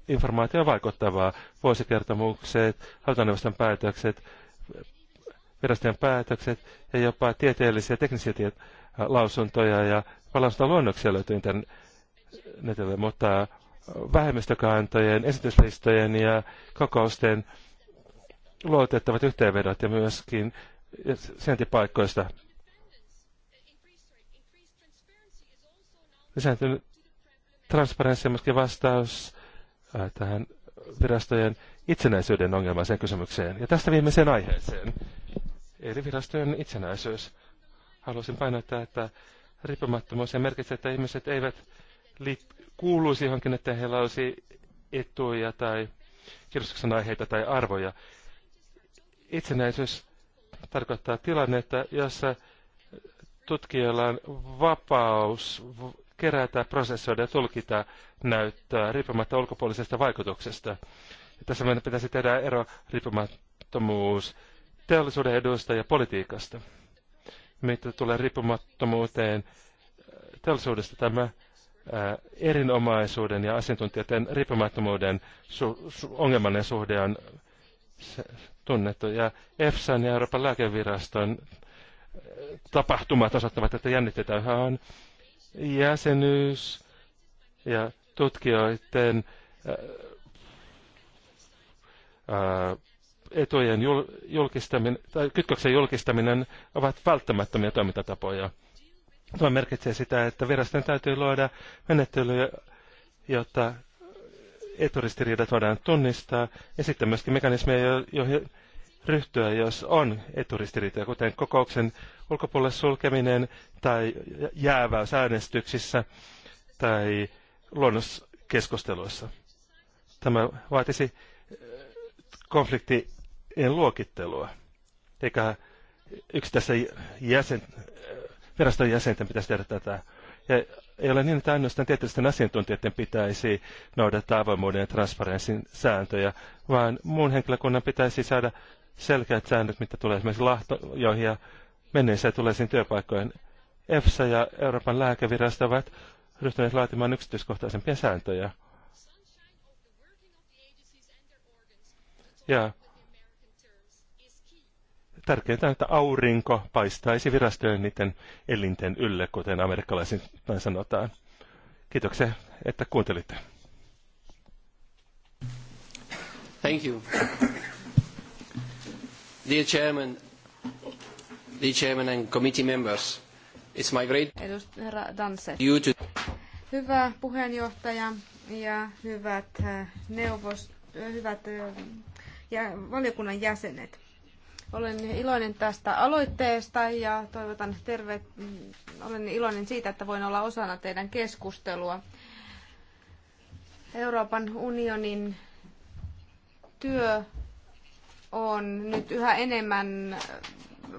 informaatio vaikuttavaa. Vuosikertomukset, hallintoneuvoston päätökset, virastojen päätökset ja jopa tieteellisiä teknisiä tiet, lausuntoja ja luonnoksia löytyy internetille, mutta vähemmistökantojen, esityslistojen ja kokousten luotettavat yhteenvedot ja myöskin sijaintipaikkoista lisääntynyt transparenssi on myöskin vastaus äh, tähän virastojen itsenäisyyden ongelmaiseen kysymykseen. Ja tästä viimeiseen aiheeseen eli virastojen itsenäisyys. Haluaisin painottaa, että riippumattomuus ja merkitsee, että ihmiset eivät liit- kuuluisi johonkin, että heillä olisi etuja tai kiinnostuksen aiheita tai arvoja. Itsenäisyys tarkoittaa tilannetta, jossa tutkijoilla on vapaus kerätä, prosessoida ja tulkita näyttöä riippumatta ulkopuolisesta vaikutuksesta. Ja tässä meidän pitäisi tehdä ero riippumattomuus teollisuuden eduista ja politiikasta. Mitä tulee riippumattomuuteen äh, teollisuudesta, tämä äh, erinomaisuuden ja asiantuntijoiden riippumattomuuden su- su- ongelmallinen suhde on se, tunnettu. Ja EFSAn ja Euroopan lääkeviraston äh, tapahtumat osoittavat, että jännitteitä yhä on jäsenyys ja tutkijoiden ää, ää, etujen jul, julkistaminen tai kytköksen julkistaminen ovat välttämättömiä toimintatapoja. Tämä merkitsee sitä, että viraston täytyy luoda menettelyjä, jotta eturistiriidat voidaan tunnistaa, ja sitten myöskin mekanismeja, joihin ryhtyä, jos on eturistiriitoja, kuten kokouksen ulkopuolelle sulkeminen tai jääväys äänestyksissä tai luonnoskeskusteluissa. Tämä vaatisi eh, konflikti niin, luokittelua. Eikä yksittäisen jäsen, viraston jäsenten pitäisi tehdä tätä. Ja ei ole niin, että ainoastaan tieteellisten asiantuntijoiden pitäisi noudattaa avoimuuden ja transparenssin sääntöjä, vaan muun henkilökunnan pitäisi saada selkeät säännöt, mitä tulee esimerkiksi lahtojoihin ja menneissä ja tuleisiin työpaikkojen. EFSA ja Euroopan lääkevirasto ovat ryhtyneet laatimaan yksityiskohtaisempia sääntöjä. Ja Tärkeintä on, että aurinko paistaisi virastojen niiden elinten ylle, kuten amerikkalaisittain sanotaan. Kiitoksia, että kuuntelitte. Thank you. Dear Chairman, dear Chairman and committee members, it's my great... Herra Danse. You to... Hyvä puheenjohtaja ja hyvät äh, neuvos, äh, hyvät äh, ja valiokunnan jäsenet. Olen iloinen tästä aloitteesta ja toivotan terve... Olen iloinen siitä, että voin olla osana teidän keskustelua. Euroopan unionin työ on nyt yhä enemmän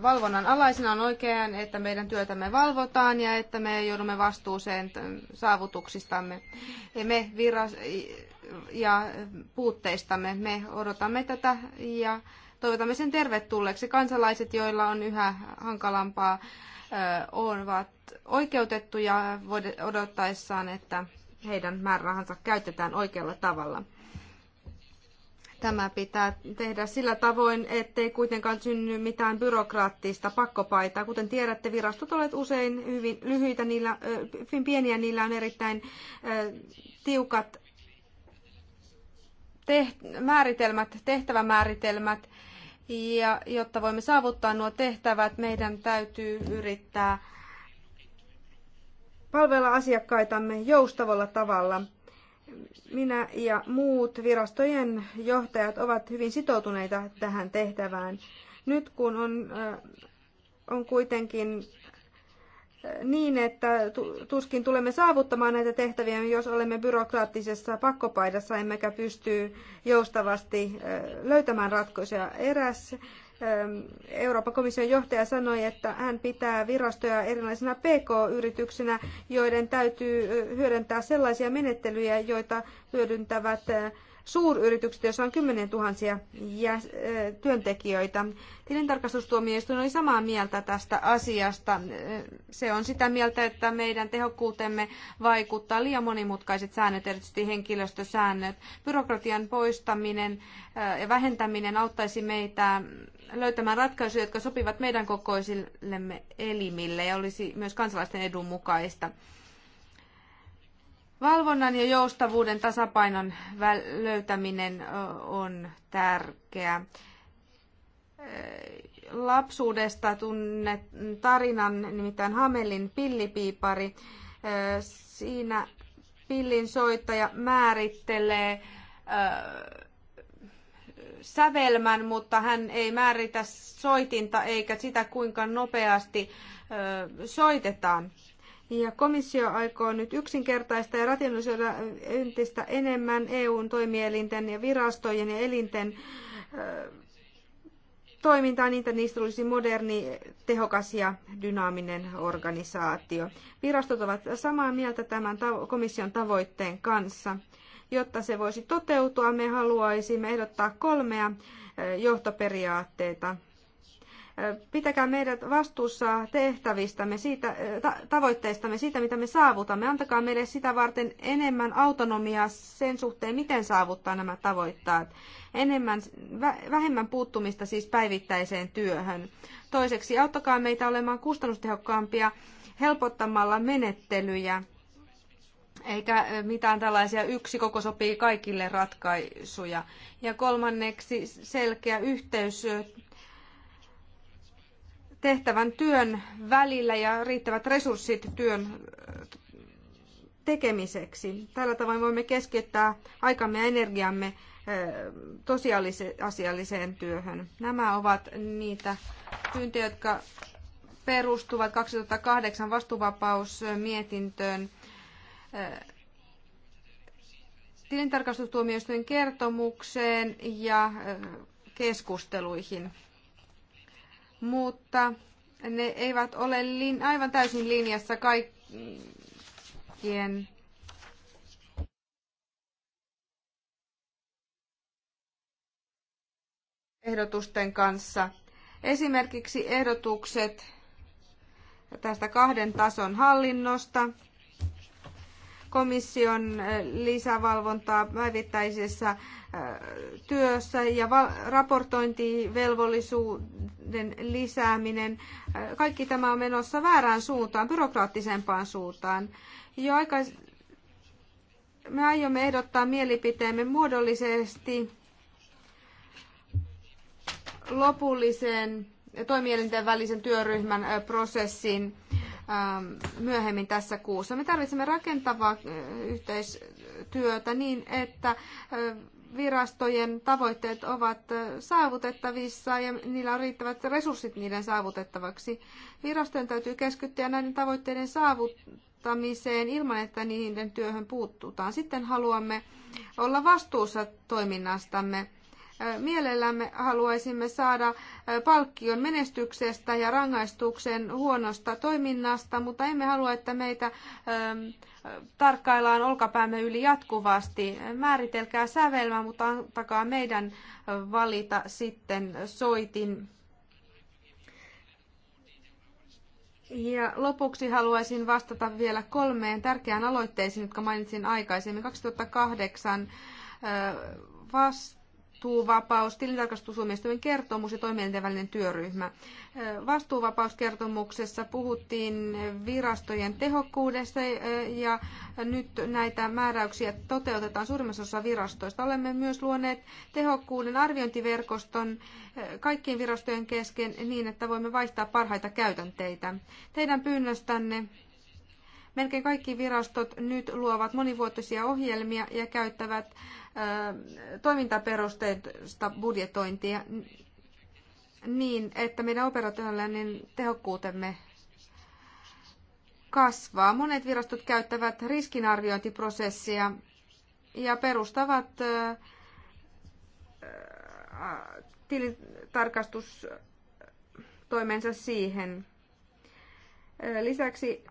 valvonnan alaisena on oikein, että meidän työtämme valvotaan ja että me joudumme vastuuseen saavutuksistamme ja, me viras- ja puutteistamme. Me odotamme tätä ja toivotamme sen tervetulleeksi. Kansalaiset, joilla on yhä hankalampaa, ovat oikeutettuja odottaessaan, että heidän määrärahansa käytetään oikealla tavalla. Tämä pitää tehdä sillä tavoin, ettei kuitenkaan synny mitään byrokraattista pakkopaitaa. Kuten tiedätte, virastot ovat usein hyvin lyhyitä, niillä, hyvin pieniä, niillä on erittäin tiukat teht- määritelmät, tehtävämääritelmät ja jotta voimme saavuttaa nuo tehtävät, meidän täytyy yrittää palvella asiakkaitamme joustavalla tavalla. Minä ja muut virastojen johtajat ovat hyvin sitoutuneita tähän tehtävään. Nyt kun on, on kuitenkin niin, että tuskin tulemme saavuttamaan näitä tehtäviä, jos olemme byrokraattisessa pakkopaidassa, emmekä pysty joustavasti löytämään ratkaisuja. Eräs Euroopan komission johtaja sanoi, että hän pitää virastoja erilaisina PK-yrityksinä, joiden täytyy hyödyntää sellaisia menettelyjä, joita hyödyntävät suuryritykset, joissa on kymmenen tuhansia työntekijöitä. Tilintarkastustuomioistuin oli samaa mieltä tästä asiasta. Se on sitä mieltä, että meidän tehokkuutemme vaikuttaa liian monimutkaiset säännöt, erityisesti henkilöstösäännöt. Byrokratian poistaminen ja vähentäminen auttaisi meitä löytämään ratkaisuja, jotka sopivat meidän kokoisillemme elimille ja olisi myös kansalaisten edun mukaista. Valvonnan ja joustavuuden tasapainon löytäminen on tärkeää. Lapsuudesta tunnet tarinan, nimittäin Hamelin pillipiipari. Siinä pillin soittaja määrittelee sävelmän, mutta hän ei määritä soitinta eikä sitä, kuinka nopeasti soitetaan. Ja komissio aikoo nyt yksinkertaista ja rationalisoida entistä enemmän EUn toimielinten ja virastojen ja elinten toimintaa, niin, että niistä olisi moderni, tehokas ja dynaaminen organisaatio. Virastot ovat samaa mieltä tämän komission tavoitteen kanssa. Jotta se voisi toteutua, me haluaisimme ehdottaa kolmea johtoperiaatteita. Pitäkää meidät vastuussa tehtävistämme, siitä, tavoitteistamme, siitä mitä me saavutamme. Antakaa meille sitä varten enemmän autonomiaa sen suhteen, miten saavuttaa nämä tavoitteet. Enemmän, vähemmän puuttumista siis päivittäiseen työhön. Toiseksi auttakaa meitä olemaan kustannustehokkaampia helpottamalla menettelyjä eikä mitään tällaisia yksi koko sopii kaikille ratkaisuja. Ja kolmanneksi selkeä yhteys tehtävän työn välillä ja riittävät resurssit työn äh, tekemiseksi. Tällä tavoin voimme keskittää aikamme ja energiamme äh, tosiasialliseen työhön. Nämä ovat niitä pyyntöjä, jotka perustuvat 2008 vastuuvapausmietintöön. Äh, tilintarkastustuomioistuin kertomukseen ja keskusteluihin mutta ne eivät ole lin, aivan täysin linjassa kaikkien ehdotusten kanssa. Esimerkiksi ehdotukset tästä kahden tason hallinnosta, komission eh, lisävalvontaa päivittäisessä eh, työssä ja raportointivelvollisuuden lisääminen. Eh, kaikki tämä on menossa väärään suuntaan, byrokraattisempaan suuntaan. Jo aikais- me aiomme ehdottaa mielipiteemme muodollisesti lopulliseen toimielinten välisen työryhmän prosessin Ähm, myöhemmin tässä kuussa. Me tarvitsemme rakentavaa äh, yhteistyötä niin, että äh, virastojen tavoitteet ovat äh, saavutettavissa ja niillä on riittävät resurssit niiden saavutettavaksi. Virastojen täytyy keskittyä näiden tavoitteiden saavuttamiseen ilman, että niiden työhön puuttutaan. Sitten haluamme olla vastuussa toiminnastamme Mielellämme haluaisimme saada palkkion menestyksestä ja rangaistuksen huonosta toiminnasta, mutta emme halua, että meitä tarkkaillaan olkapäämme yli jatkuvasti. Määritelkää sävelmä, mutta antakaa meidän valita sitten soitin. Ja lopuksi haluaisin vastata vielä kolmeen tärkeään aloitteeseen, jotka mainitsin aikaisemmin. 2008 vasta vastuuvapaus, tilintarkastusuomioistuimen kertomus ja toimielinten välinen työryhmä. Vastuuvapauskertomuksessa puhuttiin virastojen tehokkuudesta ja nyt näitä määräyksiä toteutetaan suurimmassa osassa virastoista. Olemme myös luoneet tehokkuuden arviointiverkoston kaikkien virastojen kesken niin, että voimme vaihtaa parhaita käytänteitä. Teidän pyynnöstänne Melkein kaikki virastot nyt luovat monivuotisia ohjelmia ja käyttävät toimintaperusteista budjetointia niin, että meidän operationaalinen tehokkuutemme kasvaa. Monet virastot käyttävät riskinarviointiprosessia ja perustavat tilintarkastustoimensa siihen. Lisäksi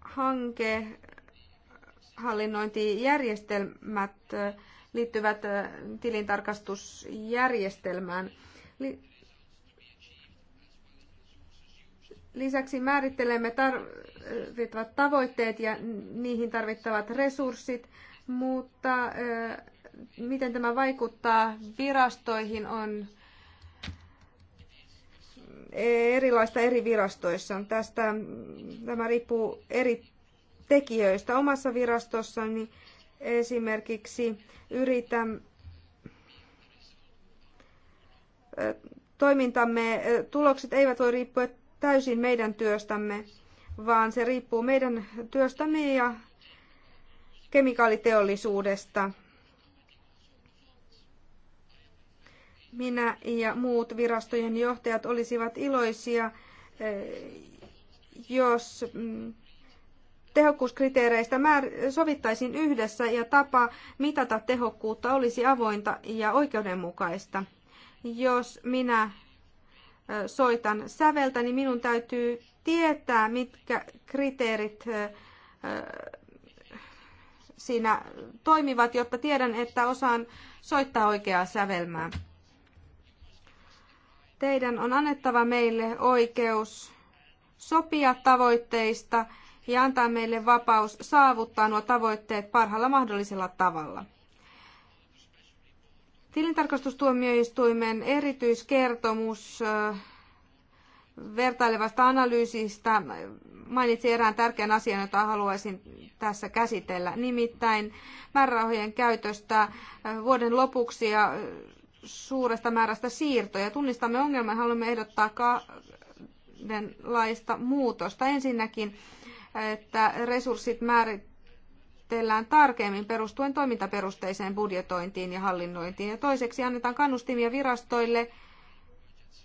hankehallinnointijärjestelmät järjestelmät liittyvät tilintarkastusjärjestelmään. Lisäksi määrittelemme tarvittavat tavoitteet ja niihin tarvittavat resurssit, mutta miten tämä vaikuttaa virastoihin on erilaista eri virastoissa. Tästä tämä riippuu eri tekijöistä. Omassa virastossani Esimerkiksi yritämme toimintamme tulokset eivät voi riippua täysin meidän työstämme, vaan se riippuu meidän työstämme ja kemikaaliteollisuudesta. Minä ja muut virastojen johtajat olisivat iloisia, jos mm, tehokkuuskriteereistä määr- sovittaisiin yhdessä ja tapa mitata tehokkuutta olisi avointa ja oikeudenmukaista. Jos minä soitan säveltä, niin minun täytyy tietää, mitkä kriteerit siinä toimivat, jotta tiedän, että osaan soittaa oikeaa sävelmää. Teidän on annettava meille oikeus sopia tavoitteista ja antaa meille vapaus saavuttaa nuo tavoitteet parhaalla mahdollisella tavalla. Tilintarkastustuomioistuimen erityiskertomus vertailevasta analyysistä mainitsi erään tärkeän asian, jota haluaisin tässä käsitellä, nimittäin määrärahojen käytöstä vuoden lopuksi ja suuresta määrästä siirtoja. Tunnistamme ongelman ja haluamme ehdottaa kahdenlaista muutosta. Ensinnäkin että resurssit määritellään tarkemmin perustuen toimintaperusteiseen budjetointiin ja hallinnointiin. Ja toiseksi annetaan kannustimia virastoille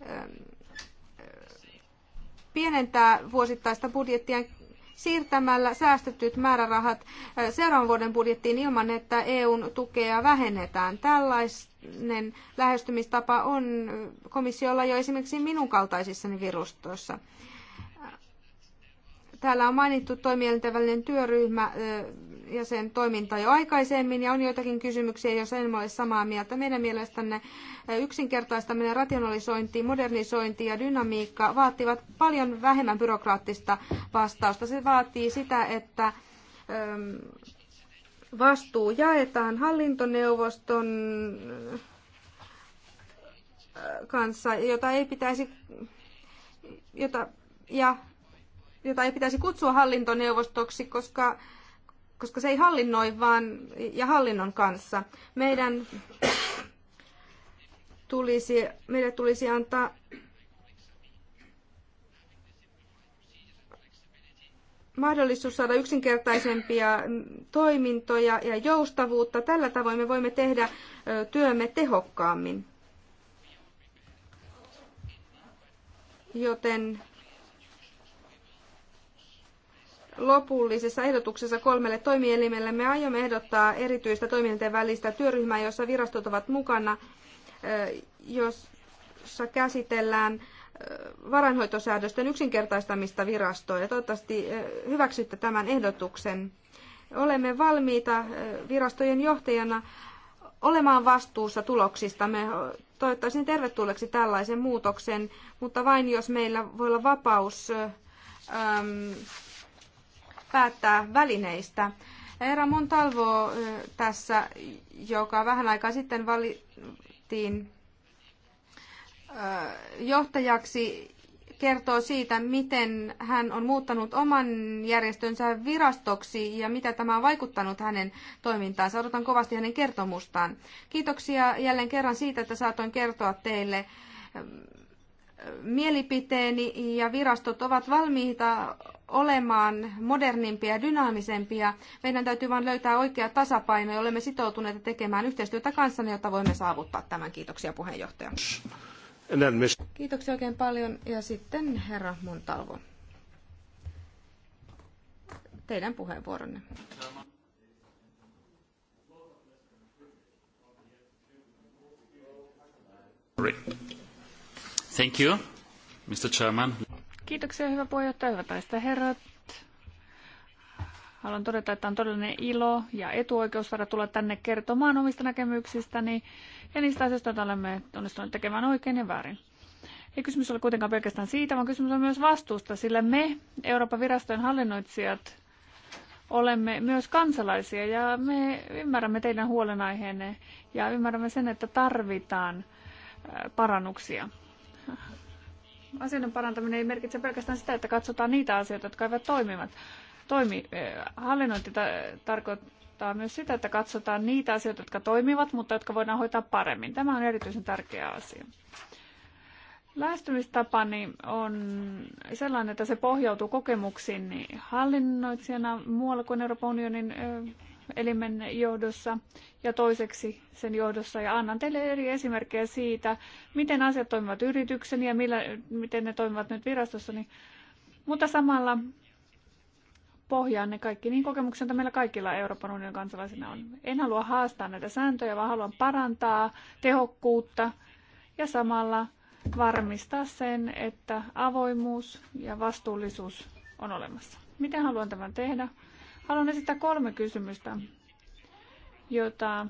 ähm, äh, pienentää vuosittaista budjettia siirtämällä säästetyt määrärahat äh, seuraavan vuoden budjettiin ilman, että EUn tukea vähennetään. Tällainen lähestymistapa on komissiolla jo esimerkiksi minun kaltaisissani virustossa. Täällä on mainittu toimielinten välinen työryhmä ja sen toiminta jo aikaisemmin, ja on joitakin kysymyksiä, jos en ole samaa mieltä. Meidän mielestämme yksinkertaistaminen, rationalisointi, modernisointi ja dynamiikka vaativat paljon vähemmän byrokraattista vastausta. Se vaatii sitä, että vastuu jaetaan hallintoneuvoston kanssa, jota ei pitäisi, jota, ja jota ei pitäisi kutsua hallintoneuvostoksi, koska, koska se ei hallinnoi vaan ja hallinnon kanssa. Meidän tulisi, meidän tulisi antaa mahdollisuus saada yksinkertaisempia toimintoja ja joustavuutta. Tällä tavoin me voimme tehdä työmme tehokkaammin. Joten lopullisessa ehdotuksessa kolmelle toimielimelle me aiomme ehdottaa erityistä toimielinten välistä työryhmää, jossa virastot ovat mukana, jossa käsitellään varainhoitosäädösten yksinkertaistamista virastoon. Ja toivottavasti hyväksytte tämän ehdotuksen. Olemme valmiita virastojen johtajana olemaan vastuussa tuloksista. Me toivottaisin tervetulleeksi tällaisen muutoksen, mutta vain jos meillä voi olla vapaus päättää välineistä. Eera Montalvo tässä, joka vähän aikaa sitten valittiin johtajaksi, kertoo siitä, miten hän on muuttanut oman järjestönsä virastoksi ja mitä tämä on vaikuttanut hänen toimintaansa. Odotan kovasti hänen kertomustaan. Kiitoksia jälleen kerran siitä, että saatoin kertoa teille mielipiteeni ja virastot ovat valmiita olemaan modernimpia ja dynaamisempia. Meidän täytyy vain löytää oikea tasapaino ja olemme sitoutuneet tekemään yhteistyötä kanssanne, jotta voimme saavuttaa tämän. Kiitoksia puheenjohtaja. Kiitoksia oikein paljon ja sitten herra Montalvo. Teidän puheenvuoronne. Thank you, Mr. Chairman. Kiitoksia, hyvä puheenjohtaja, hyvät naiset herrat. Haluan todeta, että on todellinen ilo ja etuoikeus saada tulla tänne kertomaan omista näkemyksistäni ja niistä asioista, joita olemme onnistuneet tekemään oikein ja väärin. Ei kysymys ole kuitenkaan pelkästään siitä, vaan kysymys on myös vastuusta, sillä me, Euroopan virastojen hallinnoitsijat, olemme myös kansalaisia ja me ymmärrämme teidän huolenaiheenne ja ymmärrämme sen, että tarvitaan parannuksia asioiden parantaminen ei merkitse pelkästään sitä, että katsotaan niitä asioita, jotka eivät toimivat. Toimi, eh, hallinnointi tarkoittaa myös sitä, että katsotaan niitä asioita, jotka toimivat, mutta jotka voidaan hoitaa paremmin. Tämä on erityisen tärkeä asia. Lähestymistapani on sellainen, että se pohjautuu kokemuksiin hallinnoitsijana muualla kuin Euroopan unionin eh, elimen johdossa ja toiseksi sen johdossa. Ja annan teille eri esimerkkejä siitä, miten asiat toimivat yrityksen ja millä, miten ne toimivat nyt virastossa. Niin- mutta samalla pohjaan ne kaikki niin kokemuksia, joita meillä kaikilla Euroopan unionin kansalaisina on. En halua haastaa näitä sääntöjä, vaan haluan parantaa tehokkuutta ja samalla varmistaa sen, että avoimuus ja vastuullisuus on olemassa. Miten haluan tämän tehdä? Haluan esittää kolme kysymystä, joita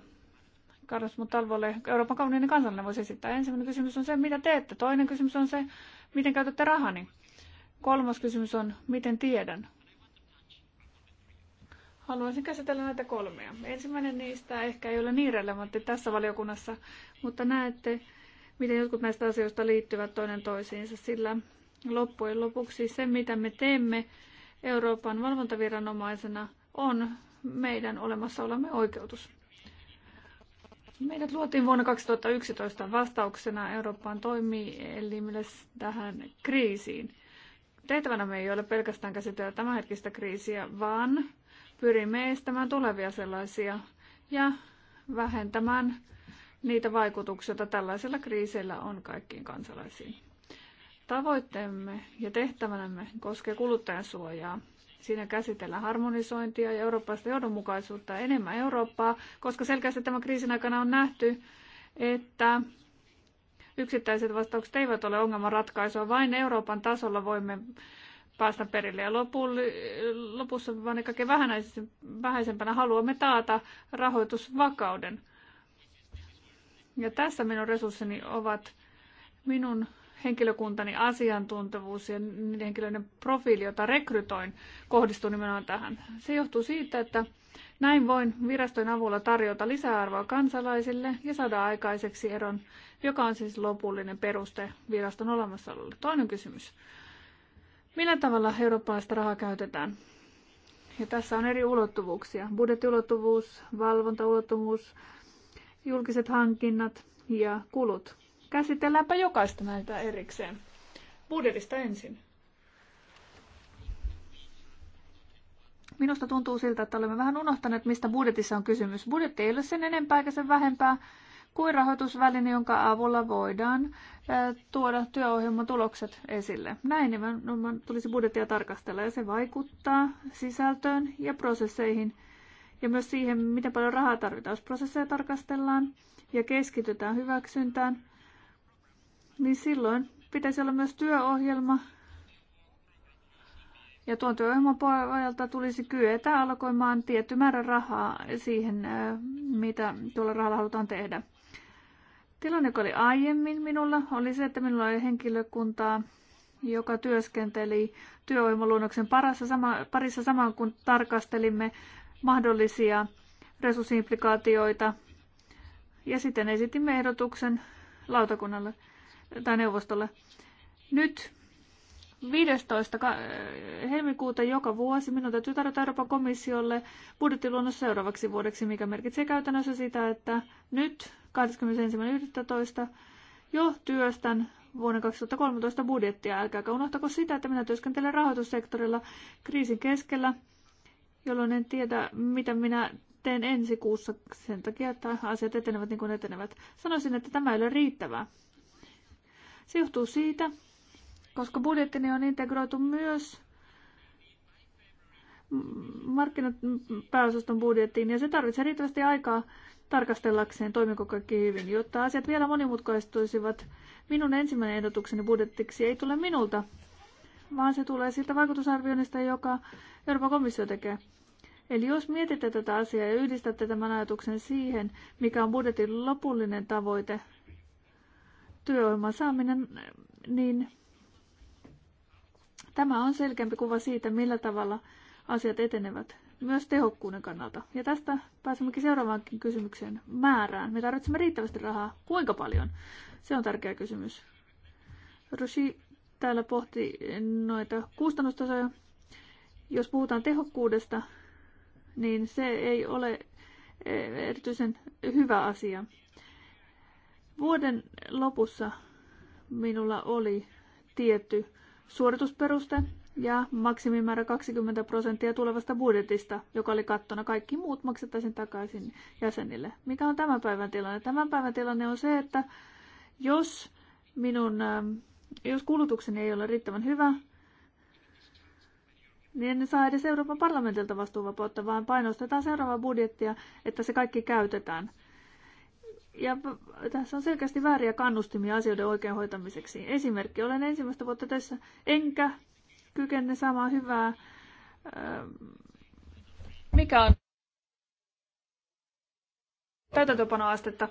Carlos Mutalvolle Euroopan kauniinen kansallinen voisi esittää. Ensimmäinen kysymys on se, mitä teette. Toinen kysymys on se, miten käytätte rahani. Kolmas kysymys on, miten tiedän. Haluaisin käsitellä näitä kolmea. Ensimmäinen niistä ehkä ei ole niin relevantti tässä valiokunnassa, mutta näette, miten jotkut näistä asioista liittyvät toinen toisiinsa, sillä loppujen lopuksi se, mitä me teemme, Euroopan valvontaviranomaisena on meidän olemassaolomme oikeutus. Meidät luotiin vuonna 2011 vastauksena Euroopan toimielimille tähän kriisiin. Tehtävänä me ei ole pelkästään käsitellä tämänhetkistä kriisiä, vaan pyrimme estämään tulevia sellaisia ja vähentämään niitä vaikutuksia, joita tällaisilla kriiseillä on kaikkiin kansalaisiin. Tavoitteemme ja tehtävänämme koskee kuluttajansuojaa. Siinä käsitellään harmonisointia ja eurooppalaista johdonmukaisuutta enemmän Eurooppaa, koska selkeästi tämän kriisin aikana on nähty, että yksittäiset vastaukset eivät ole ongelman ratkaisua. Vain Euroopan tasolla voimme päästä perille. Ja lopulli, lopussa vain kaikkein vähäisempänä haluamme taata rahoitusvakauden. Ja tässä minun resurssini ovat minun henkilökuntani asiantuntevuus ja niiden henkilöiden profiili, jota rekrytoin, kohdistuu nimenomaan tähän. Se johtuu siitä, että näin voin virastojen avulla tarjota lisäarvoa kansalaisille ja saada aikaiseksi eron, joka on siis lopullinen peruste viraston olemassaololle. Toinen kysymys. Millä tavalla eurooppalaista rahaa käytetään? Ja tässä on eri ulottuvuuksia. Budjettiulottuvuus, valvontaulottuvuus, julkiset hankinnat ja kulut Käsitelläänpä jokaista näitä erikseen. Budjetista ensin. Minusta tuntuu siltä, että olemme vähän unohtaneet, mistä budjetissa on kysymys. Budjetti ei ole sen enempää eikä sen vähempää kuin rahoitusväline, jonka avulla voidaan tuoda työohjelman tulokset esille. Näin nimenomaan tulisi budjettia tarkastella ja se vaikuttaa sisältöön ja prosesseihin ja myös siihen, miten paljon rahaa tarvitaan. Jos prosesseja tarkastellaan ja keskitytään hyväksyntään, niin silloin pitäisi olla myös työohjelma. Ja tuon työohjelman pohjalta tulisi kyetä alkoimaan tietty määrä rahaa siihen, mitä tuolla rahalla halutaan tehdä. Tilanne, joka oli aiemmin minulla, oli se, että minulla oli henkilökuntaa, joka työskenteli työohjelmaluonnoksen parassa, sama, parissa samaan kun tarkastelimme mahdollisia resurssiimplikaatioita. Ja sitten esitimme ehdotuksen lautakunnalle tai neuvostolle. Nyt 15. helmikuuta joka vuosi minun täytyy tarjota Euroopan komissiolle budjettiluonnos seuraavaksi vuodeksi, mikä merkitsee käytännössä sitä, että nyt 21.11. jo työstän vuonna 2013 budjettia. Älkääkä unohtako sitä, että minä työskentelen rahoitussektorilla kriisin keskellä, jolloin en tiedä, mitä minä teen ensi kuussa sen takia, että asiat etenevät niin kuin etenevät. Sanoisin, että tämä ei ole riittävää. Se johtuu siitä, koska budjettini on integroitu myös markkinapääosaston budjettiin, ja se tarvitsee riittävästi aikaa tarkastellakseen, toimiko kaikki hyvin, jotta asiat vielä monimutkaistuisivat. Minun ensimmäinen ehdotukseni budjettiksi ei tule minulta, vaan se tulee siltä vaikutusarvioinnista, joka Euroopan komissio tekee. Eli jos mietitte tätä asiaa ja yhdistätte tämän ajatuksen siihen, mikä on budjetin lopullinen tavoite, työvoiman saaminen, niin tämä on selkeämpi kuva siitä, millä tavalla asiat etenevät myös tehokkuuden kannalta. Ja tästä pääsemmekin seuraavaankin kysymykseen määrään. Me tarvitsemme riittävästi rahaa. Kuinka paljon? Se on tärkeä kysymys. Rushi täällä pohti noita kustannustasoja. Jos puhutaan tehokkuudesta, niin se ei ole eh, erityisen hyvä asia. Vuoden lopussa minulla oli tietty suoritusperuste ja maksimimäärä 20 prosenttia tulevasta budjetista, joka oli kattona. Kaikki muut maksettaisiin takaisin jäsenille. Mikä on tämän päivän tilanne? Tämän päivän tilanne on se, että jos minun ähm, jos kulutukseni ei ole riittävän hyvä, niin en saa edes Euroopan parlamentilta vastuuvapautta, vaan painostetaan seuraavaa budjettia, että se kaikki käytetään – ja tässä on selkeästi vääriä kannustimia asioiden oikein hoitamiseksi. Esimerkki, olen ensimmäistä vuotta tässä, enkä kykene saamaan hyvää, ähm, mikä on täytäntöpanoastetta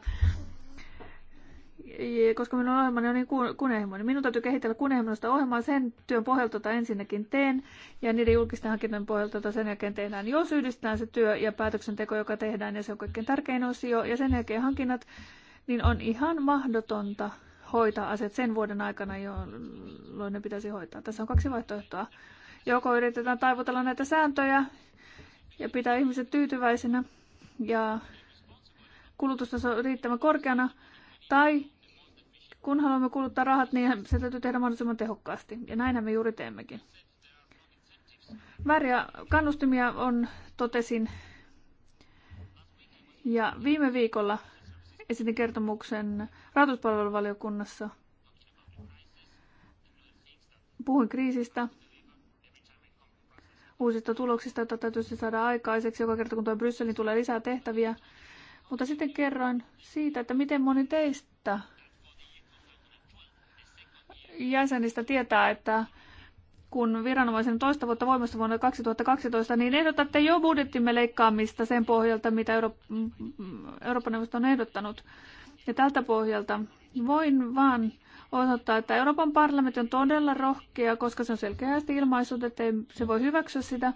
koska minun ohjelmani on niin kunnianhimoinen. Minun täytyy kehitellä kunnianhimoista ohjelmaa sen työn pohjalta, jota ensinnäkin teen, ja niiden julkisten hankintojen pohjalta, jota sen jälkeen tehdään. Jos yhdistetään se työ ja päätöksenteko, joka tehdään, ja se on kaikkein tärkein osio, ja sen jälkeen hankinnat, niin on ihan mahdotonta hoitaa asiat sen vuoden aikana, jolloin ne pitäisi hoitaa. Tässä on kaksi vaihtoehtoa. Joko yritetään taivutella näitä sääntöjä ja pitää ihmiset tyytyväisenä ja kulutustaso riittävän korkeana, tai kun haluamme kuluttaa rahat, niin se täytyy tehdä mahdollisimman tehokkaasti. Ja näinhän me juuri teemmekin. Vääriä kannustimia on, totesin. Ja viime viikolla esitin kertomuksen rahoituspalveluvaliokunnassa. Puhuin kriisistä, uusista tuloksista, joita täytyy saada aikaiseksi. Joka kerta kun tuo Brysseliin tulee lisää tehtäviä. Mutta sitten kerroin siitä, että miten moni teistä jäsenistä tietää, että kun viranomaisen toista vuotta voimassa vuonna 2012, niin ehdotatte jo budjettimme leikkaamista sen pohjalta, mitä Euro- mm, mm, Euroopan neuvosto on ehdottanut. Ja tältä pohjalta voin vaan osoittaa, että Euroopan parlamentti on todella rohkea, koska se on selkeästi ilmaissut, että ei se voi hyväksyä sitä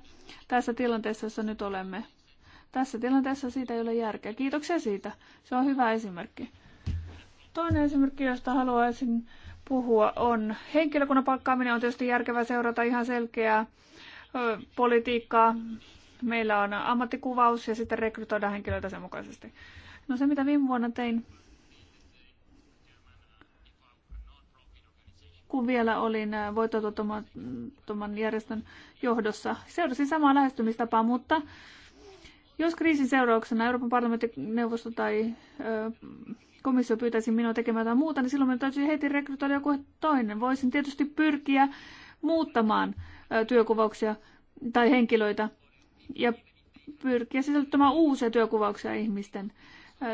tässä tilanteessa, jossa nyt olemme. Tässä tilanteessa siitä ei ole järkeä. Kiitoksia siitä. Se on hyvä esimerkki. Toinen esimerkki, josta haluaisin puhua on. Henkilökunnan palkkaaminen on tietysti järkevää seurata ihan selkeää politiikkaa. Meillä on ammattikuvaus ja sitten rekrytoidaan henkilöitä sen mukaisesti. No se, mitä viime vuonna tein, kun vielä olin voitotuottoman järjestön johdossa. Seurasin samaa lähestymistapaa, mutta jos kriisin seurauksena Euroopan parlamentin neuvosto tai ö, komissio pyytäisi minua tekemään jotain muuta, niin silloin minun täytyy heti rekrytoida joku toinen. Voisin tietysti pyrkiä muuttamaan työkuvauksia tai henkilöitä ja pyrkiä sisällyttämään uusia työkuvauksia ihmisten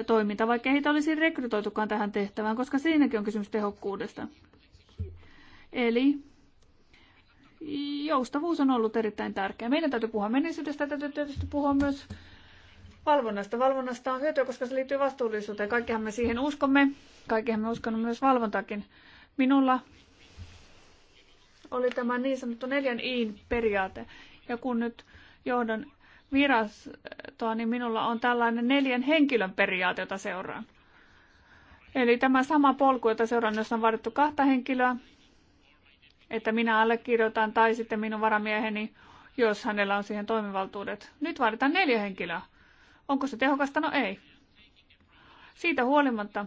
toiminta, vaikka heitä olisi rekrytoitukaan tähän tehtävään, koska siinäkin on kysymys tehokkuudesta. Eli joustavuus on ollut erittäin tärkeää. Meidän täytyy puhua menneisyydestä, täytyy tietysti puhua myös valvonnasta. Valvonnasta on hyötyä, koska se liittyy vastuullisuuteen. Kaikkihan me siihen uskomme. Kaikkihan me uskomme myös valvontakin. Minulla oli tämä niin sanottu neljän iin periaate. Ja kun nyt johdan virastoa, niin minulla on tällainen neljän henkilön periaate, jota seuraan. Eli tämä sama polku, jota seuraan, jossa on vaadittu kahta henkilöä, että minä allekirjoitan tai sitten minun varamieheni, jos hänellä on siihen toimivaltuudet. Nyt vaaditaan neljä henkilöä. Onko se tehokasta? No ei. Siitä huolimatta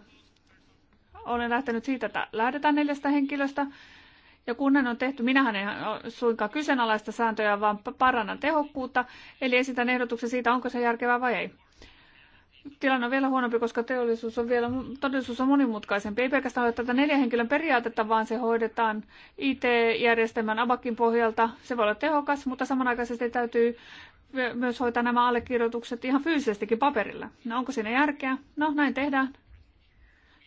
olen lähtenyt siitä, että lähdetään neljästä henkilöstä. Ja kun hän on tehty, minähän en suinkaan kyseenalaista sääntöjä, vaan parannan tehokkuutta. Eli esitän ehdotuksen siitä, onko se järkevää vai ei. Tilanne on vielä huonompi, koska teollisuus on vielä, todellisuus on monimutkaisempi. Ei pelkästään ole tätä neljän henkilön periaatetta, vaan se hoidetaan IT-järjestelmän abakin pohjalta. Se voi olla tehokas, mutta samanaikaisesti täytyy myös hoitaa nämä allekirjoitukset ihan fyysisestikin paperilla. No onko siinä järkeä? No näin tehdään.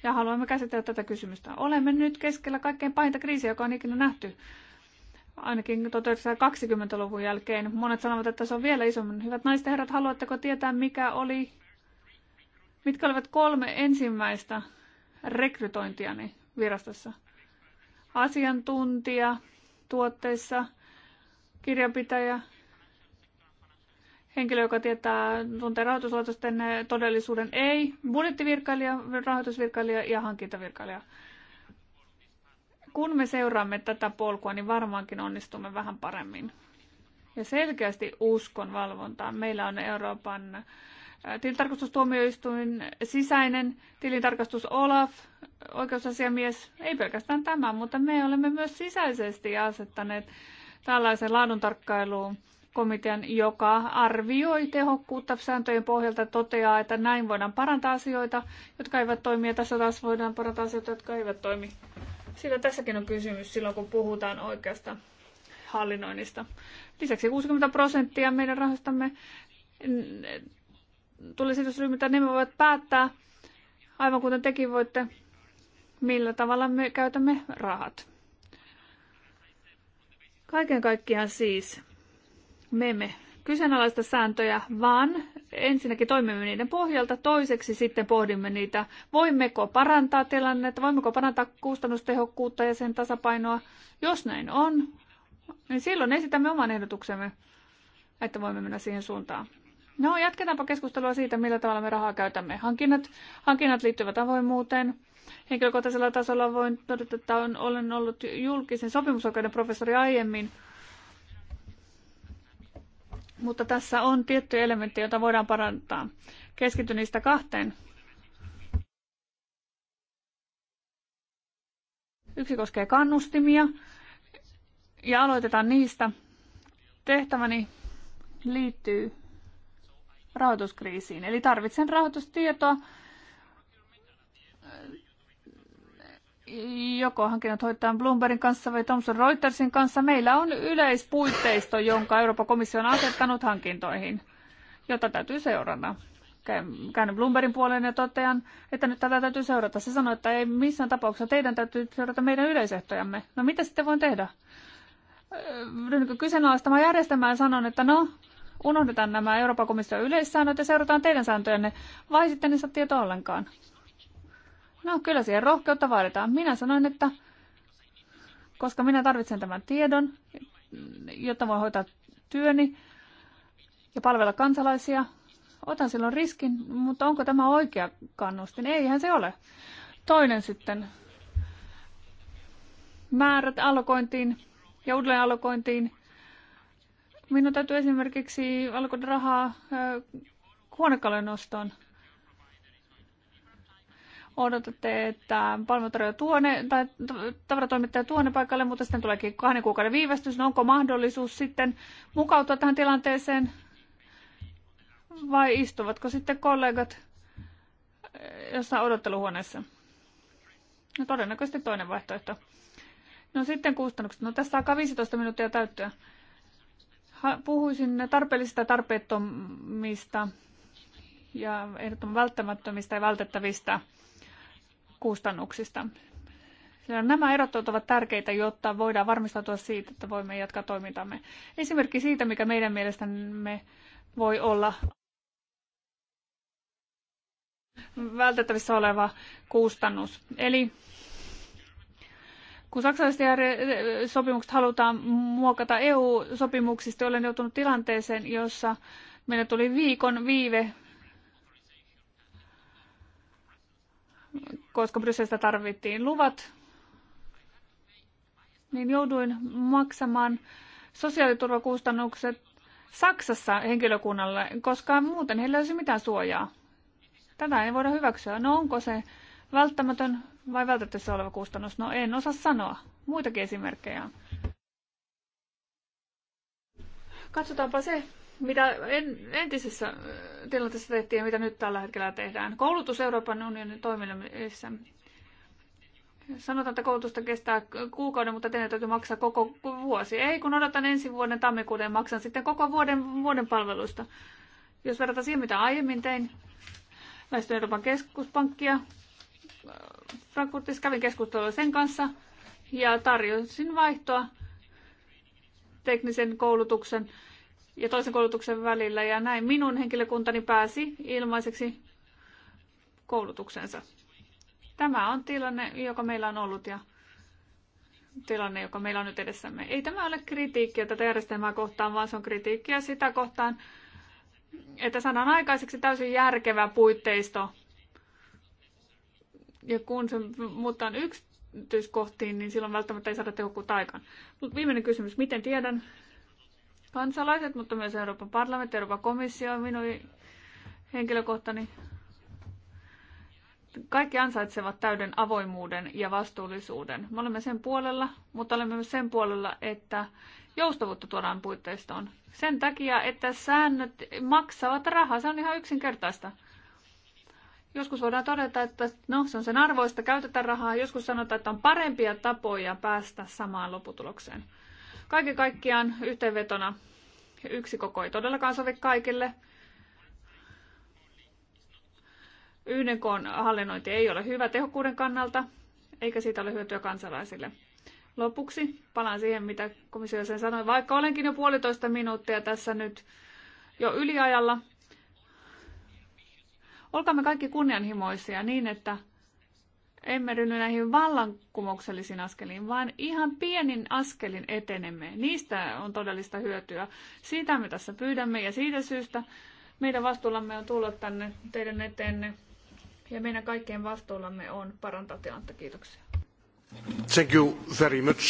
Ja haluamme käsitellä tätä kysymystä. Olemme nyt keskellä kaikkein pahinta kriisiä, joka on ikinä nähty. Ainakin 1920-luvun jälkeen. Monet sanovat, että se on vielä isommin. Hyvät naiset ja herrat, haluatteko tietää, mikä oli, mitkä olivat kolme ensimmäistä rekrytointiani virastossa? Asiantuntija tuotteissa, kirjanpitäjä henkilö, joka tietää, tuntee rahoituslaitosten todellisuuden, ei. Budjettivirkailija, rahoitusvirkailija ja hankintavirkailija. Kun me seuraamme tätä polkua, niin varmaankin onnistumme vähän paremmin. Ja selkeästi uskon valvontaan. Meillä on Euroopan äh, tilintarkastustuomioistuin sisäinen tilintarkastus Olaf, oikeusasiamies, ei pelkästään tämä, mutta me olemme myös sisäisesti asettaneet tällaisen laaduntarkkailuun komitean, joka arvioi tehokkuutta sääntöjen pohjalta, toteaa, että näin voidaan parantaa asioita, jotka eivät toimi, ja tässä taas voidaan parantaa asioita, jotka eivät toimi. Sillä tässäkin on kysymys silloin, kun puhutaan oikeasta hallinnoinnista. Lisäksi 60 prosenttia meidän rahastamme tulisitusryhmiltä ne voivat päättää, aivan kuten tekin voitte, millä tavalla me käytämme rahat. Kaiken kaikkiaan siis me emme kyseenalaista sääntöjä, vaan ensinnäkin toimimme niiden pohjalta, toiseksi sitten pohdimme niitä, voimmeko parantaa tilannetta, voimmeko parantaa kustannustehokkuutta ja sen tasapainoa. Jos näin on, niin silloin esitämme oman ehdotuksemme, että voimme mennä siihen suuntaan. No, jatketaanpa keskustelua siitä, millä tavalla me rahaa käytämme. Hankinnat, hankinnat liittyvät avoimuuteen. Henkilökohtaisella tasolla voin todeta, että olen ollut julkisen sopimusoikeuden professori aiemmin, mutta tässä on tiettyjä elementtejä, joita voidaan parantaa. Keskity niistä kahteen. Yksi koskee kannustimia ja aloitetaan niistä. Tehtäväni liittyy rahoituskriisiin, eli tarvitsen rahoitustietoa joko hankinnat hoitetaan Bloombergin kanssa vai Thomson Reutersin kanssa. Meillä on yleispuitteisto, jonka Euroopan komissio on asettanut hankintoihin, jota täytyy seurata. Käyn Bloombergin puoleen ja totean, että nyt tätä täytyy seurata. Se sanoi, että ei missään tapauksessa teidän täytyy seurata meidän yleisehtojamme. No mitä sitten voin tehdä? Ryhdynkö kyseenalaistamaan järjestelmää ja sanon, että no, unohdetaan nämä Euroopan komission yleissäännöt ja seurataan teidän sääntöjänne, vai sitten saa tietoa ollenkaan. No kyllä siihen rohkeutta vaaditaan. Minä sanoin, että koska minä tarvitsen tämän tiedon, jotta voin hoitaa työni ja palvella kansalaisia, otan silloin riskin, mutta onko tämä oikea kannustin? Eihän se ole. Toinen sitten. Määrät allokointiin ja uudelleen allokointiin. Minun täytyy esimerkiksi alkoida rahaa huonekalujen ostoon odotatte, että palveluntarjoaja tuone, tai tavaratoimittaja tuone paikalle, mutta sitten tuleekin kahden kuukauden viivästys. No onko mahdollisuus sitten mukautua tähän tilanteeseen? Vai istuvatko sitten kollegat eh, jossain odotteluhuoneessa? No todennäköisesti toinen vaihtoehto. No sitten kustannukset. No tässä alkaa 15 minuuttia täyttyä. Puhuisin tarpeellisista ja tarpeettomista ja ehdottoman välttämättömistä ja vältettävistä kustannuksista. nämä erot ovat tärkeitä, jotta voidaan varmistautua siitä, että voimme jatkaa toimintamme. Esimerkki siitä, mikä meidän mielestämme voi olla vältettävissä oleva kustannus. Eli kun saksalaiset sopimukset halutaan muokata EU-sopimuksista, olen joutunut tilanteeseen, jossa meillä tuli viikon viive koska Brysselistä tarvittiin luvat, niin jouduin maksamaan sosiaaliturvakustannukset Saksassa henkilökunnalle, koska muuten heillä ei olisi mitään suojaa. Tätä ei voida hyväksyä. No onko se välttämätön vai vältettävissä oleva kustannus? No en osaa sanoa. Muitakin esimerkkejä on. Katsotaanpa se, mitä en, entisessä tilanteessa tehtiin ja mitä nyt tällä hetkellä tehdään. Koulutus Euroopan unionin toimilla Sanotaan, että koulutusta kestää kuukauden, mutta teidän täytyy maksaa koko vuosi. Ei, kun odotan ensi vuoden tammikuuden, maksan sitten koko vuoden, vuoden palveluista. Jos verrataan siihen, mitä aiemmin tein, lähestyn Euroopan keskuspankkia, Frankfurtissa kävin keskustelua sen kanssa ja tarjosin vaihtoa teknisen koulutuksen ja toisen koulutuksen välillä ja näin minun henkilökuntani pääsi ilmaiseksi koulutuksensa. Tämä on tilanne, joka meillä on ollut ja tilanne, joka meillä on nyt edessämme. Ei tämä ole kritiikkiä tätä järjestelmää kohtaan, vaan se on kritiikkiä sitä kohtaan, että sanan aikaiseksi täysin järkevä puitteisto. Ja kun se muuttaa yksityiskohtiin, niin silloin välttämättä ei saada tehokkuutta aikaan. viimeinen kysymys, miten tiedän, kansalaiset, mutta myös Euroopan parlamentti, Euroopan komissio on minun henkilökohtani. Kaikki ansaitsevat täyden avoimuuden ja vastuullisuuden. Me olemme sen puolella, mutta olemme myös sen puolella, että joustavuutta tuodaan puitteistoon. Sen takia, että säännöt maksavat rahaa. Se on ihan yksinkertaista. Joskus voidaan todeta, että no, se on sen arvoista, käytetään rahaa. Joskus sanotaan, että on parempia tapoja päästä samaan lopputulokseen. Kaiken kaikkiaan yhteenvetona yksi koko ei todellakaan sovi kaikille. Yhden koon hallinnointi ei ole hyvä tehokkuuden kannalta, eikä siitä ole hyötyä kansalaisille. Lopuksi palaan siihen, mitä komissio sen sanoi. Vaikka olenkin jo puolitoista minuuttia tässä nyt jo yliajalla, olkaamme kaikki kunnianhimoisia niin, että emme rynny näihin vallankumouksellisiin askeliin, vaan ihan pienin askelin etenemme. Niistä on todellista hyötyä. Siitä me tässä pyydämme ja siitä syystä meidän vastuullamme on tulla tänne teidän eteenne ja meidän kaikkien vastuullamme on parantaa tilannetta. Kiitoksia. Thank you very much.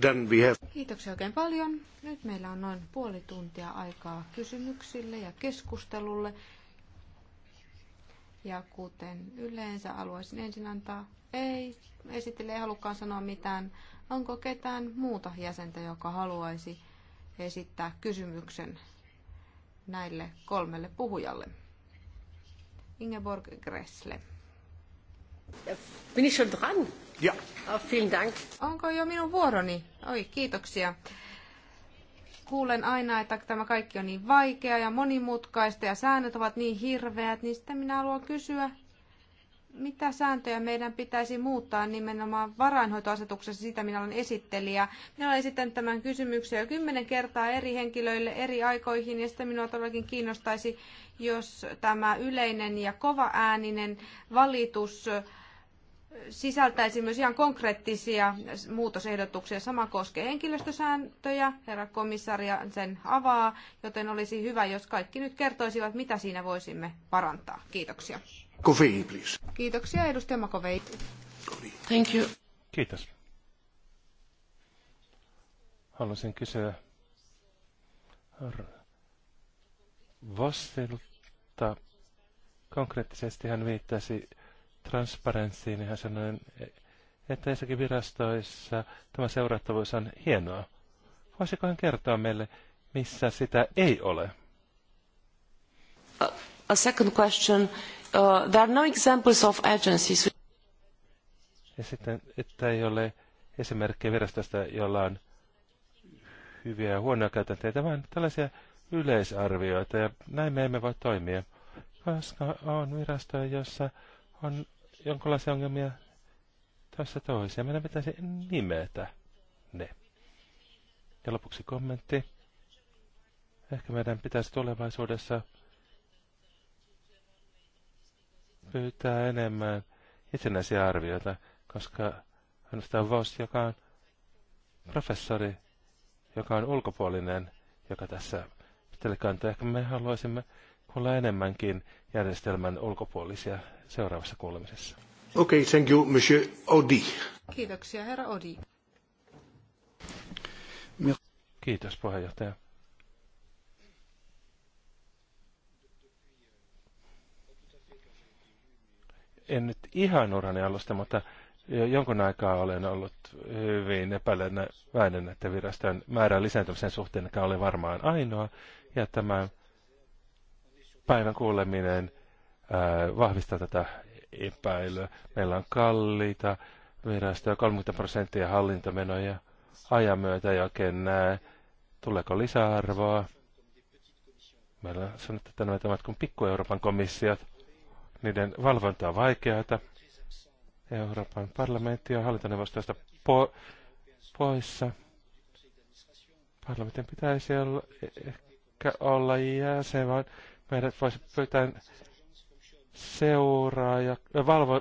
Then we have... Kiitoksia oikein paljon. Nyt meillä on noin puoli tuntia aikaa kysymyksille ja keskustelulle. Ja kuten yleensä, haluaisin ensin antaa ei, esittelijä ei halukaan sanoa mitään. Onko ketään muuta jäsentä, joka haluaisi esittää kysymyksen näille kolmelle puhujalle? Ingeborg Gressle. Bin ich schon dran? Ja. Ah, vielen Dank. Onko jo minun vuoroni? Oi, kiitoksia kuulen aina, että tämä kaikki on niin vaikeaa ja monimutkaista ja säännöt ovat niin hirveät, niin sitten minä haluan kysyä, mitä sääntöjä meidän pitäisi muuttaa nimenomaan varainhoitoasetuksessa, sitä minä olen esittelijä. Minä olen esittänyt tämän kysymyksen jo kymmenen kertaa eri henkilöille eri aikoihin, ja sitten minua todellakin kiinnostaisi, jos tämä yleinen ja kovaääninen valitus sisältäisi myös ihan konkreettisia muutosehdotuksia. Sama koskee henkilöstösääntöjä, herra komissaria sen avaa, joten olisi hyvä, jos kaikki nyt kertoisivat, mitä siinä voisimme parantaa. Kiitoksia. Kovei, please. Kiitoksia, edustaja Makovei. Thank you. Kiitos. Haluaisin kysyä Vossilta konkreettisesti hän viittasi transparenssiin, niin hän että jossakin virastoissa tämä seurattavuus on hienoa. Voisiko hän kertoa meille, missä sitä ei ole? A second question. Uh, there are no examples of agencies. Ja sitten, että ei ole esimerkkejä virastosta, jolla on hyviä ja huonoja käytänteitä, vaan tällaisia yleisarvioita, ja näin me emme voi toimia, koska on virastoja, jossa on jonkinlaisia ongelmia tässä toisia. Meidän pitäisi nimetä ne. Ja lopuksi kommentti. Ehkä meidän pitäisi tulevaisuudessa pyytää enemmän itsenäisiä arvioita, koska ainoastaan Voss, joka on professori, joka on ulkopuolinen, joka tässä pitäisi kantaa. Ehkä me haluaisimme kuulla enemmänkin järjestelmän ulkopuolisia seuraavassa kuulemisessa. Okei, okay, thank you, monsieur Odi. Kiitoksia, herra Odi. Kiitos, puheenjohtaja. en nyt ihan urani alusta, mutta jonkun aikaa olen ollut hyvin epäilenäväinen, että viraston määrän lisääntymisen suhteen, joka oli varmaan ainoa. Ja tämä päivän kuuleminen vahvistaa tätä epäilyä. Meillä on kalliita virastoja, 30 prosenttia hallintomenoja ajan myötä ja oikein näe, tuleeko lisäarvoa. Meillä on sanottu, että nämä kuin pikku-Euroopan komissiot, niiden valvonta on vaikeata. Euroopan parlamentti on hallintoneuvostosta po- poissa. Parlamentin pitäisi olla, ehkä olla jäsen, vaan meidät voisi pyytää seuraaja, äh, valvo,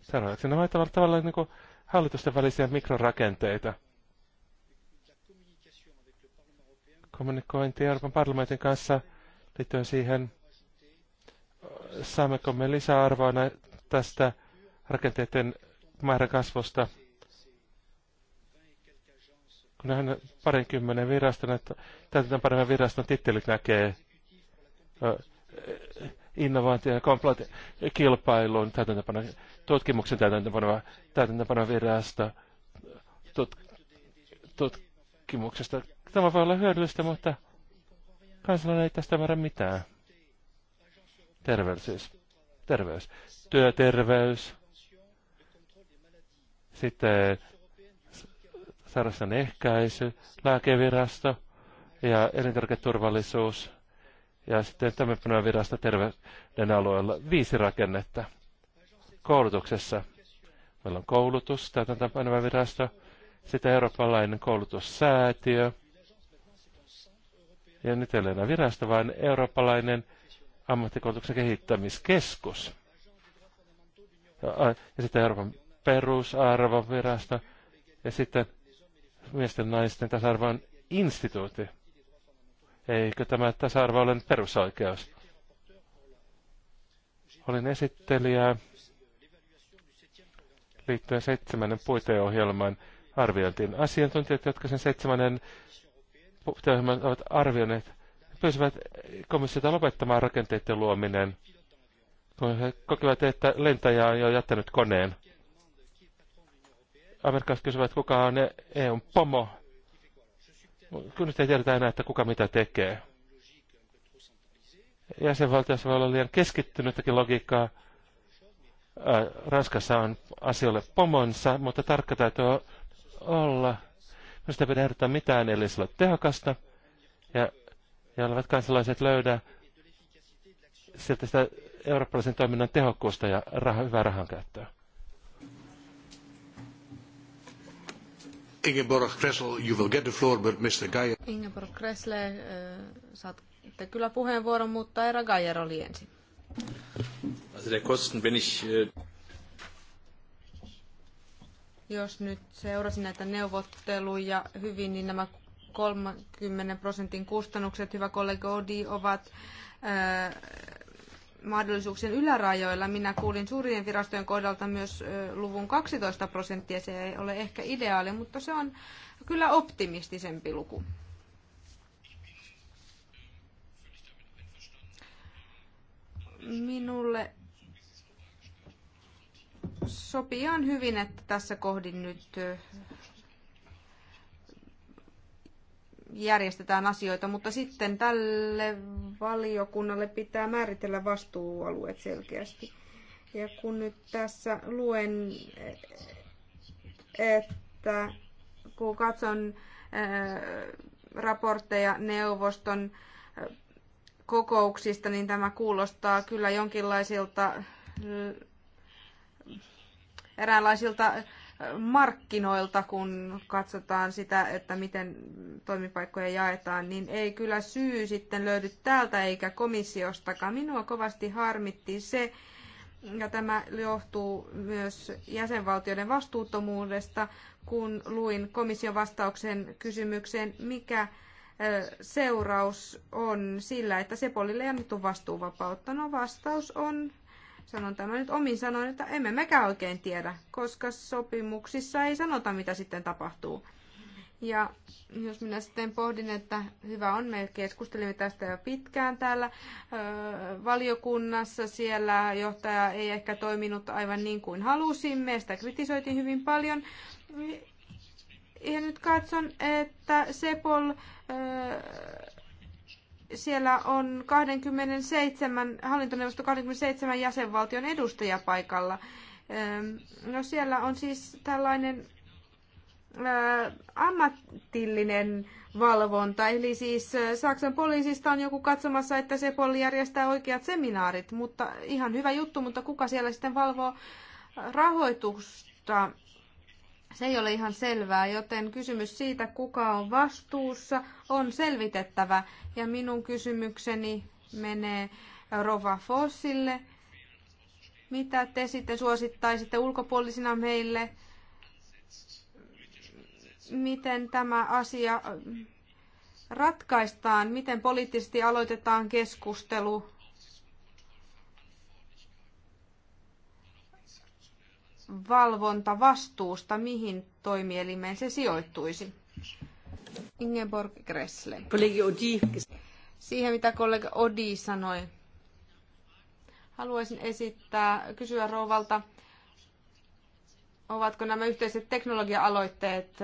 seuraajaksi. Nämä ovat tavallaan niin hallitusten välisiä mikrorakenteita. Kommunikointi Euroopan parlamentin kanssa liittyen siihen, saammeko me lisäarvoa tästä rakenteiden määrän kasvusta. Kun hän parinkymmenen viraston, että täytetään paremmin viraston tittelit näkee innovaatio- ja kilpailun täytäntöpano, tutkimuksen täytäntöpano- täytäntöpanoa virasta, tut, tutkimuksesta. Tämä voi olla hyödyllistä, mutta kansalainen ei tästä määrä mitään. Terveys siis. Terveys. Työterveys. Sitten sairausten ehkäisy, lääkevirasto ja elintarviketurvallisuus ja sitten tämmöinen virasta terveyden alueella viisi rakennetta koulutuksessa. Meillä on koulutus, täytäntöönpaneva virasto, sitten eurooppalainen koulutussäätiö, ja nyt ei ole enää virasto, vaan eurooppalainen ammattikoulutuksen kehittämiskeskus. Ja, ja sitten Euroopan perusarvovirasto, ja sitten miesten naisten tasa-arvon instituutti. Eikö tämä tasa-arvo ole perusoikeus? Olin esittelijä liittyen seitsemännen puiteohjelman arviointiin. Asiantuntijat, jotka sen seitsemännen puiteohjelman ovat arvioineet, pyysivät komissiota lopettamaan rakenteiden luominen, kun he kokivat, että lentäjä on jo jättänyt koneen. Amerikkalaiset kysyvät, kuka on e- EUn pomo, kun nyt ei tiedetä enää, että kuka mitä tekee. Jäsenvaltiossa voi olla liian keskittynyttäkin logiikkaa. Ranskassa on asioille pomonsa, mutta tarkka täytyy olla. Minusta ei pidä ehdottaa mitään, eli se on tehokasta. Ja, ja olevat kansalaiset löydä sieltä sitä eurooppalaisen toiminnan tehokkuusta ja rah hyvää rahankäyttöä. Ingeborg Kressel, you will get the floor, but Mr. Geyer... Ingeborg Kressle, eh, saatte kyllä puheenvuoron, mutta Era Geyer oli ensin. Also der Kosten, wenn ich, äh, Jos nyt seurasin näitä neuvotteluja hyvin, niin nämä 30 prosentin kustannukset, hyvä kollega Odi, ovat äh, mahdollisuuksien ylärajoilla. Minä kuulin suurien virastojen kohdalta myös luvun 12 prosenttia. Se ei ole ehkä ideaali, mutta se on kyllä optimistisempi luku. Minulle sopii ihan hyvin, että tässä kohdin nyt järjestetään asioita, mutta sitten tälle valiokunnalle pitää määritellä vastuualueet selkeästi. Ja kun nyt tässä luen, että kun katson äh, raportteja neuvoston äh, kokouksista, niin tämä kuulostaa kyllä jonkinlaisilta äh, eräänlaisilta markkinoilta, kun katsotaan sitä, että miten toimipaikkoja jaetaan, niin ei kyllä syy sitten löydy täältä eikä komissiostakaan. Minua kovasti harmitti se, ja tämä johtuu myös jäsenvaltioiden vastuuttomuudesta, kun luin komission vastauksen kysymykseen, mikä seuraus on sillä, että Sepolille ei annettu vastuuvapautta. No vastaus on Sanon tämän nyt omin sanoin, että emme mekään oikein tiedä, koska sopimuksissa ei sanota, mitä sitten tapahtuu. Ja jos minä sitten pohdin, että hyvä on, me keskustelimme tästä jo pitkään täällä öö, valiokunnassa. Siellä johtaja ei ehkä toiminut aivan niin kuin halusimme, sitä kritisoitiin hyvin paljon. Ja nyt katson, että Sepol öö, siellä on 27, hallintoneuvosto 27 jäsenvaltion edustaja paikalla. No siellä on siis tällainen ammatillinen valvonta, eli siis Saksan poliisista on joku katsomassa, että se poli järjestää oikeat seminaarit, mutta ihan hyvä juttu, mutta kuka siellä sitten valvoo rahoitusta? se ei ole ihan selvää, joten kysymys siitä, kuka on vastuussa, on selvitettävä. Ja minun kysymykseni menee Rova Fossille. Mitä te sitten suosittaisitte ulkopuolisina meille? Miten tämä asia ratkaistaan? Miten poliittisesti aloitetaan keskustelu? valvontavastuusta, mihin toimielimeen se sijoittuisi? Ingeborg Gressle. Kollegi Odi. Siihen, mitä kollega Odi sanoi. Haluaisin esittää, kysyä rouvalta, ovatko nämä yhteiset teknologia-aloitteet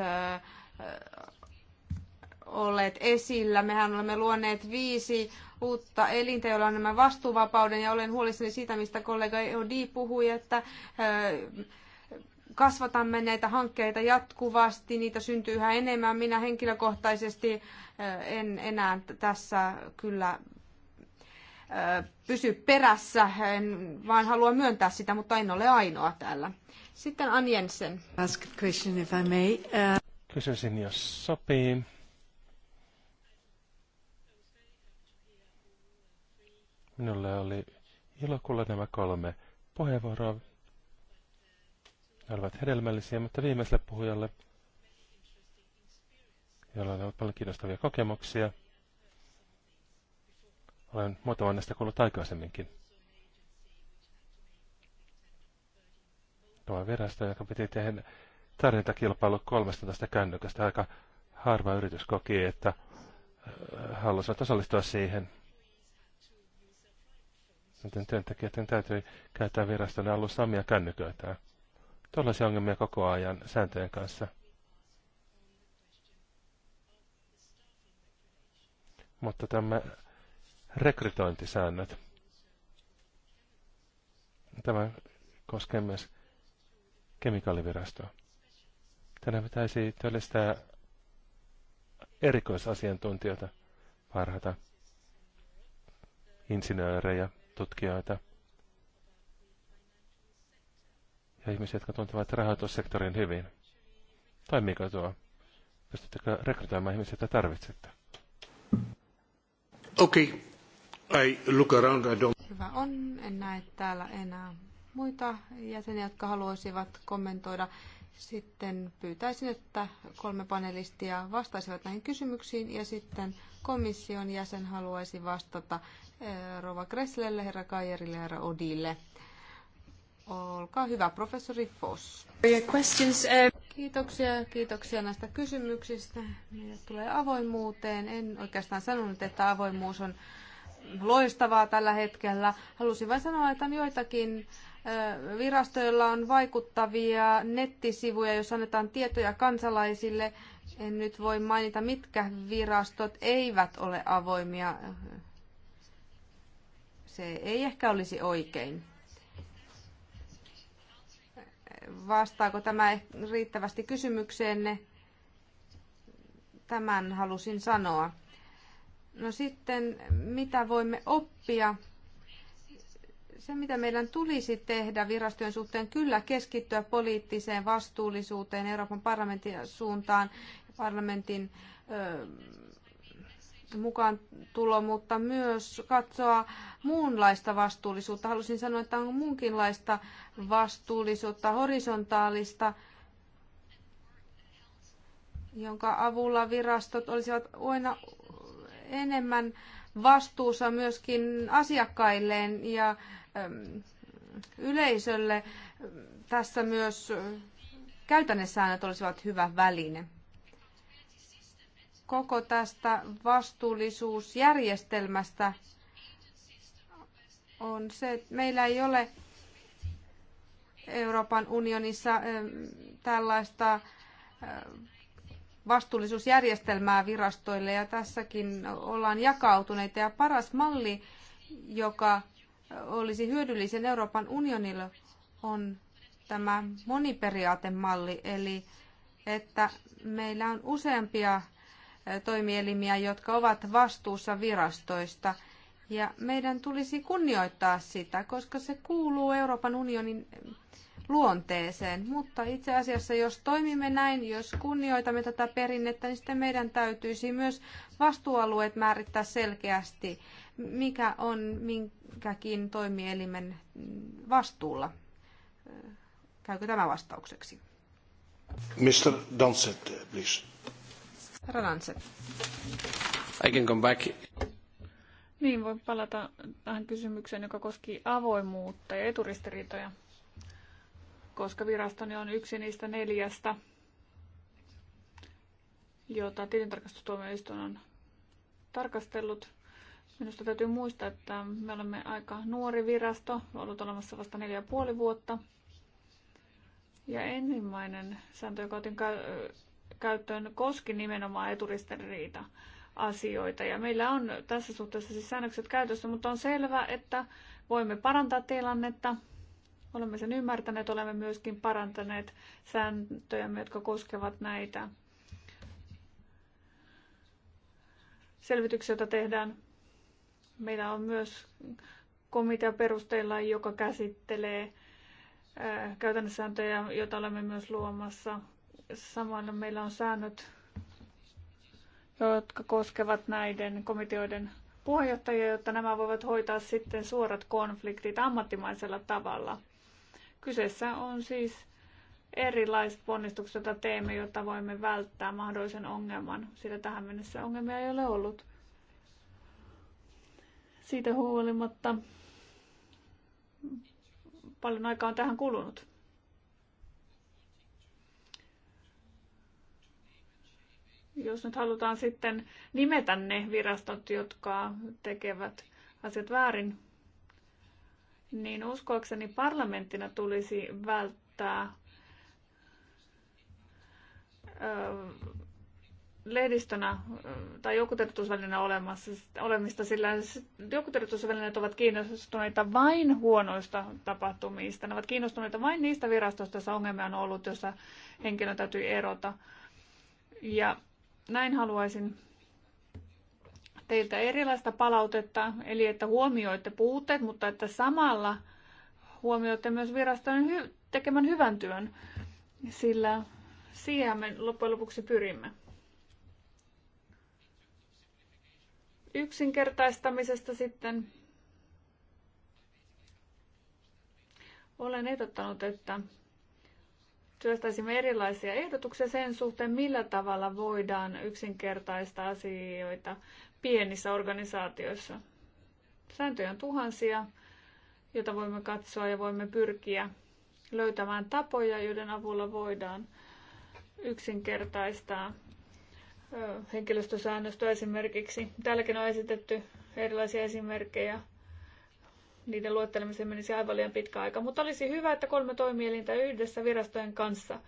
olleet esillä. Mehän olemme luoneet viisi uutta elintä, jolla on nämä vastuuvapauden, ja olen huolissani siitä, mistä kollega Eodi puhui, että kasvatamme näitä hankkeita jatkuvasti, niitä syntyy yhä enemmän. Minä henkilökohtaisesti en enää tässä kyllä pysy perässä, en vaan halua myöntää sitä, mutta en ole ainoa täällä. Sitten Ann Jensen. Ask a question if I may. Uh, Kysyisin, jos sopii. Minulle oli ilo kuulla nämä kolme puheenvuoroa. Ne olivat hedelmällisiä, mutta viimeiselle puhujalle, jolla on ollut paljon kiinnostavia kokemuksia. Olen muutaman näistä kuullut aikaisemminkin. Tuo virasto, joka piti tehdä tarjontakilpailu 13 kännykästä. Aika harva yritys koki, että äh, halusivat osallistua siihen joten työntekijöiden niin täytyy käyttää viraston alussa omia kännyköitään. Tuollaisia ongelmia koko ajan sääntöjen kanssa. Mutta tämä rekrytointisäännöt. Tämä koskee myös kemikaalivirastoa. Tänään pitäisi työllistää erikoisasiantuntijoita, parhaita insinöörejä, tutkijoita ja ihmisiä, jotka tuntevat rahoitussektorin hyvin. Toimiiko tuo? Pystyttekö rekrytoimaan ihmisiä, joita tarvitsette? Okei. Okay. I look around, I don't... Hyvä on. En näe täällä enää muita jäseniä, jotka haluaisivat kommentoida. Sitten pyytäisin, että kolme panelistia vastaisivat näihin kysymyksiin ja sitten komission jäsen haluaisi vastata Rova Kresslelle, herra Kajerille, herra Odille. Olkaa hyvä, professori Foss. Uh, kiitoksia, kiitoksia näistä kysymyksistä. niitä tulee avoimuuteen, en oikeastaan sanonut, että avoimuus on loistavaa tällä hetkellä. Halusin vain sanoa, että joitakin virastoilla on vaikuttavia nettisivuja, jos annetaan tietoja kansalaisille. En nyt voi mainita, mitkä virastot eivät ole avoimia se ei ehkä olisi oikein. Vastaako tämä riittävästi kysymykseenne? Tämän halusin sanoa. No sitten, mitä voimme oppia? Se, mitä meidän tulisi tehdä virastojen suhteen, kyllä keskittyä poliittiseen vastuullisuuteen Euroopan parlamentin suuntaan, parlamentin ö, mukaan tulo, mutta myös katsoa muunlaista vastuullisuutta. Halusin sanoa, että on muunkinlaista vastuullisuutta, horisontaalista, jonka avulla virastot olisivat aina enemmän vastuussa myöskin asiakkailleen ja yleisölle. Tässä myös käytännössäännöt olisivat hyvä väline koko tästä vastuullisuusjärjestelmästä on se, että meillä ei ole Euroopan unionissa tällaista vastuullisuusjärjestelmää virastoille ja tässäkin ollaan jakautuneita ja paras malli, joka olisi hyödyllisen Euroopan unionille on tämä moniperiaatemalli, eli että meillä on useampia toimielimiä, jotka ovat vastuussa virastoista. Ja meidän tulisi kunnioittaa sitä, koska se kuuluu Euroopan unionin luonteeseen. Mutta itse asiassa, jos toimimme näin, jos kunnioitamme tätä perinnettä, niin sitten meidän täytyisi myös vastuualueet määrittää selkeästi, mikä on minkäkin toimielimen vastuulla. Käykö tämä vastaukseksi? Mr. Dansette, please. Ranset. I can come back. Niin, voin palata tähän kysymykseen, joka koski avoimuutta ja eturistiriitoja, koska virastoni on yksi niistä neljästä, jota tilintarkastustuomioistuin on tarkastellut. Minusta täytyy muistaa, että me olemme aika nuori virasto, ollut olemassa vasta neljä ja puoli vuotta. Ja ensimmäinen sääntö, joka otin käyttöön koski nimenomaan eturistiriita asioita. Ja meillä on tässä suhteessa siis säännökset käytössä, mutta on selvää, että voimme parantaa tilannetta. Olemme sen ymmärtäneet, olemme myöskin parantaneet sääntöjämme, jotka koskevat näitä selvityksiä, joita tehdään. Meillä on myös komitea perusteilla, joka käsittelee käytännössääntöjä, joita olemme myös luomassa Samoin meillä on säännöt, jotka koskevat näiden komiteoiden puheenjohtajia, jotta nämä voivat hoitaa sitten suorat konfliktit ammattimaisella tavalla. Kyseessä on siis erilaiset ponnistukset, joita teemme, jotta voimme välttää mahdollisen ongelman, sillä tähän mennessä ongelmia ei ole ollut. Siitä huolimatta paljon aikaa on tähän kulunut. jos nyt halutaan sitten nimetä ne virastot, jotka tekevät asiat väärin, niin uskoakseni parlamenttina tulisi välttää ö, lehdistönä tai joku olemassa, olemista, sillä joku tiedotusvälineet ovat kiinnostuneita vain huonoista tapahtumista. Ne ovat kiinnostuneita vain niistä virastoista, joissa ongelmia on ollut, joissa henkilö täytyy erota. Ja näin haluaisin teiltä erilaista palautetta, eli että huomioitte puutteet, mutta että samalla huomioitte myös viraston hy- tekemän hyvän työn, sillä siihen me loppujen lopuksi pyrimme. Yksinkertaistamisesta sitten olen ehdottanut, että työstäisimme erilaisia ehdotuksia sen suhteen, millä tavalla voidaan yksinkertaista asioita pienissä organisaatioissa. Sääntöjä on tuhansia, joita voimme katsoa ja voimme pyrkiä löytämään tapoja, joiden avulla voidaan yksinkertaistaa henkilöstösäännöstö esimerkiksi. Täälläkin on esitetty erilaisia esimerkkejä niiden luettelemiseen menisi aivan liian pitkä aika, mutta olisi hyvä, että kolme toimielintä yhdessä virastojen kanssa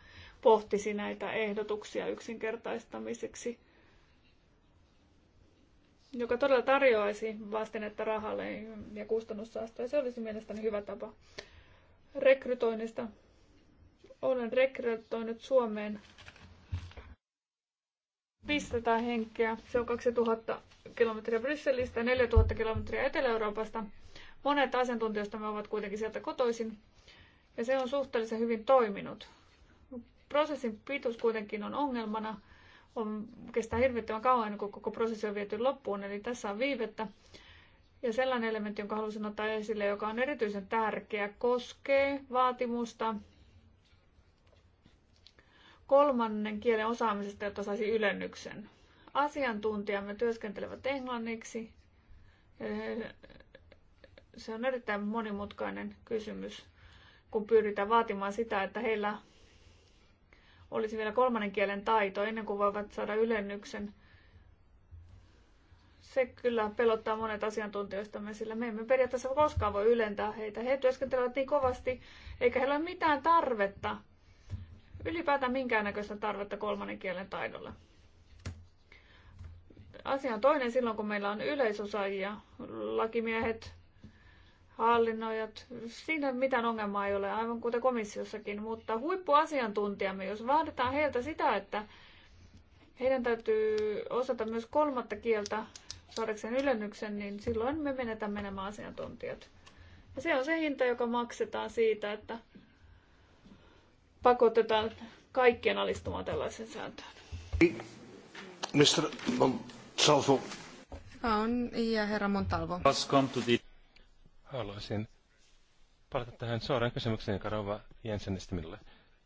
pohtisi näitä ehdotuksia yksinkertaistamiseksi, joka todella tarjoaisi vastinetta rahalle ja kustannussäästöä. Se olisi mielestäni hyvä tapa. Rekrytoinnista. Olen rekrytoinut Suomeen 500 henkeä. Se on 2000 kilometriä Brysselistä ja 4000 kilometriä Etelä-Euroopasta. Monet asiantuntijoistamme ovat kuitenkin sieltä kotoisin, ja se on suhteellisen hyvin toiminut. Prosessin pituus kuitenkin on ongelmana. On, kestää hirvittävän kauan, kun koko prosessi on viety loppuun, eli tässä on viivettä. Ja sellainen elementti, jonka haluaisin ottaa esille, joka on erityisen tärkeä, koskee vaatimusta kolmannen kielen osaamisesta, jotta saisi ylennyksen. Asiantuntijamme työskentelevät englanniksi. Se on erittäin monimutkainen kysymys, kun pyritään vaatimaan sitä, että heillä olisi vielä kolmannen kielen taito ennen kuin voivat saada ylennyksen. Se kyllä pelottaa monet asiantuntijoistamme, sillä me emme periaatteessa koskaan voi ylentää heitä. He työskentelevät niin kovasti, eikä heillä ole mitään tarvetta, ylipäätään minkäännäköistä tarvetta kolmannen kielen taidolle. Asia on toinen silloin, kun meillä on yleisosaajia, lakimiehet, hallinnoijat. Siinä mitään ongelmaa ei ole, aivan kuten komissiossakin, mutta huippuasiantuntijamme, jos vaaditaan heiltä sitä, että heidän täytyy osata myös kolmatta kieltä saadakseen ylennyksen, niin silloin me menetämme nämä asiantuntijat. Ja se on se hinta, joka maksetaan siitä, että pakotetaan kaikkien alistumaan tällaisen sääntöön. Mr. Montalvo. On, ja herra Montalvo. to the haluaisin palata tähän suoraan kysymykseen, joka Rova Jensenistä minulle.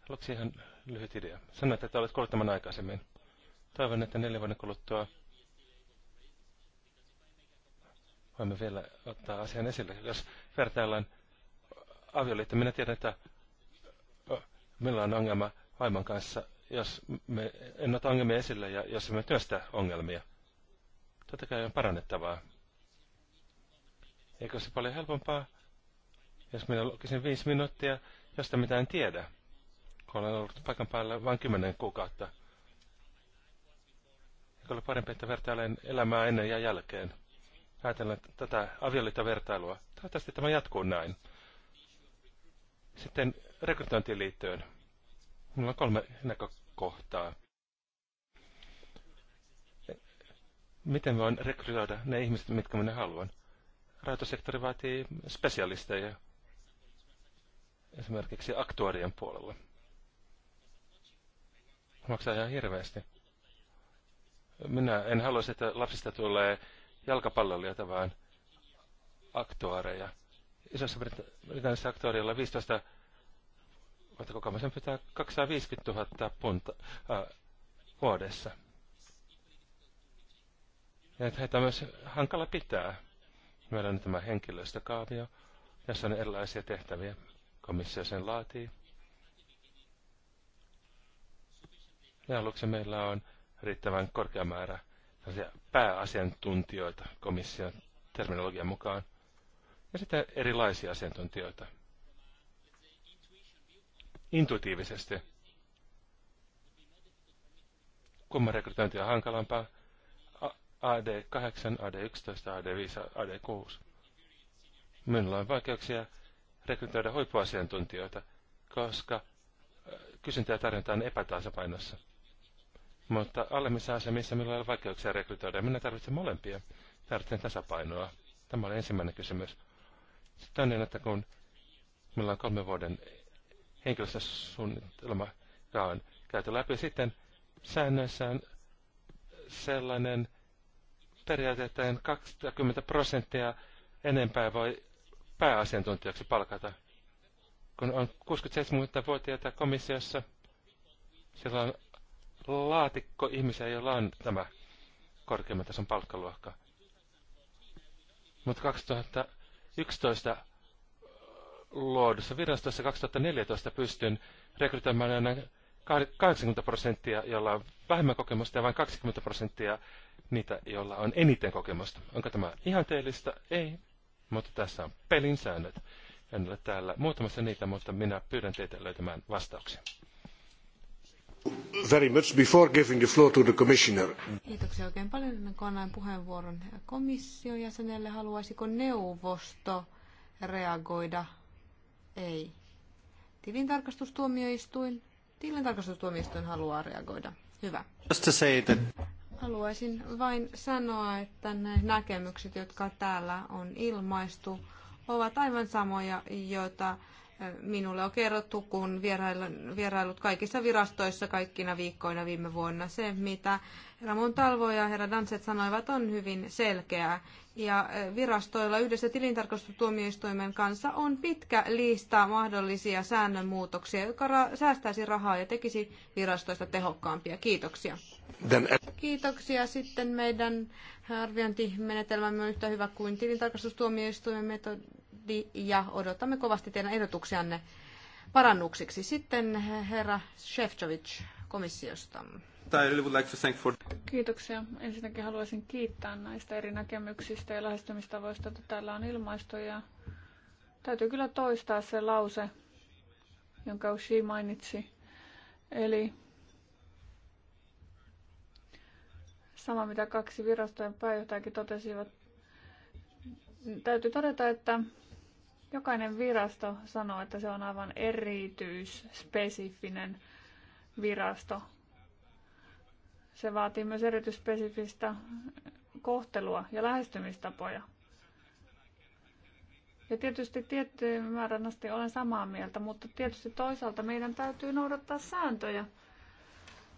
Haluatko ihan lyhyt idea. Sanoit, että olet kuullut tämän aikaisemmin. Toivon, että neljä vuoden kuluttua voimme vielä ottaa asian esille. Jos vertaillaan avioliitto, minä tiedän, että meillä on ongelma vaimon kanssa, jos me en ota ongelmia esille ja jos me työstä ongelmia. Totta kai on parannettavaa. Eikö se paljon helpompaa, jos minä lukisin viisi minuuttia, josta mitä en tiedä, kun olen ollut paikan päällä vain kymmenen kuukautta. Eikö ole parempi, että vertailen elämää ennen ja jälkeen? Ajatellen tätä avioliittovertailua. Toivottavasti tämä jatkuu näin. Sitten rekrytointiin liittyen. Minulla on kolme näkökohtaa. Miten voin rekrytoida ne ihmiset, mitkä minä haluan? rahoitussektori vaatii spesialisteja esimerkiksi aktuarien puolella. Maksaa ihan hirveästi. Minä en haluaisi, että lapsista tulee jalkapallolijoita, vaan aktuareja. Isossa Britannissa aktuarilla 15 vuotta kokemusta pitää 250 000 punta, äh, vuodessa. Ja heitä on myös hankala pitää. Meillä on tämä henkilöstökaavio, jossa on erilaisia tehtäviä. Komissio sen laatii. Ja aluksi meillä on riittävän korkea määrä pääasiantuntijoita komission terminologian mukaan. Ja sitten erilaisia asiantuntijoita. Intuitiivisesti. Kumman rekrytointi on hankalampaa, AD8, AD11, AD5, AD6. Minulla on vaikeuksia rekrytoida huippuasiantuntijoita, koska äh, kysyntää tarjotaan epätasapainossa. Mutta alemmissa asemissa minulla on vaikeuksia rekrytoida. Minä tarvitsen molempia. Tarvitsen tasapainoa. Tämä oli ensimmäinen kysymys. Sitten niin, että kun meillä on kolmen vuoden henkilöstösuunnitelma, joka on käyty läpi, sitten säännöissä on sellainen periaatteessa 20 prosenttia enempää voi pääasiantuntijaksi palkata. Kun on 67-vuotiaita komissiossa, siellä on laatikko ihmisiä, joilla on tämä korkeimman tason palkkaluokka. Mutta 2011 luodussa virastossa 2014 pystyn rekrytoimaan 80 prosenttia, jolla on vähemmän kokemusta ja vain 20 prosenttia, niitä, joilla on eniten kokemusta. Onko tämä ihanteellista? Ei, mutta tässä on pelin säännöt. En ole täällä muutamassa niitä, mutta minä pyydän teitä löytämään vastauksia. Very much before giving the floor to the commissioner. Kiitoksia oikein paljon. Ennen kuin annan puheenvuoron komission jäsenelle, haluaisiko neuvosto reagoida? Ei. Tilintarkastustuomioistuin? Tilintarkastustuomioistuin haluaa reagoida. Hyvä. Just to say that... Haluaisin vain sanoa, että ne näkemykset, jotka täällä on ilmaistu, ovat aivan samoja, joita Minulle on kerrottu, kun vierailut kaikissa virastoissa kaikkina viikkoina viime vuonna. Se, mitä herra Montalvo ja herra Danset sanoivat, on hyvin selkeää. Ja virastoilla yhdessä tilintarkastustuomioistuimen kanssa on pitkä lista mahdollisia säännönmuutoksia, jotka ra- säästäisi rahaa ja tekisi virastoista tehokkaampia. Kiitoksia. Kiitoksia. Sitten meidän arviointimenetelmämme on yhtä hyvä kuin tilintarkastustuomioistuimen metodi ja odotamme kovasti teidän ehdotuksianne parannuksiksi. Sitten herra Shevchovic komissiosta. Kiitoksia. Ensinnäkin haluaisin kiittää näistä eri näkemyksistä ja lähestymistavoista, joita täällä on ilmaistu. Ja täytyy kyllä toistaa se lause, jonka Ushi mainitsi. Eli sama mitä kaksi virastojen pääjohtajakin totesivat. Täytyy todeta, että Jokainen virasto sanoo, että se on aivan erityisspesifinen virasto. Se vaatii myös erityisspesifistä kohtelua ja lähestymistapoja. Ja tietysti tiettyyn määrän asti olen samaa mieltä, mutta tietysti toisaalta meidän täytyy noudattaa sääntöjä,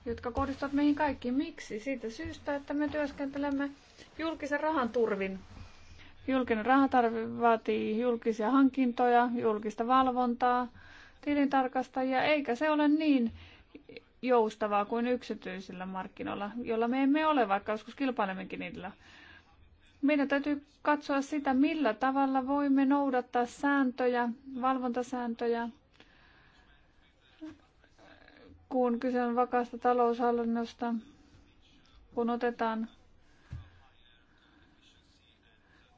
jotka kohdistuvat meihin kaikkiin. Miksi? Siitä syystä, että me työskentelemme julkisen rahan turvin Julkinen rahatarve vaatii julkisia hankintoja, julkista valvontaa, tilintarkastajia, eikä se ole niin joustavaa kuin yksityisillä markkinoilla, jolla me emme ole, vaikka joskus kilpailemmekin niillä. Meidän täytyy katsoa sitä, millä tavalla voimme noudattaa sääntöjä, valvontasääntöjä, kun kyse on vakaasta taloushallinnosta, kun otetaan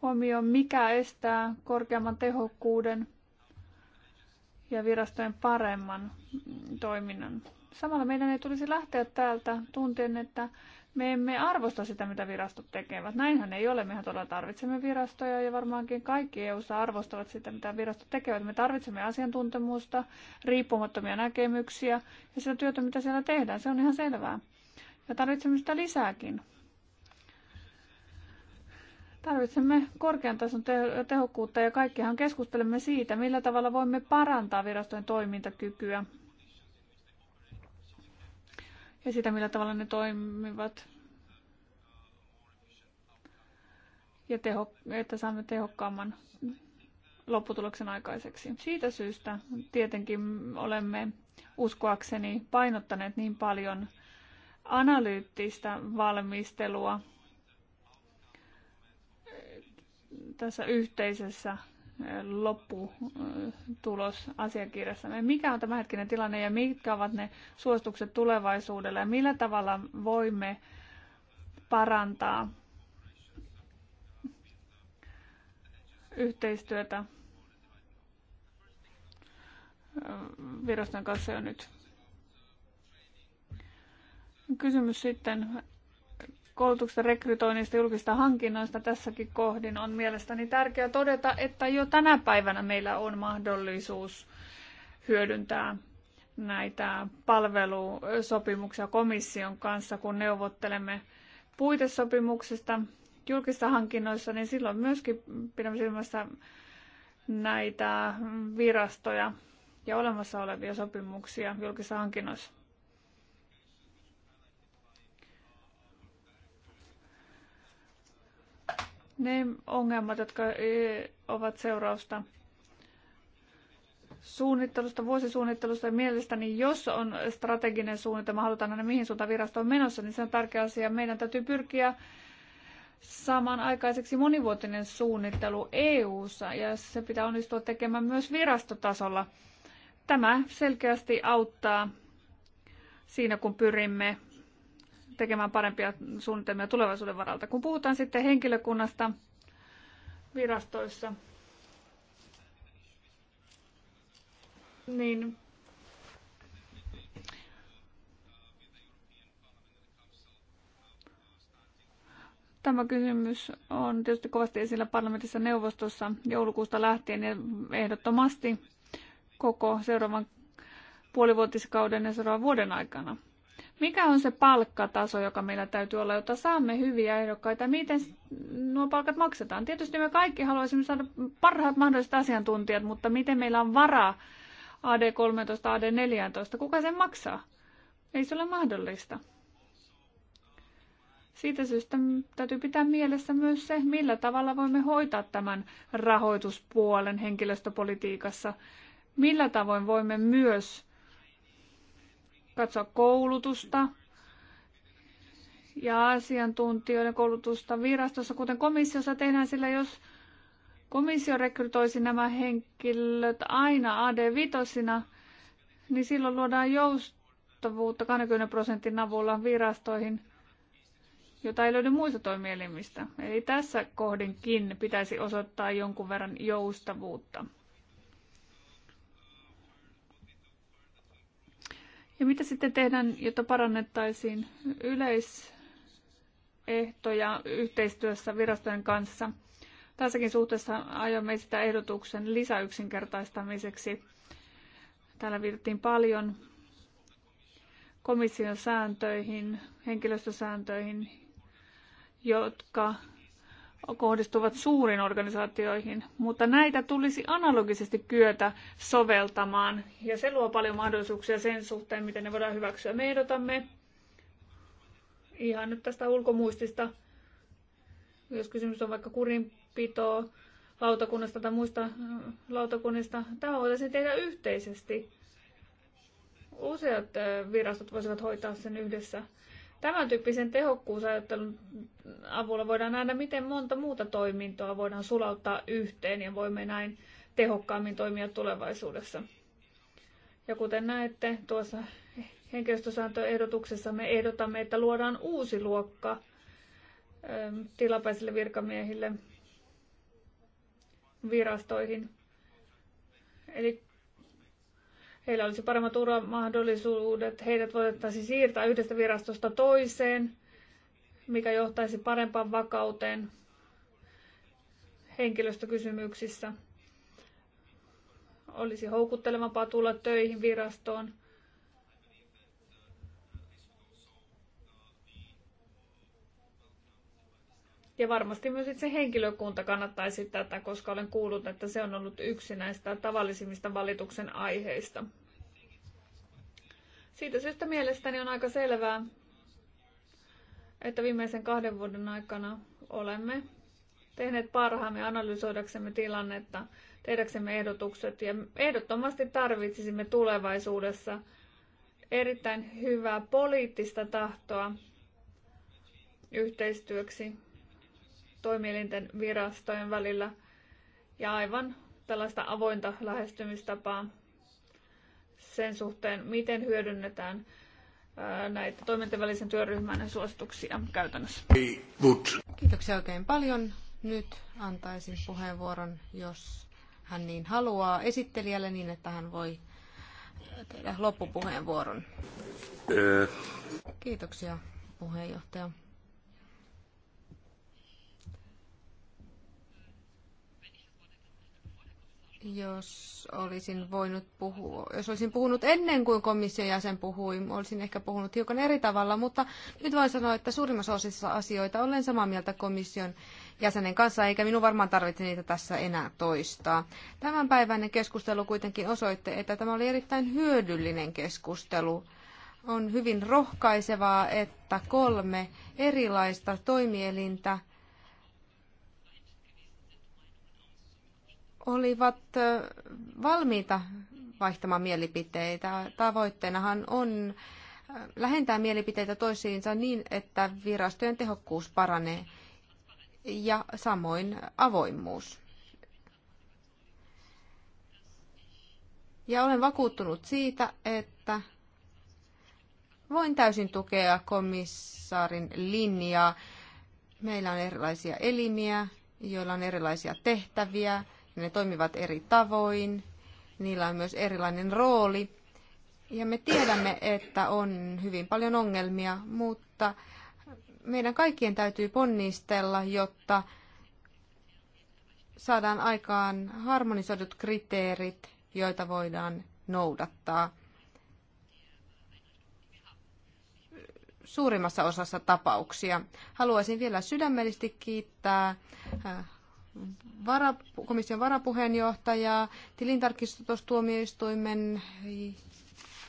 huomioon, mikä estää korkeamman tehokkuuden ja virastojen paremman toiminnan. Samalla meidän ei tulisi lähteä täältä tuntien, että me emme arvosta sitä, mitä virastot tekevät. Näinhän ei ole. Mehän todella tarvitsemme virastoja ja varmaankin kaikki eu arvostavat sitä, mitä virastot tekevät. Me tarvitsemme asiantuntemusta, riippumattomia näkemyksiä ja sitä työtä, mitä siellä tehdään. Se on ihan selvää. Ja tarvitsemme sitä lisääkin. Tarvitsemme korkean tason te- tehokkuutta ja kaikkihan keskustelemme siitä, millä tavalla voimme parantaa virastojen toimintakykyä ja sitä, millä tavalla ne toimivat ja teho, että saamme tehokkaamman lopputuloksen aikaiseksi. Siitä syystä tietenkin olemme uskoakseni painottaneet niin paljon analyyttistä valmistelua – tässä yhteisessä lopputulosasiakirjassa. Mikä on tämä hetkinen tilanne ja mitkä ovat ne suositukset tulevaisuudelle ja millä tavalla voimme parantaa yhteistyötä viraston kanssa jo nyt. Kysymys sitten koulutuksesta, rekrytoinnista, julkista hankinnoista tässäkin kohdin on mielestäni tärkeää todeta, että jo tänä päivänä meillä on mahdollisuus hyödyntää näitä palvelusopimuksia komission kanssa, kun neuvottelemme puitesopimuksesta julkista hankinnoissa, niin silloin myöskin pidämme silmässä näitä virastoja ja olemassa olevia sopimuksia julkisissa hankinnoissa. ne ongelmat, jotka e, ovat seurausta suunnittelusta, vuosisuunnittelusta. Ja mielestäni, jos on strateginen suunnitelma, halutaan aina mihin suuntaan virasto on menossa, niin se on tärkeä asia. Meidän täytyy pyrkiä saamaan aikaiseksi monivuotinen suunnittelu EU-ssa, ja se pitää onnistua tekemään myös virastotasolla. Tämä selkeästi auttaa siinä, kun pyrimme tekemään parempia suunnitelmia tulevaisuuden varalta. Kun puhutaan sitten henkilökunnasta virastoissa, niin Tämä kysymys on tietysti kovasti esillä parlamentissa neuvostossa joulukuusta lähtien ja ehdottomasti koko seuraavan puolivuotiskauden ja seuraavan vuoden aikana. Mikä on se palkkataso, joka meillä täytyy olla, jotta saamme hyviä ehdokkaita? Miten nuo palkat maksetaan? Tietysti me kaikki haluaisimme saada parhaat mahdolliset asiantuntijat, mutta miten meillä on varaa AD13, AD14? Kuka sen maksaa? Ei se ole mahdollista. Siitä syystä täytyy pitää mielessä myös se, millä tavalla voimme hoitaa tämän rahoituspuolen henkilöstöpolitiikassa. Millä tavoin voimme myös katsoa koulutusta ja asiantuntijoiden koulutusta virastossa, kuten komissiossa tehdään, sillä jos komissio rekrytoisi nämä henkilöt aina AD5, niin silloin luodaan joustavuutta 20 prosentin avulla virastoihin, jota ei löydy muista toimielimistä. Eli tässä kohdinkin pitäisi osoittaa jonkun verran joustavuutta. Ja mitä sitten tehdään, jotta parannettaisiin yleisehtoja yhteistyössä virastojen kanssa? Tässäkin suhteessa aiomme sitä ehdotuksen lisäyksinkertaistamiseksi. Täällä viitattiin paljon komission sääntöihin, henkilöstösääntöihin, jotka kohdistuvat suuriin organisaatioihin, mutta näitä tulisi analogisesti kyetä soveltamaan, ja se luo paljon mahdollisuuksia sen suhteen, miten ne voidaan hyväksyä. Me ehdotamme ihan nyt tästä ulkomuistista, jos kysymys on vaikka kurinpitoa, lautakunnasta tai muista lautakunnista. Tämä voitaisiin tehdä yhteisesti. Useat virastot voisivat hoitaa sen yhdessä. Tämän tyyppisen tehokkuusajattelun avulla voidaan nähdä, miten monta muuta toimintoa voidaan sulauttaa yhteen ja voimme näin tehokkaammin toimia tulevaisuudessa. Ja kuten näette tuossa henkilöstösääntöehdotuksessa, me ehdotamme, että luodaan uusi luokka ähm, tilapäisille virkamiehille virastoihin. Eli heillä olisi paremmat uramahdollisuudet, heidät voitaisiin siirtää yhdestä virastosta toiseen, mikä johtaisi parempaan vakauteen henkilöstökysymyksissä. Olisi houkuttelevampaa tulla töihin virastoon – Ja varmasti myös itse henkilökunta kannattaisi tätä, koska olen kuullut, että se on ollut yksi näistä tavallisimmista valituksen aiheista. Siitä syystä mielestäni on aika selvää, että viimeisen kahden vuoden aikana olemme tehneet parhaamme analysoidaksemme tilannetta, tehdäksemme ehdotukset ja ehdottomasti tarvitsisimme tulevaisuudessa erittäin hyvää poliittista tahtoa yhteistyöksi toimielinten virastojen välillä ja aivan tällaista avointa lähestymistapaa sen suhteen, miten hyödynnetään näitä toimintojen välisen työryhmän suosituksia käytännössä. Kiitoksia oikein paljon. Nyt antaisin puheenvuoron, jos hän niin haluaa, esittelijälle niin, että hän voi tehdä loppupuheenvuoron. Kiitoksia puheenjohtaja. Jos olisin voinut puhua, jos olisin puhunut ennen kuin komission jäsen puhui, olisin ehkä puhunut hiukan eri tavalla, mutta nyt voin sanoa, että suurimmassa osassa asioita olen samaa mieltä komission jäsenen kanssa, eikä minun varmaan tarvitse niitä tässä enää toistaa. Tämänpäiväinen keskustelu kuitenkin osoitti, että tämä oli erittäin hyödyllinen keskustelu. On hyvin rohkaisevaa, että kolme erilaista toimielintä olivat valmiita vaihtamaan mielipiteitä. Tavoitteenahan on lähentää mielipiteitä toisiinsa niin, että virastojen tehokkuus paranee ja samoin avoimuus. Ja olen vakuuttunut siitä, että voin täysin tukea komissaarin linjaa. Meillä on erilaisia elimiä, joilla on erilaisia tehtäviä ne toimivat eri tavoin, niillä on myös erilainen rooli. Ja me tiedämme, että on hyvin paljon ongelmia, mutta meidän kaikkien täytyy ponnistella, jotta saadaan aikaan harmonisoidut kriteerit, joita voidaan noudattaa suurimmassa osassa tapauksia. Haluaisin vielä sydämellisesti kiittää äh, vara, komission varapuheenjohtajaa, tilintarkistustuomioistuimen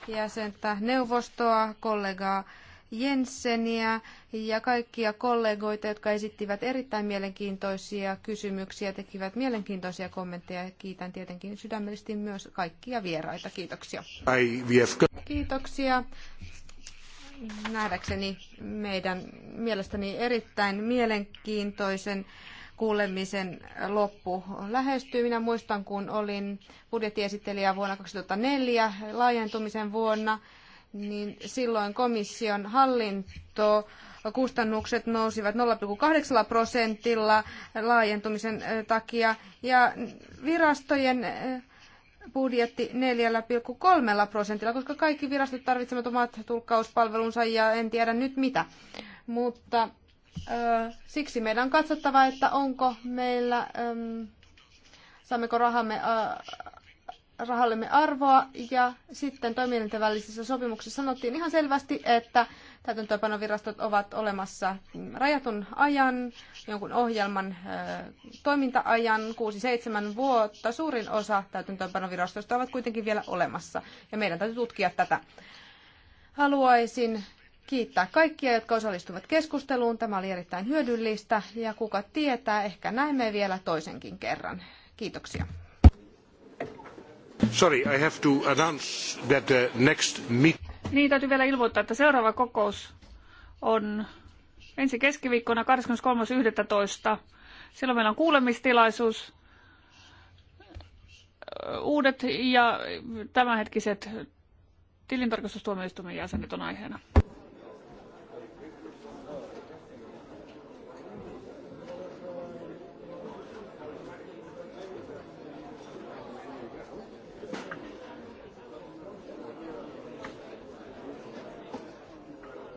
jäsentä, neuvostoa, kollegaa Jenseniä ja kaikkia kollegoita, jotka esittivät erittäin mielenkiintoisia kysymyksiä, tekivät mielenkiintoisia kommentteja. Kiitän tietenkin sydämellisesti myös kaikkia vieraita. Kiitoksia. Kiitoksia. Nähdäkseni meidän mielestäni erittäin mielenkiintoisen kuulemisen loppu lähestyy. Minä muistan, kun olin budjettiesittelijä vuonna 2004 laajentumisen vuonna, niin silloin komission hallinto kustannukset nousivat 0,8 prosentilla laajentumisen eh, takia ja virastojen eh, budjetti 4,3 prosentilla, koska kaikki virastot tarvitsevat omat tulkkauspalvelunsa ja en tiedä nyt mitä. Mutta siksi meidän on katsottava, että onko meillä, saammeko rahamme, rahallemme arvoa. Ja sitten toimijoiden välisissä sopimuksissa sanottiin ihan selvästi, että täytäntöönpanovirastot ovat olemassa rajatun ajan, jonkun ohjelman toimintaajan, 6-7 vuotta. Suurin osa täytäntöönpanovirastoista ovat kuitenkin vielä olemassa, ja meidän täytyy tutkia tätä. Haluaisin kiittää kaikkia, jotka osallistuvat keskusteluun. Tämä oli erittäin hyödyllistä ja kuka tietää, ehkä näemme vielä toisenkin kerran. Kiitoksia. Sorry, I have to announce that the next meet... Niin, täytyy vielä ilmoittaa, että seuraava kokous on ensi keskiviikkona 23.11. Silloin meillä on kuulemistilaisuus. Uudet ja tämänhetkiset tilintarkastustuomioistuimen jäsenet on aiheena.